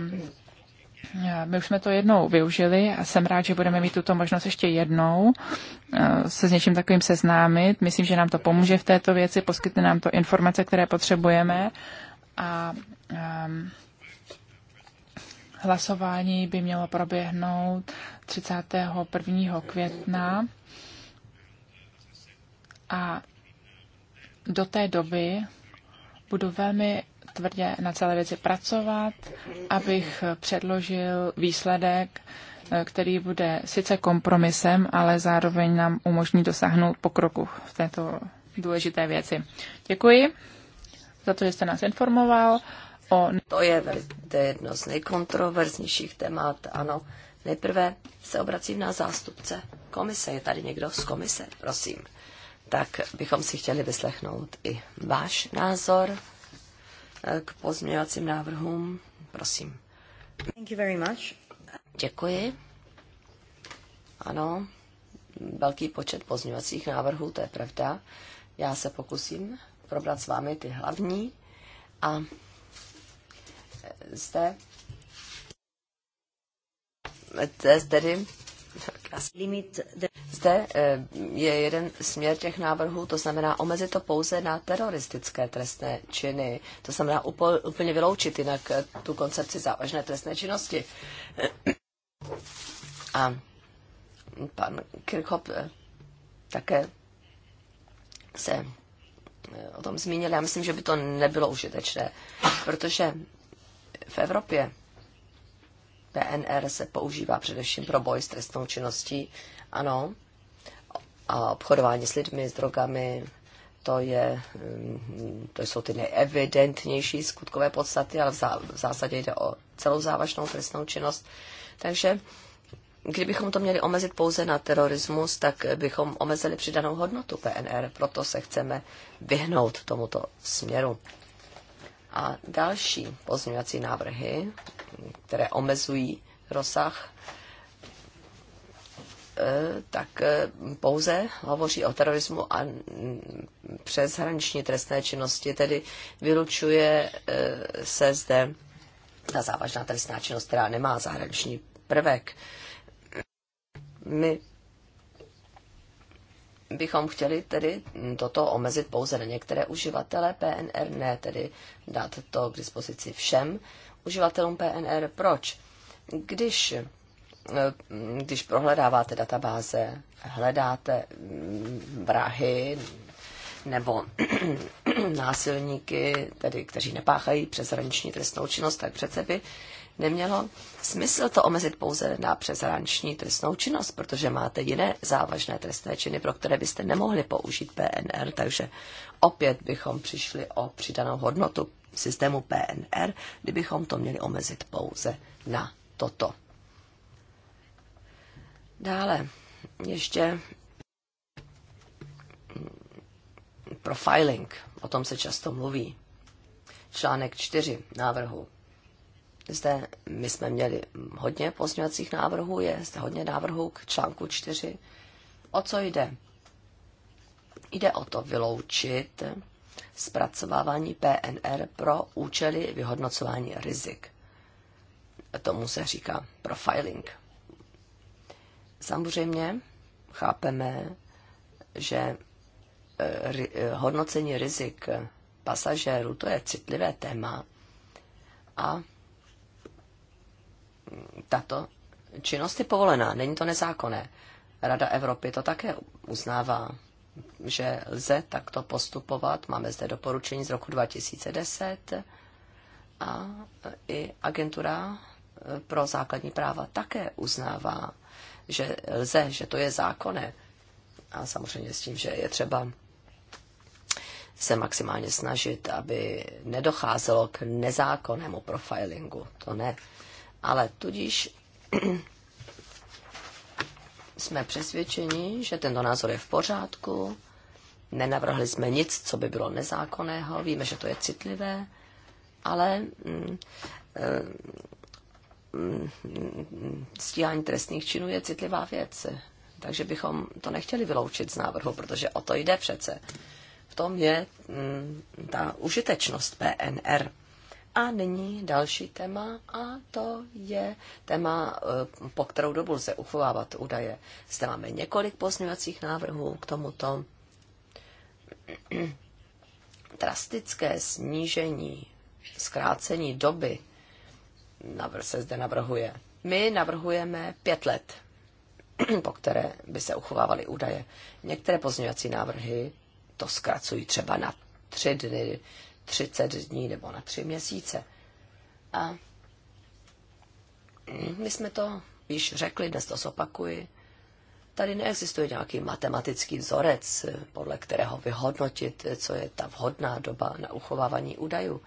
my už jsme to jednou využili a jsem rád, že budeme mít tuto možnost ještě jednou se s něčím takovým seznámit. Myslím, že nám to pomůže v této věci, poskytne nám to informace, které potřebujeme a um, Hlasování by mělo proběhnout 31. května a do té doby budu velmi tvrdě na celé věci pracovat, abych předložil výsledek, eh, který bude sice kompromisem, ale zároveň nám umožní dosáhnout pokroku v této důležité věci. Děkuji za to, že jste nás informoval o... To je, to je jedno z nejkontroverznějších témat, ano. Nejprve se obracím na zástupce komise. Je tady někdo z komise, prosím. Tak bychom si chtěli vyslechnout i váš názor eh, k pozměňovacím návrhům. Prosím. Thank you very much. Děkuji. Ano, velký počet pozměňovacích návrhů, to je pravda. Já se pokusím probrat s vámi ty hlavní a zde tedy zde eh, je jeden směr těch návrhů, to znamená omezit to pouze na teroristické trestné činy. To znamená úplně vyloučit jinak eh, tu koncepci závažné trestné činnosti. A pan Kirchhoff eh, také se o tom zmínil. Já myslím, že by to nebylo užitečné, protože v Evropě. PNR se používá především pro boj s trestnou činností, ano, a obchodování s lidmi, s drogami, to, je, mm, to jsou ty nejevidentnější skutkové podstaty, ale v, zá, v zásadě jde o celou závažnou trestnou činnost. Takže kdybychom to měli omezit pouze na terorismus, tak bychom omezili přidanou hodnotu PNR, proto se chceme vyhnout tomuto směru. A další pozměňovací návrhy, které omezují rozsah, eh, tak eh, pouze hovoří o terorismu a přeshraniční trestné činnosti, tedy vylučuje eh, se zde ta závažná trestná činnost, která nemá zahraniční prvek. My bychom chtěli tedy toto omezit pouze na některé uživatele PNR, ne tedy dát to k dispozici všem uživatelům PNR. Proč? Když, eh, když prohledáváte databáze, hledáte mm, vrahy nebo násilníky, tedy kteří nepáchají přeshraniční trestnou činnost, tak přece by nemělo smysl to omezit pouze na přeshraniční trestnou činnost, protože máte jiné závažné trestné činy, pro které byste nemohli použít PNR, takže opět bychom přišli o přidanou hodnotu systému PNR, kdybychom to měli omezit pouze na toto. Dále ještě profiling, o tom se často mluví. Článek 4 návrhu. Zde my jsme měli hodně pozměňovacích návrhů, je zde hodně návrhů k článku 4. O co jde? Jde o to vyloučit zpracovávání PNR pro účely vyhodnocování rizik. Tomu se říká profiling. Samozřejmě chápeme, že Eh, eh, hodnocení rizik pasažérů, to je citlivé téma. A tato činnost je povolená, není to nezákonné. Rada Evropy to také uznává, že lze takto postupovat. Máme zde doporučení z roku 2010 a i agentura eh, pro základní práva také uznává, že lze, že to je zákonné. A samozřejmě s tím, že je třeba se maximálně snažit, aby nedocházelo k nezákonnému profilingu. To ne. Ale tudíž jsme přesvědčeni, že tento názor je v pořádku. Nenavrhli jsme nic, co by bylo nezákonného. Víme, že to je citlivé, ale mm, eh, mm, stíhání trestných činů je citlivá věc. Takže bychom to nechtěli vyloučit z návrhu, protože o to jde přece tom je mm, ta užitečnost PNR. A nyní další téma a to je téma, eh, po kterou dobu lze uchovávat údaje. Zde máme několik pozměňovacích návrhů k tomuto. Drastické snížení, zkrácení doby se zde navrhuje. My navrhujeme pět let, po které by se uchovávaly údaje. Některé pozměňovací návrhy to zkracují třeba na tři dny, třicet dní nebo na tři měsíce. A my jsme to již řekli, dnes to zopakuji. Tady neexistuje nějaký matematický vzorec, podle kterého vyhodnotit, co je ta vhodná doba na uchovávání údajů.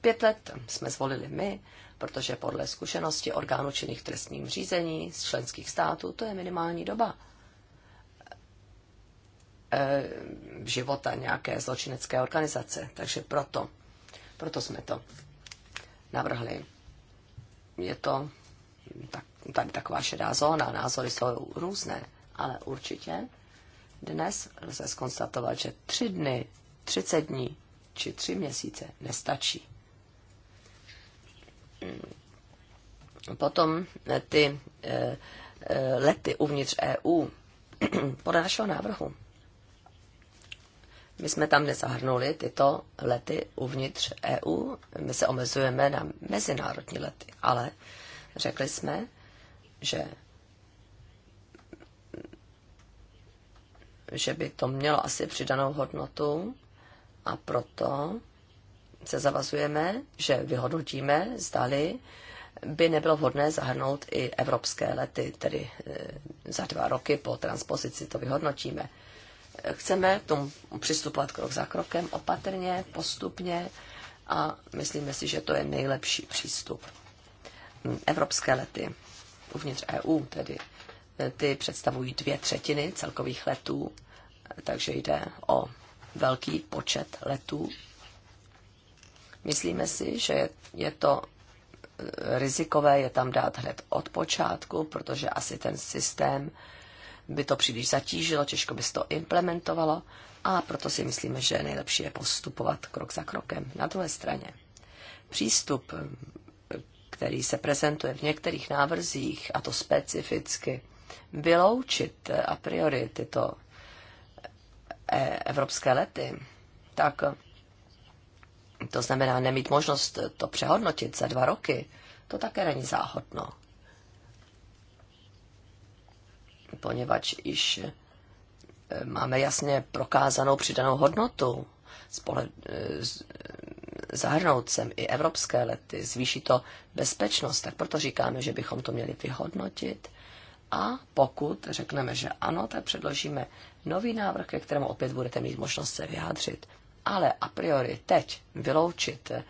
Pět let jsme zvolili my, protože podle zkušenosti orgánů činných trestním řízení z členských států to je minimální doba. Eh, života nějaké zločinecké organizace. Takže proto, proto jsme to navrhli. Je to tak, tady taková šedá zóna, názory jsou různé, ale určitě dnes lze skonstatovat, že tři dny, třicet dní či tři měsíce nestačí. Potom ty eh, eh, lety uvnitř EU podle našeho návrhu my jsme tam nezahrnuli tyto lety uvnitř EU, my se omezujeme na mezinárodní lety, ale řekli jsme, že že by to mělo asi přidanou hodnotu a proto se zavazujeme, že vyhodnotíme, zdali by nebylo vhodné zahrnout i evropské lety, tedy eh, za dva roky po transpozici to vyhodnotíme chceme k tomu přistupovat krok za krokem, opatrně, postupně a myslíme si, že to je nejlepší přístup. Evropské lety uvnitř EU tedy e, ty představují dvě třetiny celkových letů, takže jde o velký počet letů. Myslíme si, že je to e, rizikové je tam dát hned od počátku, protože asi ten systém by to příliš zatížilo, těžko by se to implementovalo a proto si myslíme, že nejlepší je postupovat krok za krokem. Na druhé straně přístup, který se prezentuje v některých návrzích, a to specificky, vyloučit a priori tyto eh, evropské lety, tak to znamená nemít možnost to přehodnotit za dva roky, to také není záhodno poněvadž již eh, máme jasně prokázanou přidanou hodnotu. Spohled, eh, zahrnout sem i evropské lety, zvýší to bezpečnost, tak proto říkáme, že bychom to měli vyhodnotit. A pokud řekneme, že ano, tak předložíme nový návrh, ke kterému opět budete mít možnost se vyjádřit. Ale a priori teď vyloučit eh,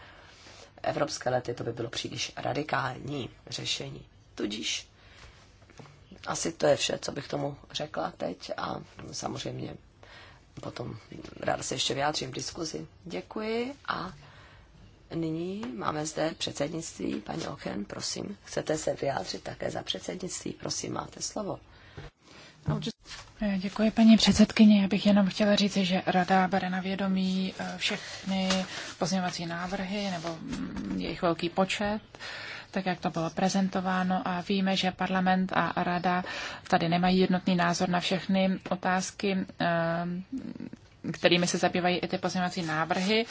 evropské lety, to by bylo příliš radikální řešení. Tudíž asi to je vše, co bych tomu řekla teď a samozřejmě potom ráda se ještě vyjádřím v diskuzi. Děkuji a nyní máme zde předsednictví. Paní Ochen. prosím, chcete se vyjádřit také za předsednictví? Prosím, máte slovo. Děkuji, paní předsedkyně. Já bych jenom chtěla říct, že Rada bere na vědomí eh, všechny pozměňovací návrhy nebo mm, jejich velký počet tak jak to bylo prezentováno a víme, že parlament a rada tady nemají jednotný názor na všechny otázky eh, kterými se zabývají i ty pozměňovací návrhy.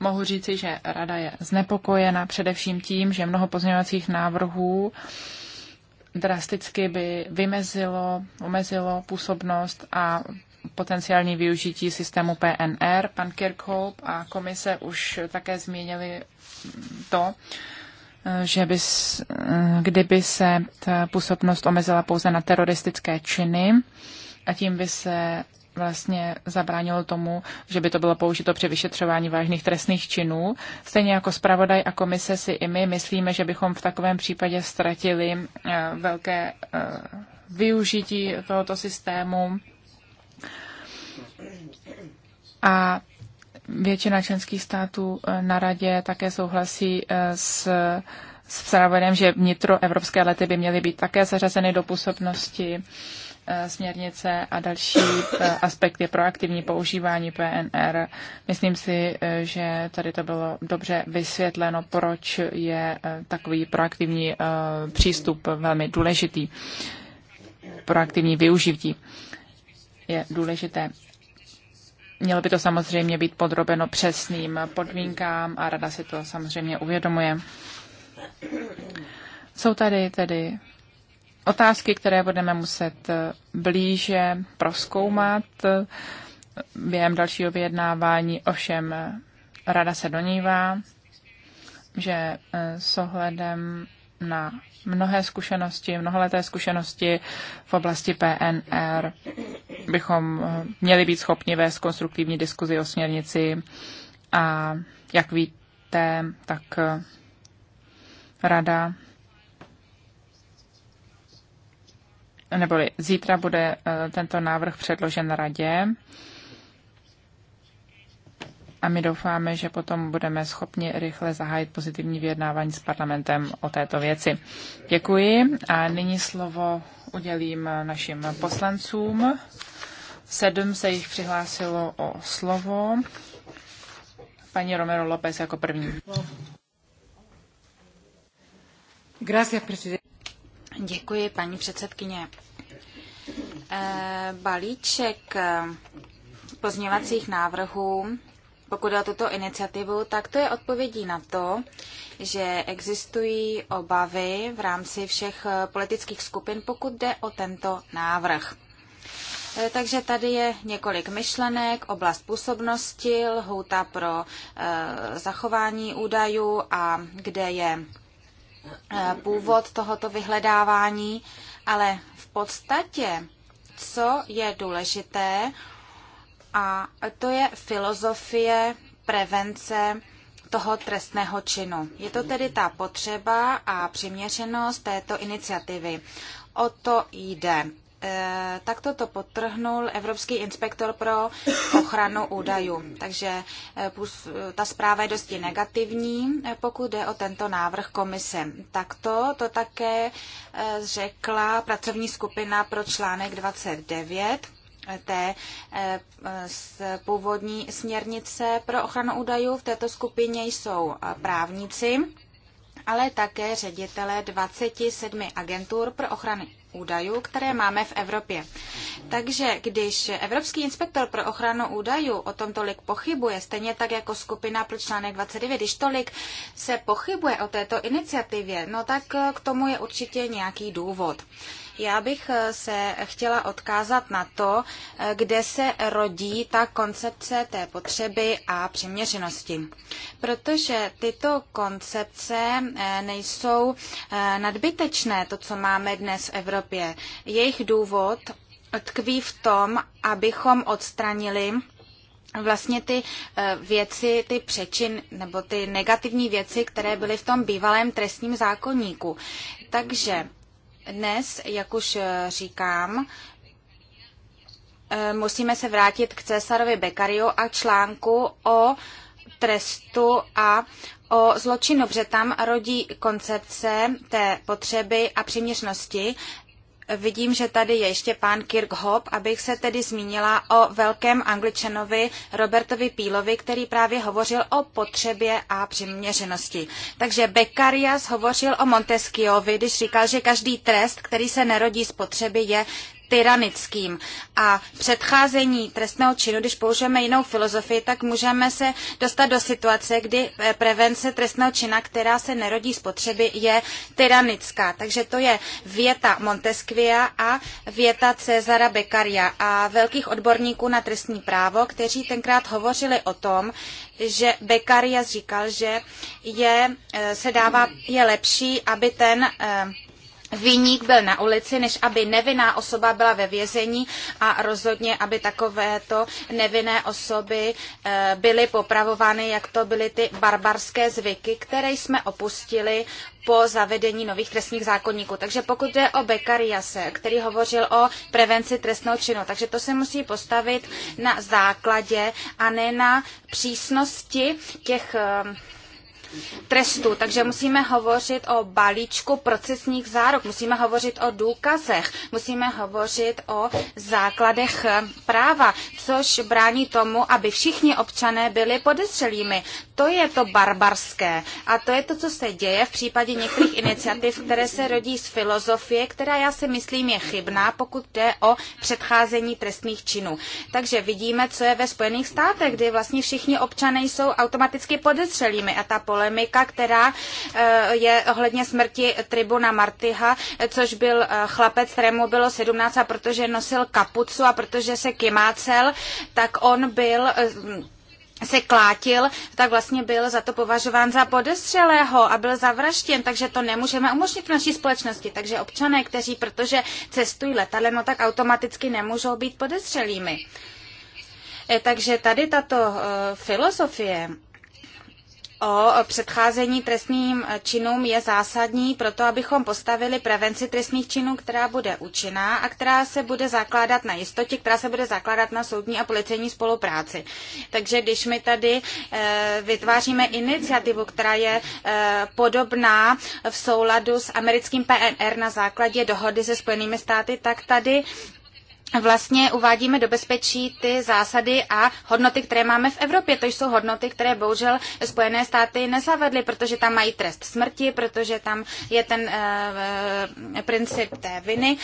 Mohu říci, že rada je znepokojena především tím, že mnoho pozměňovacích návrhů drasticky by vymezilo, omezilo působnost a potenciální využití systému PNR. Pan Kirkhope a komise už také zmínili to, že by, eh, kdyby se působnost omezila pouze na teroristické činy a tím by se vlastně zabránilo tomu, že by to bylo použito při vyšetřování vážných trestných činů. Stejně jako zpravodaj a komise si i my myslíme, že bychom v takovém případě ztratili eh, velké eh, využití tohoto systému. A Většina členských států eh, na radě také souhlasí eh, s s závodem, že vnitroevropské lety by měly být také zařazeny do působnosti eh, směrnice a další aspekt je proaktivní používání PNR. Myslím si, že tady to bylo dobře vysvětleno, proč je takový proaktivní přístup velmi důležitý. Proaktivní využití je důležité. Mělo by to samozřejmě být podrobeno přesným podmínkám a rada si to samozřejmě uvědomuje. Jsou tady tedy otázky, které budeme muset blíže proskoumat během dalšího vyjednávání. Ovšem, rada se donívá, že s ohledem na mnohé zkušenosti, mnohaleté zkušenosti v oblasti PNR. Bychom eh, měli být schopni vést konstruktivní diskuzi o směrnici a jak víte, tak eh, rada neboli zítra bude eh, tento návrh předložen radě a my doufáme, že potom budeme schopni rychle zahájit pozitivní vyjednávání s parlamentem o této věci. Děkuji a nyní slovo udělím našim poslancům. Sedm se jich přihlásilo o slovo. Paní Romero López jako první. Děkuji, paní předsedkyně. Eh, balíček eh, pozměvacích návrhů pokud o tuto iniciativu, tak to je odpovědí na to, že existují obavy v rámci všech eh, politických skupin, pokud jde o tento návrh. Eh, takže tady je několik myšlenek, oblast působnosti, lhouta pro e, zachování údajů a kde je e, původ tohoto vyhledávání, ale v podstatě, co je důležité, a to je filozofie prevence toho trestného činu. Je to tedy ta potřeba a přiměřenost této iniciativy. O to jde. E, tak to potrhnul Evropský inspektor pro ochranu údajů. Takže e, ta zpráva je dosti negativní, e, pokud jde o tento návrh komise. Takto to také e, řekla pracovní skupina pro článek 29 té eh, původní směrnice pro ochranu údajů. V této skupině jsou eh, právníci, ale také ředitele 27 agentur pro ochranu údajů, které máme v Evropě. Takže když Evropský inspektor pro ochranu údajů o tom tolik pochybuje, stejně tak jako skupina pro článek 29, když tolik se pochybuje o této iniciativě, no tak eh, k tomu je určitě nějaký důvod. Já bych eh, se chtěla odkázat na to, eh, kde se rodí ta koncepce té potřeby a přiměřenosti. Protože tyto koncepce eh, nejsou nadbytečné, to, co máme dnes v Evropě. Jejich důvod tkví v tom, abychom odstranili vlastně ty věci, ty přečin nebo ty negativní věci, které byly v tom bývalém trestním zákonníku. Takže dnes, jak už eh, říkám, eh, musíme se vrátit k Cesarovi Bekariu a článku o trestu a o zločinu, protože tam rodí koncepce té potřeby a přiměřnosti Vidím, že tady je ještě pán Kirkhope, abych se tedy zmínila o velkém angličanovi Robertovi Pílovi, který právě hovořil o potřebě a přiměřenosti. Takže Beccarias hovořil o Montesquiovi, když říkal, že každý trest, který se nerodí z potřeby, je tyranickým. A předcházení trestného činu, když použijeme jinou filozofii, tak můžeme se dostat do situace, kdy eh, prevence trestného čina, která se nerodí z potřeby, je tyranická. Takže to je věta Montesquia a věta Cezara Beccaria a velkých odborníků na trestní právo, kteří tenkrát hovořili o tom, že Beccaria říkal, že je, eh, se dává, je lepší, aby ten eh, Výnik byl na ulici, než aby nevinná osoba byla ve vězení a rozhodně, aby takovéto nevinné osoby eh, byly popravovány, jak to byly ty barbarské zvyky, které jsme opustili po zavedení nových trestních zákonníků. Takže pokud jde o Bekariase, který hovořil o prevenci trestného činu, takže to se musí postavit na základě a ne na přísnosti těch eh, trestu. Takže musíme hovořit o balíčku procesních zárok, musíme hovořit o důkazech, musíme hovořit o základech práva, což brání tomu, aby všichni občané byli podezřelými. To je to barbarské a to je to, co se děje v případě některých iniciativ, které se rodí z filozofie, která já si myslím je chybná, pokud jde o předcházení trestných činů. Takže vidíme, co je ve Spojených státech, kdy vlastně všichni občané jsou automaticky podezřelými a ta pole polemika, která eh, je ohledně smrti tribuna Martyha, což byl eh, chlapec, kterému bylo 17 a protože nosil kapucu a protože se kymácel, tak on byl eh, se klátil, tak vlastně byl za to považován za podezřelého a byl zavraštěn, takže to nemůžeme umožnit v naší společnosti. Takže občané, kteří protože cestují letadlem, no tak automaticky nemůžou být podestřelými. Takže tady tato uh, filozofie o předcházení trestným činům je zásadní proto, abychom postavili prevenci trestných činů, která bude účinná a která se bude zakládat na jistotě, která se bude zakládat na soudní a policejní spolupráci. Takže když my tady eh, vytváříme iniciativu, která je eh, podobná v souladu s americkým PNR na základě dohody se Spojenými státy, tak tady vlastně uvádíme do bezpečí ty zásady a hodnoty, které máme v Evropě. To jsou hodnoty, které bohužel Spojené státy nezavedly, protože tam mají trest smrti, protože tam je ten uh, princip té viny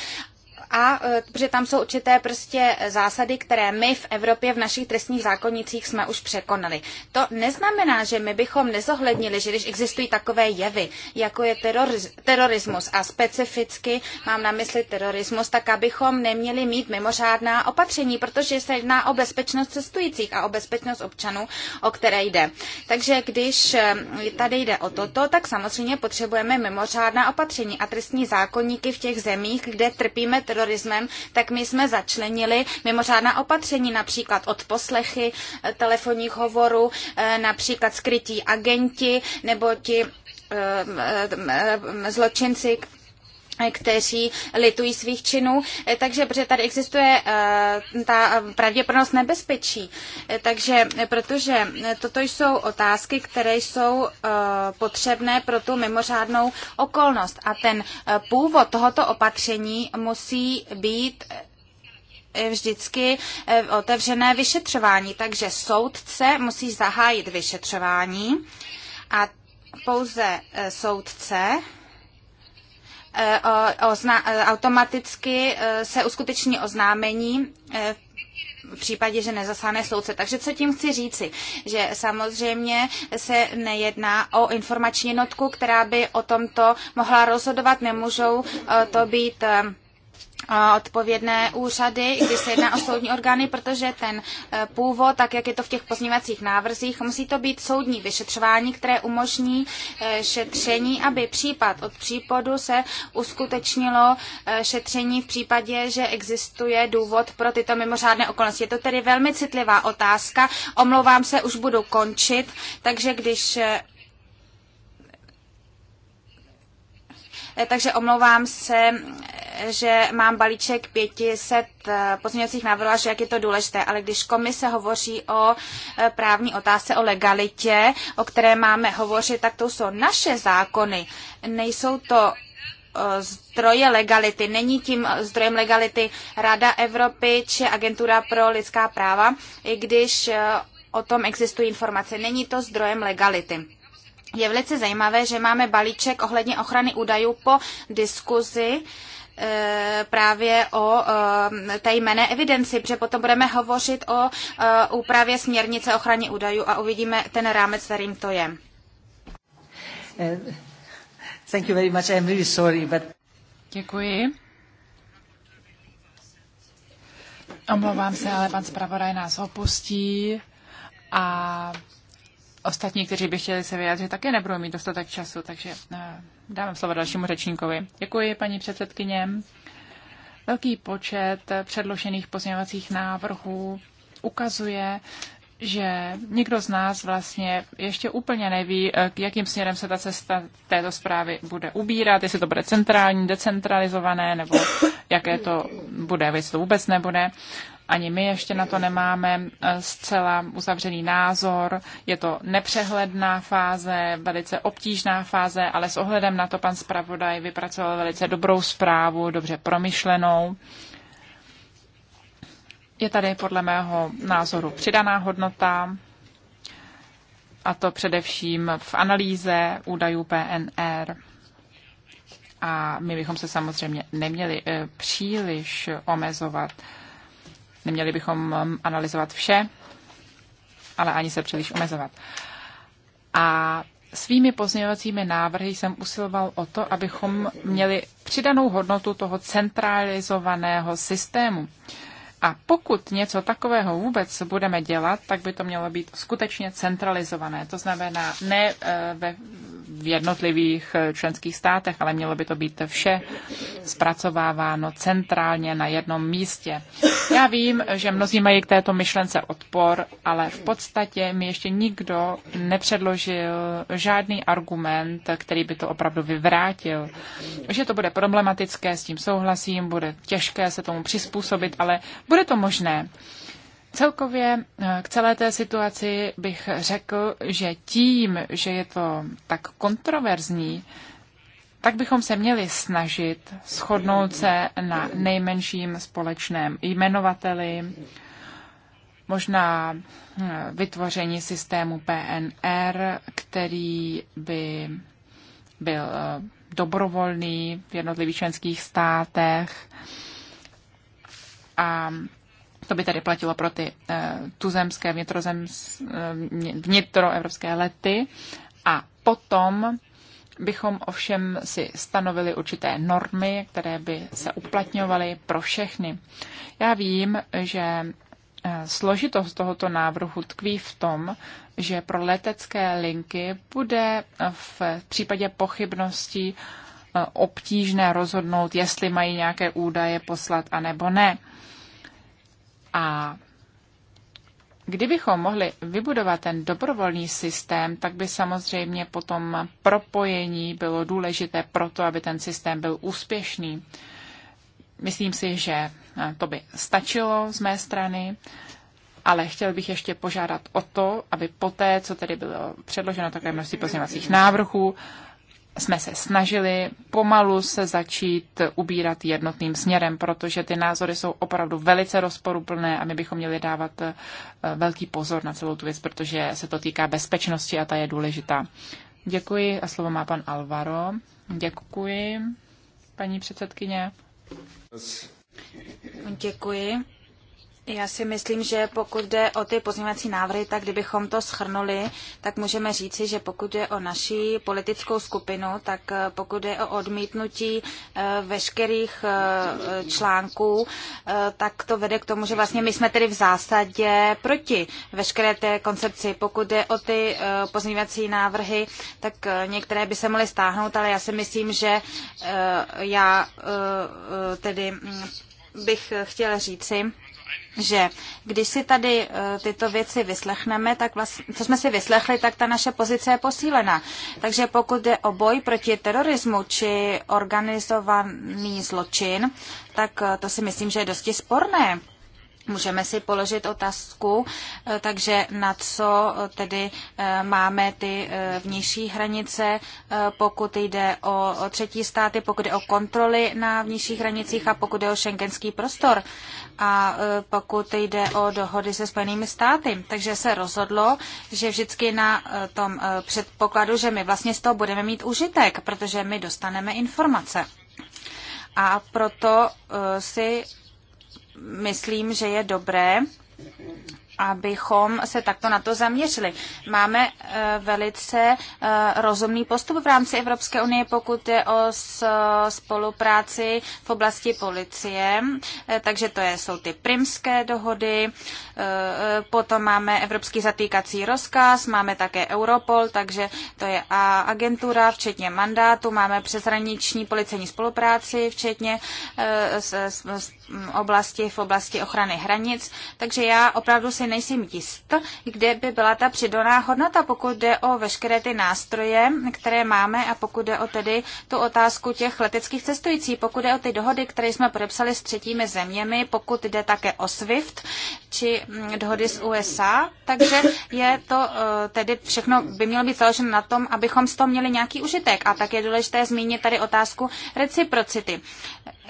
a e, protože tam jsou určité prostě zásady, které my v Evropě v našich trestních zákonnicích jsme už překonali. To neznamená, že my bychom nezohlednili, že když existují takové jevy, jako je teroriz- terorismus a specificky mám na mysli terorismus, tak abychom neměli mít mimořádná opatření, protože se jedná o bezpečnost cestujících a o bezpečnost občanů, o které jde. Takže když e, tady jde o toto, tak samozřejmě potřebujeme mimořádná opatření a trestní zákonníky v těch zemích, kde trpíme terorismus terorismem, tak my jsme začlenili mimořádná opatření, například odposlechy eh, telefonních hovorů, eh, například skrytí agenti nebo ti eh, zločinci, kteří litují svých činů, eh, takže protože tady existuje eh, ta pravděpodobnost nebezpečí. Eh, takže protože toto jsou otázky, které jsou potřebné pro tu mimořádnou okolnost a ten původ tohoto opatření musí být vždycky otevřené vyšetřování. Takže soudce musí zahájit vyšetřování a pouze soudce automaticky e, se uskuteční oznámení e, v případě, že nezasáhne soudce. Takže co tím chci říci? Že samozřejmě se nejedná o informační jednotku, která by o tomto mohla rozhodovat, nemůžou e, to být odpovědné úřady, i když se jedná o soudní orgány, protože ten e, původ, tak jak je to v těch pozměňovacích návrzích, musí to být soudní vyšetřování, které umožní e, šetření, aby případ od případu se uskutečnilo e, šetření v případě, že existuje důvod pro tyto mimořádné okolnosti. Je to tedy velmi citlivá otázka. Omlouvám se, už budu končit, takže když Eh, takže omlouvám se, eh, že mám balíček 500 eh, pozměňovacích návrhů a že jak je to důležité, ale když komise hovoří o právní otázce, o legalitě, o které máme hovořit, tak to jsou naše zákony. Nejsou to zdroje legality. Není tím zdrojem legality Rada Evropy či Agentura pro lidská práva, i když o tom existují informace. Není to zdrojem legality. Je velice zajímavé, že máme balíček ohledně ochrany údajů po diskuzi e, právě o e, té jmené evidenci, protože potom budeme hovořit o e, úpravě směrnice ochraně údajů a uvidíme ten rámec, kterým to je. Eh, thank you very much. I'm really sorry, but... Děkuji. Omlouvám se, ale pan zpravodaj nás opustí a ostatní, kteří by chtěli se vyjádřit, také nebudou mít dostatek času, takže eh, dávám slovo dalšímu řečníkovi. Děkuji, paní předsedkyně. Velký počet předložených pozměňovacích návrhů ukazuje, že nikdo z nás vlastně ještě úplně neví, k eh, jakým směrem se ta cesta této zprávy bude ubírat, jestli to bude centrální, decentralizované, nebo jaké to bude, jestli to vůbec nebude. Ani my ještě na to nemáme eh, zcela uzavřený názor. Je to nepřehledná fáze, velice obtížná fáze, ale s ohledem na to pan zpravodaj vypracoval velice dobrou zprávu, dobře promyšlenou. Je tady podle mého názoru přidaná hodnota, a to především v analýze údajů PNR. A my bychom se samozřejmě neměli eh, příliš omezovat Neměli bychom um, analyzovat vše, ale ani se příliš omezovat. A svými pozměňovacími návrhy jsem usiloval o to, abychom měli přidanou hodnotu toho centralizovaného systému. A pokud něco takového vůbec budeme dělat, tak by to mělo být skutečně centralizované. To znamená ne eh, ve v jednotlivých eh, členských státech, ale mělo by to být vše zpracováváno centrálně na jednom místě. Já vím, že mnozí mají k této myšlence odpor, ale v podstatě mi ještě nikdo nepředložil žádný argument, který by to opravdu vyvrátil. Že to bude problematické, s tím souhlasím, bude těžké se tomu přizpůsobit, ale bude to možné. Celkově eh, k celé té situaci bych řekl, že tím, že je to tak kontroverzní, tak bychom se měli snažit shodnout se na nejmenším společném jmenovateli, možná eh, vytvoření systému PNR, který by byl eh, dobrovolný v jednotlivých členských státech a to by tedy platilo pro ty eh, tuzemské uh, vnitroevropské lety. A potom bychom ovšem si stanovili určité normy, které by se uplatňovaly pro všechny. Já vím, že eh, složitost tohoto návrhu tkví v tom, že pro letecké linky bude v případě pochybností obtížné rozhodnout, jestli mají nějaké údaje poslat a nebo ne. A Kdybychom mohli vybudovat ten dobrovolný systém, tak by samozřejmě potom propojení bylo důležité pro to, aby ten systém byl úspěšný. Myslím si, že eh, to by stačilo z mé strany, ale chtěl bych ještě požádat o to, aby poté, co tedy bylo předloženo také množství pozměňovacích návrhů, jsme se snažili pomalu se začít ubírat jednotným směrem, protože ty názory jsou opravdu velice rozporuplné a my bychom měli dávat eh, velký pozor na celou tu věc, protože se to týká bezpečnosti a ta je důležitá. Děkuji a slovo má pan Alvaro. Děkuji, paní předsedkyně. Děkuji. Já si myslím, že pokud jde o ty pozměňovací návrhy, tak kdybychom to schrnuli, tak můžeme říci, že pokud jde o naší politickou skupinu, tak eh, pokud jde o odmítnutí eh, veškerých eh, článků, tak to vede k tomu, že vlastně my jsme tedy v zásadě proti veškeré té koncepci. Pokud jde o ty pozměňovací návrhy, tak některé by se mohly stáhnout, ale já si myslím, že já tedy mm, bych chtěla říci, že když si tady eh, tyto věci vyslechneme, tak vlastně, co jsme si vyslechli, tak ta naše pozice je posílená. Takže pokud jde o boj proti terorismu či organizovaný zločin, tak eh, to si myslím, že je dosti sporné. Můžeme si položit otázku, eh, takže na co eh, tedy eh, máme ty vnější hranice, pokud jde o třetí státy, pokud jde o kontroly na vnějších hranicích a pokud jde o šengenský prostor a pokud jde o dohody se Spojenými státy. Takže se rozhodlo, že vždycky na tom předpokladu, že my vlastně z toho budeme mít užitek, protože my dostaneme informace. A proto si myslím, že je dobré, abychom se takto na to zaměřili. Máme eh, velice eh, rozumný postup v rámci Evropské unie, pokud je o eh, spolupráci v oblasti policie. Takže to je, jsou ty primské dohody, potom máme Evropský zatýkací rozkaz, máme také Europol, takže to je agentura, včetně mandátu, máme přeshraniční policejní spolupráci, včetně s z, oblasti v oblasti ochrany hranic. Takže já opravdu si nejsem jist, kde by byla ta přidaná hodnota, pokud jde o veškeré ty nástroje, které máme a pokud jde o tedy tu otázku těch leteckých cestující, pokud jde o ty dohody, které jsme podepsali s třetími zeměmi, pokud jde také o SWIFT či mm, dohody s USA, takže je to eh, tedy všechno by mělo být založeno na tom, abychom z toho měli nějaký užitek. A tak je důležité zmínit tady otázku reciprocity.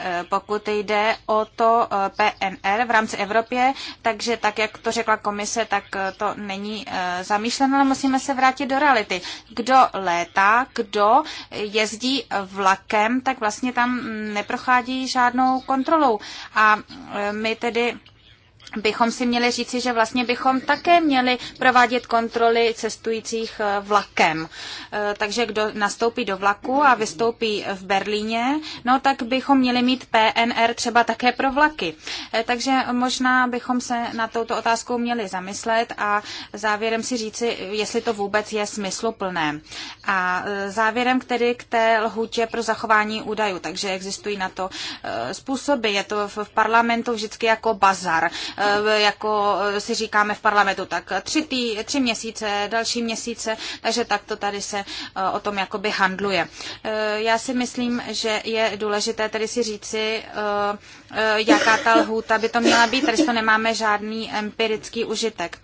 Eh, pokud jde o to eh, PNR v rámci Evropě, takže tak, jak to řekla komise, tak eh, to není zamýšleno, ale musíme se vrátit do reality. Kdo létá, kdo jezdí vlakem, tak vlastně tam neprochází žádnou kontrolou. A my tedy bychom si měli říci, že vlastně bychom také měli provádět kontroly cestujících eh, vlakem. Eh, takže kdo nastoupí do vlaku a vystoupí v Berlíně, no tak bychom měli mít PNR třeba také pro vlaky. Eh, takže možná bychom se na touto otázkou měli zamyslet a závěrem si říci, jestli to vůbec je smysluplné. A závěrem tedy k té lhůtě pro zachování údajů. Takže existují na to způsoby. Je to v parlamentu vždycky jako bazar Eh, jako eh, si říkáme v parlamentu, tak tři, tý, tři měsíce, další měsíce, takže tak to tady se eh, o tom jakoby handluje. Já si myslím, že je důležité tady si říci, jaká ta lhůta by to měla být, tady to nemáme žádný empirický užitek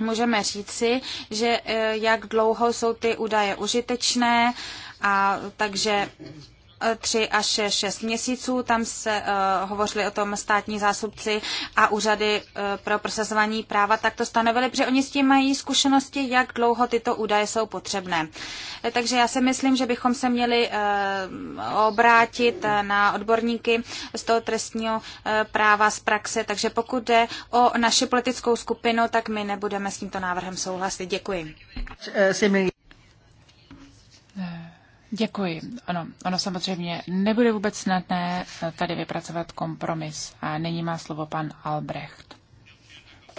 můžeme říci, že jak dlouho jsou ty údaje užitečné, a takže 3 až 6 měsíců. Tam se uh, hovořili o tom státní zásupci a úřady uh, pro prosazování práva takto stanovili, protože oni s tím mají zkušenosti, jak dlouho tyto údaje jsou potřebné. Eh, takže já si myslím, že bychom se měli uh, obrátit na odborníky z toho trestního uh, práva z praxe. Takže pokud jde o naši politickou skupinu, tak my nebudeme s tímto návrhem souhlasit. Děkuji. Děkuji. Ano, ono samozřejmě nebude vůbec snadné eh, tady vypracovat kompromis. A nyní má slovo pan Albrecht.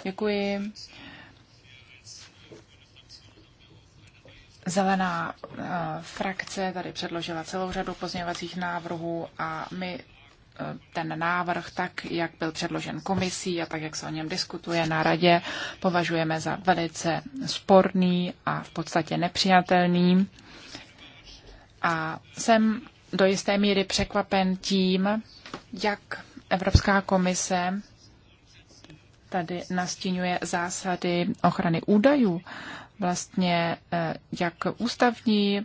Děkuji. Zelená uh, frakce tady předložila celou řadu pozměňovacích návrhů a my eh, ten návrh, tak jak byl předložen komisí a tak jak se o něm diskutuje na radě, považujeme za velice sporný a v podstatě nepřijatelný. A jsem do jisté míry překvapen tím, jak Evropská komise tady nastínuje zásady ochrany údajů vlastně eh, jak ústavní eh,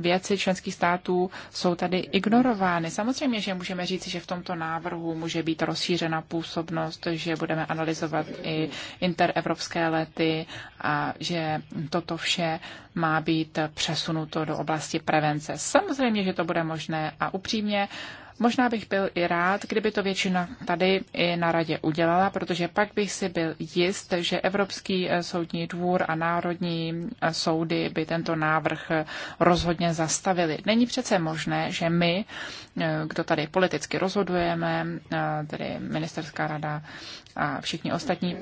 věci členských států jsou tady ignorovány. Samozřejmě, že můžeme říct, že v tomto návrhu může být rozšířena působnost, že budeme analyzovat i interevropské lety a že toto vše má být přesunuto do oblasti prevence. Samozřejmě, že to bude možné a upřímně Možná bych byl i rád, kdyby to většina tady i na radě udělala, protože pak bych si byl jist, že Evropský eh, soudní dvůr a národní eh, soudy by tento návrh eh, rozhodně zastavili. Není přece možné, že my, kdo tady politicky rozhodujeme, tedy ministerská rada a všichni ostatní,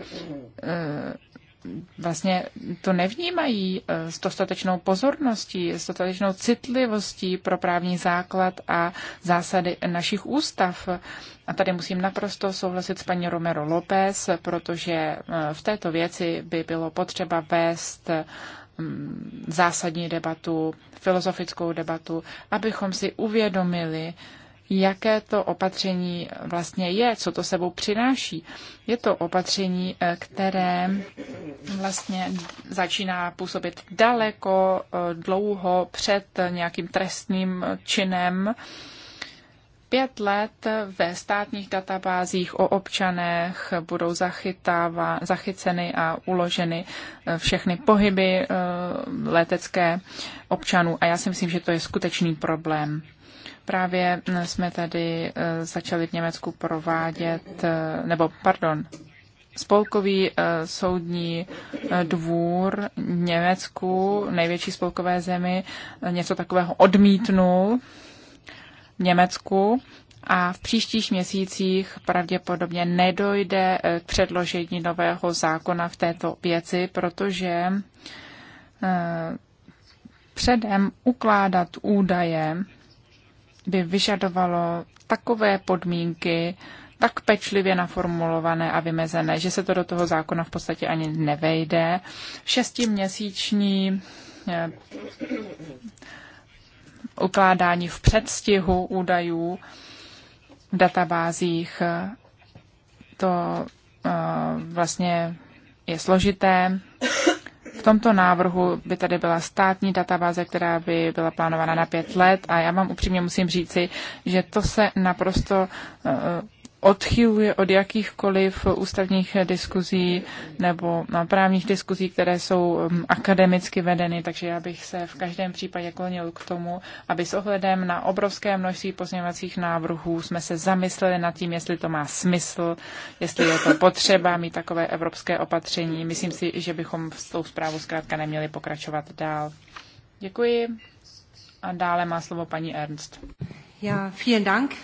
vlastně to nevnímají eh, s dostatečnou pozorností, s dostatečnou citlivostí pro právní základ a zásady našich ústav. A tady musím naprosto souhlasit s paní Romero López, protože eh, v této věci by bylo potřeba vést mm, zásadní debatu, filozofickou debatu, abychom si uvědomili, jaké to opatření vlastně je, co to sebou přináší. Je to opatření, eh, které vlastně začíná působit daleko, eh, dlouho před nějakým trestným činem. Pět let ve státních databázích o občanech budou zachyceny a uloženy eh, všechny pohyby letecké občanů a já si myslím, že to je skutečný problém. Právě eh, jsme tady eh, začali v Německu provádět, eh, nebo pardon, Spolkový soudní dvůr Německu, největší spolkové zemi, něco takového odmítnul v Německu a v příštích měsících pravděpodobně nedojde k předložení nového zákona v této věci, protože předem ukládat údaje by vyžadovalo takové podmínky, tak pečlivě naformulované a vymezené, že se to do toho zákona v podstatě ani nevejde. Šestiměsíční eh, ukládání v předstihu údajů v databázích, eh, to eh, vlastně je složité v tomto návrhu by tady byla státní databáze, která by byla plánována na pět let a já vám upřímně musím říci, že to se naprosto eh, odchyluje od jakýchkoliv ústavních diskuzí nebo no, právních diskuzí, které jsou mm, akademicky vedeny, takže já bych se v každém případě klonil k tomu, aby s ohledem na obrovské množství pozměňovacích návrhů jsme se zamysleli nad tím, jestli to má smysl, jestli je to potřeba mít takové evropské opatření. Myslím si, že bychom s tou zprávou zkrátka neměli pokračovat dál. Děkuji. A dále má slovo paní Ernst. Ja vielen Dank.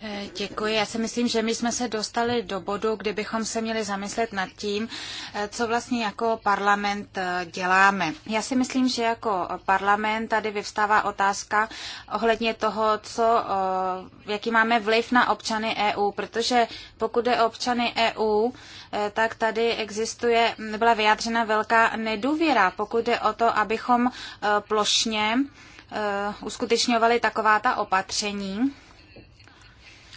Eh, děkuji. Já si myslím, že my jsme se dostali do bodu, kdy bychom se měli zamyslet nad tím, eh, co vlastně jako parlament eh, děláme. Já si myslím, že jako parlament tady vyvstává otázka ohledně toho, co, jaký máme vliv na občany EU, protože pokud je občany EU, tak tady existuje, byla vyjádřena velká nedůvěra, pokud je o to, abychom plošně uskutečňovali taková ta opatření,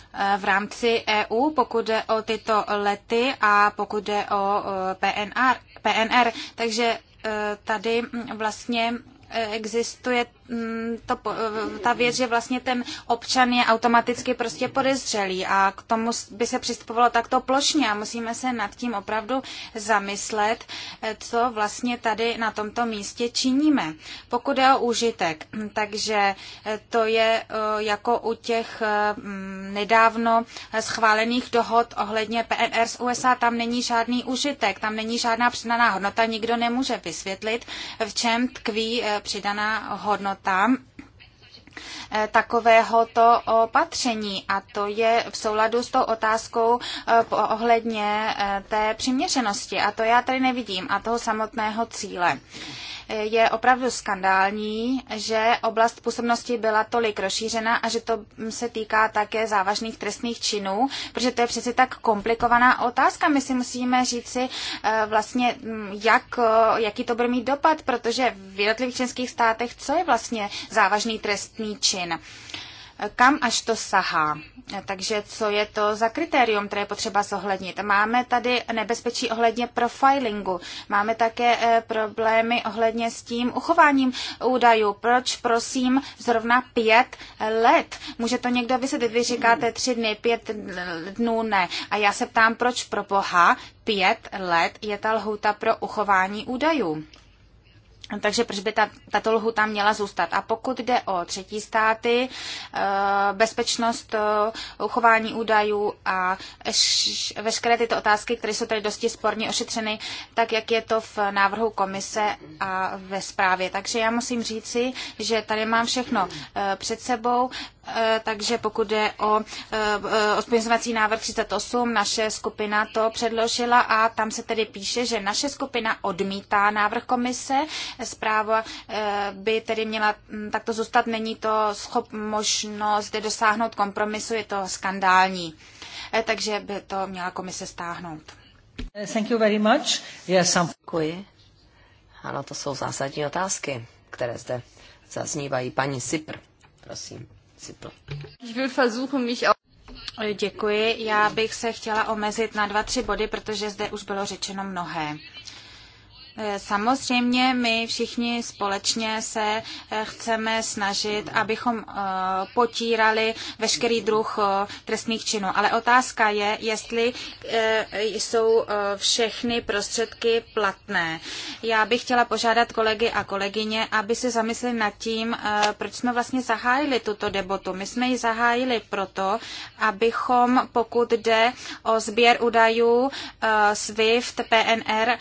Eh, v rámci EU, pokud jde o tyto lety a pokud jde o eh, PNR. PNR. Takže eh, tady mm, vlastně existuje Mm, to, eh, ta věc, že vlastně ten občan je automaticky prostě podezřelý a k tomu by se přistupovalo takto plošně a musíme se nad tím opravdu zamyslet, eh, co vlastně tady na tomto místě činíme. Pokud je o užitek, hm, takže eh, to je jako u těch hm, nedávno schválených dohod ohledně PNR z USA, tam není žádný užitek, tam není žádná přidaná hodnota, nikdo nemůže vysvětlit, v čem tkví přidaná hodnota témata eh, takovéhoto opatření a to je v souladu s tou otázkou eh, ohledně eh, té přiměřenosti a to já tady nevidím a toho samotného cíle je opravdu skandální, že oblast působnosti byla tolik rozšířena a že to se týká také závažných trestných činů, protože to je přeci tak komplikovaná otázka. My si musíme říci eh, vlastně, mm, jak, eh, jaký to bude mít dopad, protože v jednotlivých členských státech co je vlastně závažný trestný čin kam až to sahá. Takže co je to za kritérium, které je potřeba zohlednit? Máme tady nebezpečí ohledně profilingu, máme také eh, problémy ohledně s tím uchováním údajů. Proč, prosím, zrovna pět let? Může to někdo vysvětlit? Vy říkáte tři dny, pět dnů ne. A já se ptám, proč pro boha pět let je ta lhouta pro uchování údajů? Takže proč by ta, tato lhuta měla zůstat? A pokud jde o třetí státy, eh, bezpečnost eh, uchování údajů a veškeré tyto otázky, které jsou tady dosti sporně ošetřeny, tak jak je to v návrhu komise a ve zprávě. Takže já musím říci, že tady mám všechno eh, před sebou, takže pokud jde o odpovězovací návrh 38, naše skupina to předložila a tam se tedy píše, že naše skupina odmítá návrh komise, zpráva eh, by tedy měla mm, takto zůstat. Není to schop možnost dosáhnout kompromisu, je to skandální. Eh, takže by to měla komise stáhnout. Thank you very much. Yes, Děkuji. Ano, to jsou zásadní otázky, které zde zaznívají. Paní Sipr, prosím. Sipr. Děkuji. Já bych se chtěla omezit na dva, tři body, protože zde už bylo řečeno mnohé. Eh, samozřejmě my všichni společně se eh, chceme snažit, abychom eh, potírali veškerý druh trestných činů. Ale otázka je, jestli jsou všechny prostředky platné. Já bych chtěla požádat kolegy a kolegyně, aby se zamysleli nad tím, proč jsme vlastně zahájili tuto debatu. My jsme ji zahájili proto, abychom, pokud jde o sběr údajů SWIFT, PNR,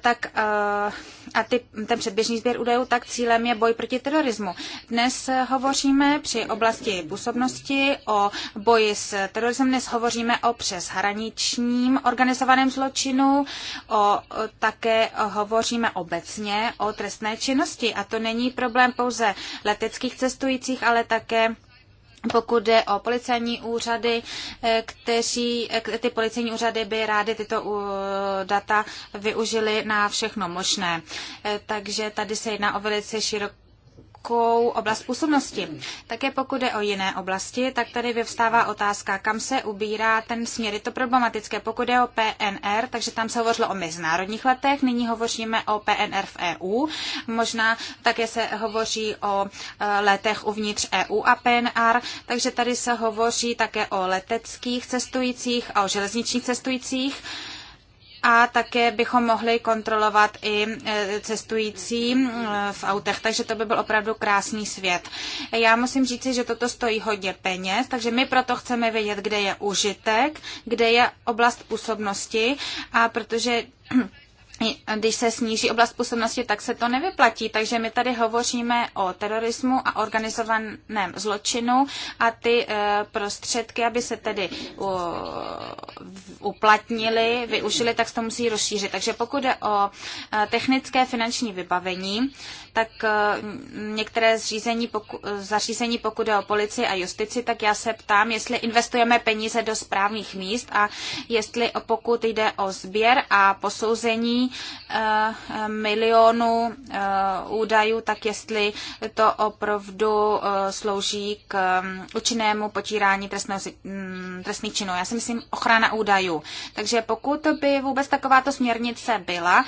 tak Eh, a ty, ten předběžný sběr údajů, tak cílem je boj proti terorismu. Dnes hovoříme při oblasti působnosti o boji s terorismem, dnes hovoříme o přeshraničním organizovaném zločinu, o, také hovoříme obecně o trestné činnosti. A to není problém pouze leteckých cestujících, ale také pokud jde o policejní úřady, eh, kteří, eh, ty policejní úřady by rády tyto data využili na všechno možné. Eh, takže tady se jedná o velice širok, širokou oblast působnosti. Také pokud jde o jiné oblasti, tak tady vyvstává otázka, kam se ubírá ten směr. Je to problematické, pokud jde o PNR, takže tam se hovořilo o mezinárodních letech, nyní hovoříme o PNR v EU, možná také se hovoří o e, letech uvnitř EU a PNR, takže tady se hovoří také o leteckých cestujících a o železničních cestujících a také bychom mohli kontrolovat i e, cestující e, v autech, takže to by byl opravdu krásný svět. Já musím říci, že toto stojí hodně peněz, takže my proto chceme vědět, kde je užitek, kde je oblast působnosti a protože když se sníží oblast působnosti, tak se to nevyplatí. Takže my tady hovoříme o terorismu a organizovaném zločinu a ty eh, prostředky, aby se tedy uplatnili, využili, tak se to musí rozšířit. Takže pokud je o eh, technické finanční vybavení, tak eh, některé zřízení, poku, zařízení, pokud je o policii a justici, tak já se ptám, jestli investujeme peníze do správných míst a jestli pokud jde o sběr a posouzení Eh, milionů eh, údajů, tak jestli to opravdu eh, slouží k mm, účinnému potírání trestného, mm, trestných činů. Já si myslím ochrana údajů. Takže pokud by vůbec takováto směrnice byla,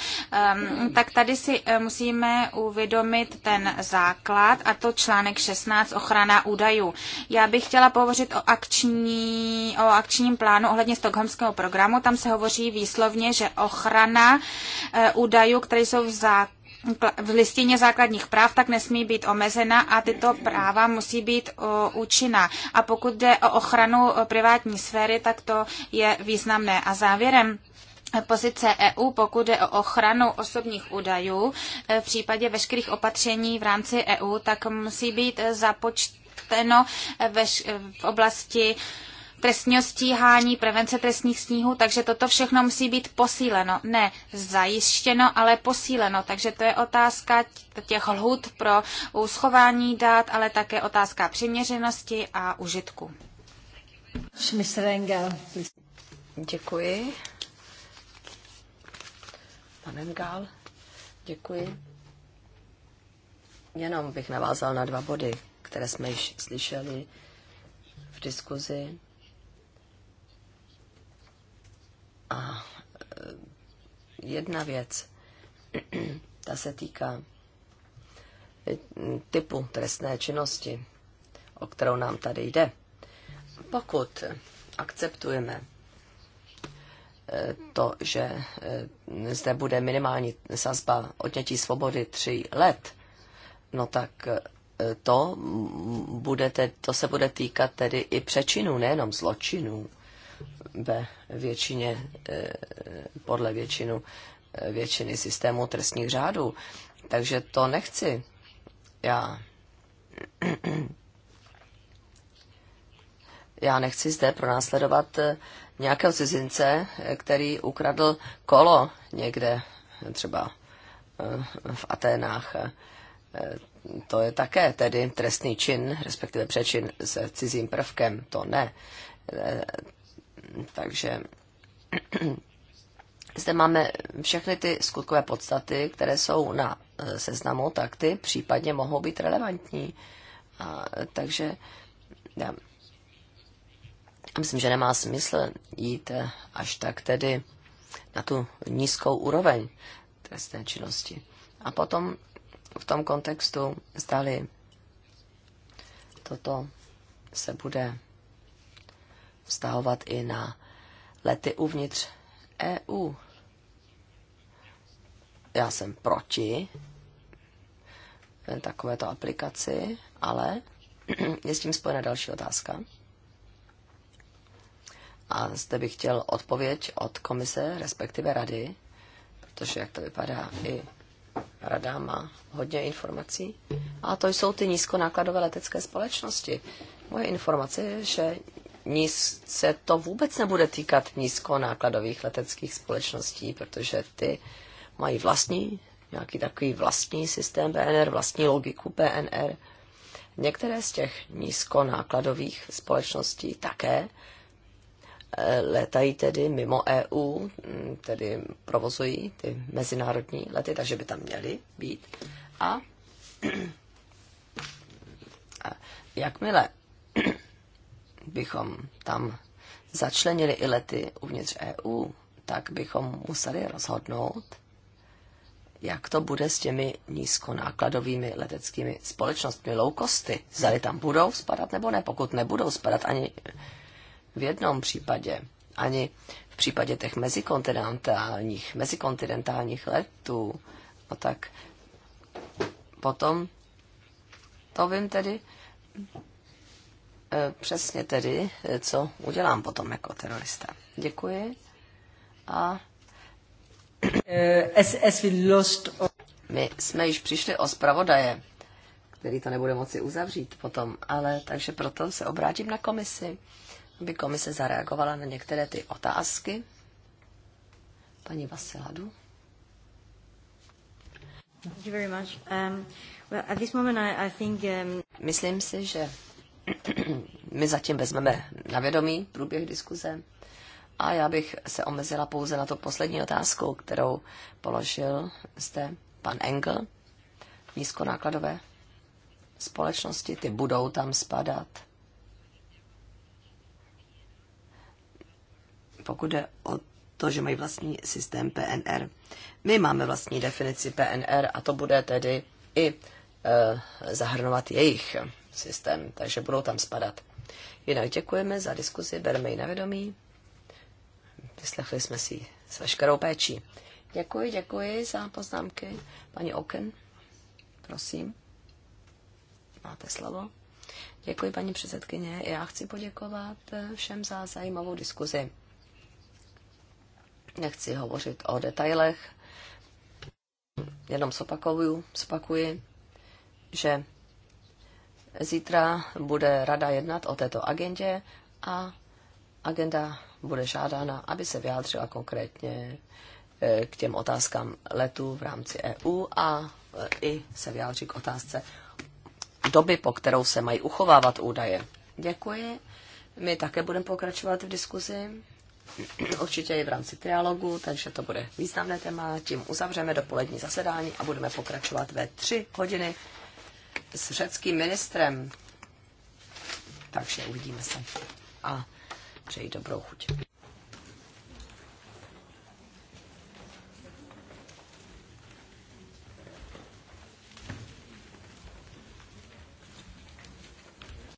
tak tady si musíme uvědomit ten základ a to článek 16 ochrana údajů. Já bych chtěla pohovořit o, akční, o akčním plánu ohledně stokholmského programu. Tam se hovoří výslovně, že ochrana Eh, údajů, které jsou v v listině základních práv, tak nesmí být omezena a tyto práva musí být eh, účinná. A pokud jde o ochranu eh, privátní sféry, tak to je významné. A závěrem pozice EU, pokud je o ochranu osobních údajů, v případě veškerých opatření v rámci EU, tak musí být započteno v oblasti trestního stíhání, prevence trestních sníhů, takže toto všechno musí být posíleno. Ne zajištěno, ale posíleno. Takže to je otázka těch lhut pro uschování dát, ale také otázka přiměřenosti a užitku. Děkuji. Pane Gál, děkuji. Jenom bych navázal na dva body, které jsme již slyšeli v diskuzi A e, jedna věc, ta se týká e, typu trestné činnosti, o kterou nám tady jde. Pokud akceptujeme e, to, že zde bude minimální sazba odnětí svobody tři let, no tak to, bude, to se bude týkat tedy i přečinů, nejenom zločinů ve většině, e, podle většinu, e, většiny systému trestních řádů. Takže to nechci. Já já nechci zde pronásledovat e, nějakého cizince, který ukradl kolo někde, třeba v Aténách. To je také tedy trestný čin, respektive přečin s cizím prvkem, to ne. Takže zde máme všechny ty skutkové podstaty, které jsou na e, seznamu, tak ty případně mohou být relevantní. A, takže já myslím, že nemá smysl jít e, až tak tedy na tu nízkou úroveň trestné činnosti. A potom v tom kontextu zdali toto se bude vztahovat i na lety uvnitř EU. Já jsem proti takovéto aplikaci, ale je s tím spojena další otázka. A zde bych chtěl odpověď od komise, respektive rady, protože jak to vypadá, i rada má hodně informací. A to jsou ty nízkonákladové letecké společnosti. Moje informace je, že níz, se to vůbec nebude týkat nízkonákladových leteckých společností, protože ty mají vlastní, nějaký takový vlastní systém PNR, vlastní logiku PNR. Některé z těch nízkonákladových společností také eh, letají tedy mimo EU, hm, tedy provozují ty mezinárodní lety, takže by tam měly být. A jakmile bychom tam začlenili i lety uvnitř EU, tak bychom museli rozhodnout, jak to bude s těmi nízkonákladovými leteckými společnostmi loukosty. Zali tam budou spadat nebo ne. Pokud nebudou spadat ani v jednom případě, ani v případě těch mezikontinentálních, mezikontinentálních letů, no tak potom, to vím tedy, E, přesně tedy, e, co udělám potom jako terorista. Děkuji. A eh, my jsme již přišli o zpravodaje, který to nebude moci uzavřít potom, ale takže proto se obrátím na komisi, aby komise zareagovala na některé ty otázky. Paní Vasiladu. Thank you very much. Um, well, at this moment I, I think, um... Myslím si, že my zatím vezmeme na vědomí průběh diskuze. A já bych se omezila pouze na to poslední otázku, kterou položil zde pan Engel. Nízkonákladové společnosti, ty budou tam spadat. Pokud jde o to, že mají vlastní systém PNR. My máme vlastní definici PNR a to bude tedy i e, zahrnovat jejich systém, takže budou tam spadat. Jinak děkujeme za diskuzi, berme ji na vědomí. Vyslechli jsme si s veškerou péčí. Děkuji, děkuji za poznámky. Paní Oken, prosím, máte slovo. Děkuji, paní předsedkyně. Já chci poděkovat všem za zajímavou diskuzi. Nechci hovořit o detailech, jenom zopakuju, zopakuji, že Zítra bude rada jednat o této agendě a agenda bude žádána, aby se vyjádřila konkrétně e, k těm otázkám letu v rámci EU a e, i se vyjádří k otázce doby, po kterou se mají uchovávat údaje. Děkuji. My také budeme pokračovat v diskuzi, určitě i v rámci trialogu, takže to bude významné téma. Tím uzavřeme dopolední zasedání a budeme pokračovat ve tři hodiny s řeckým ministrem. Takže uvidíme se a přeji dobrou chuť.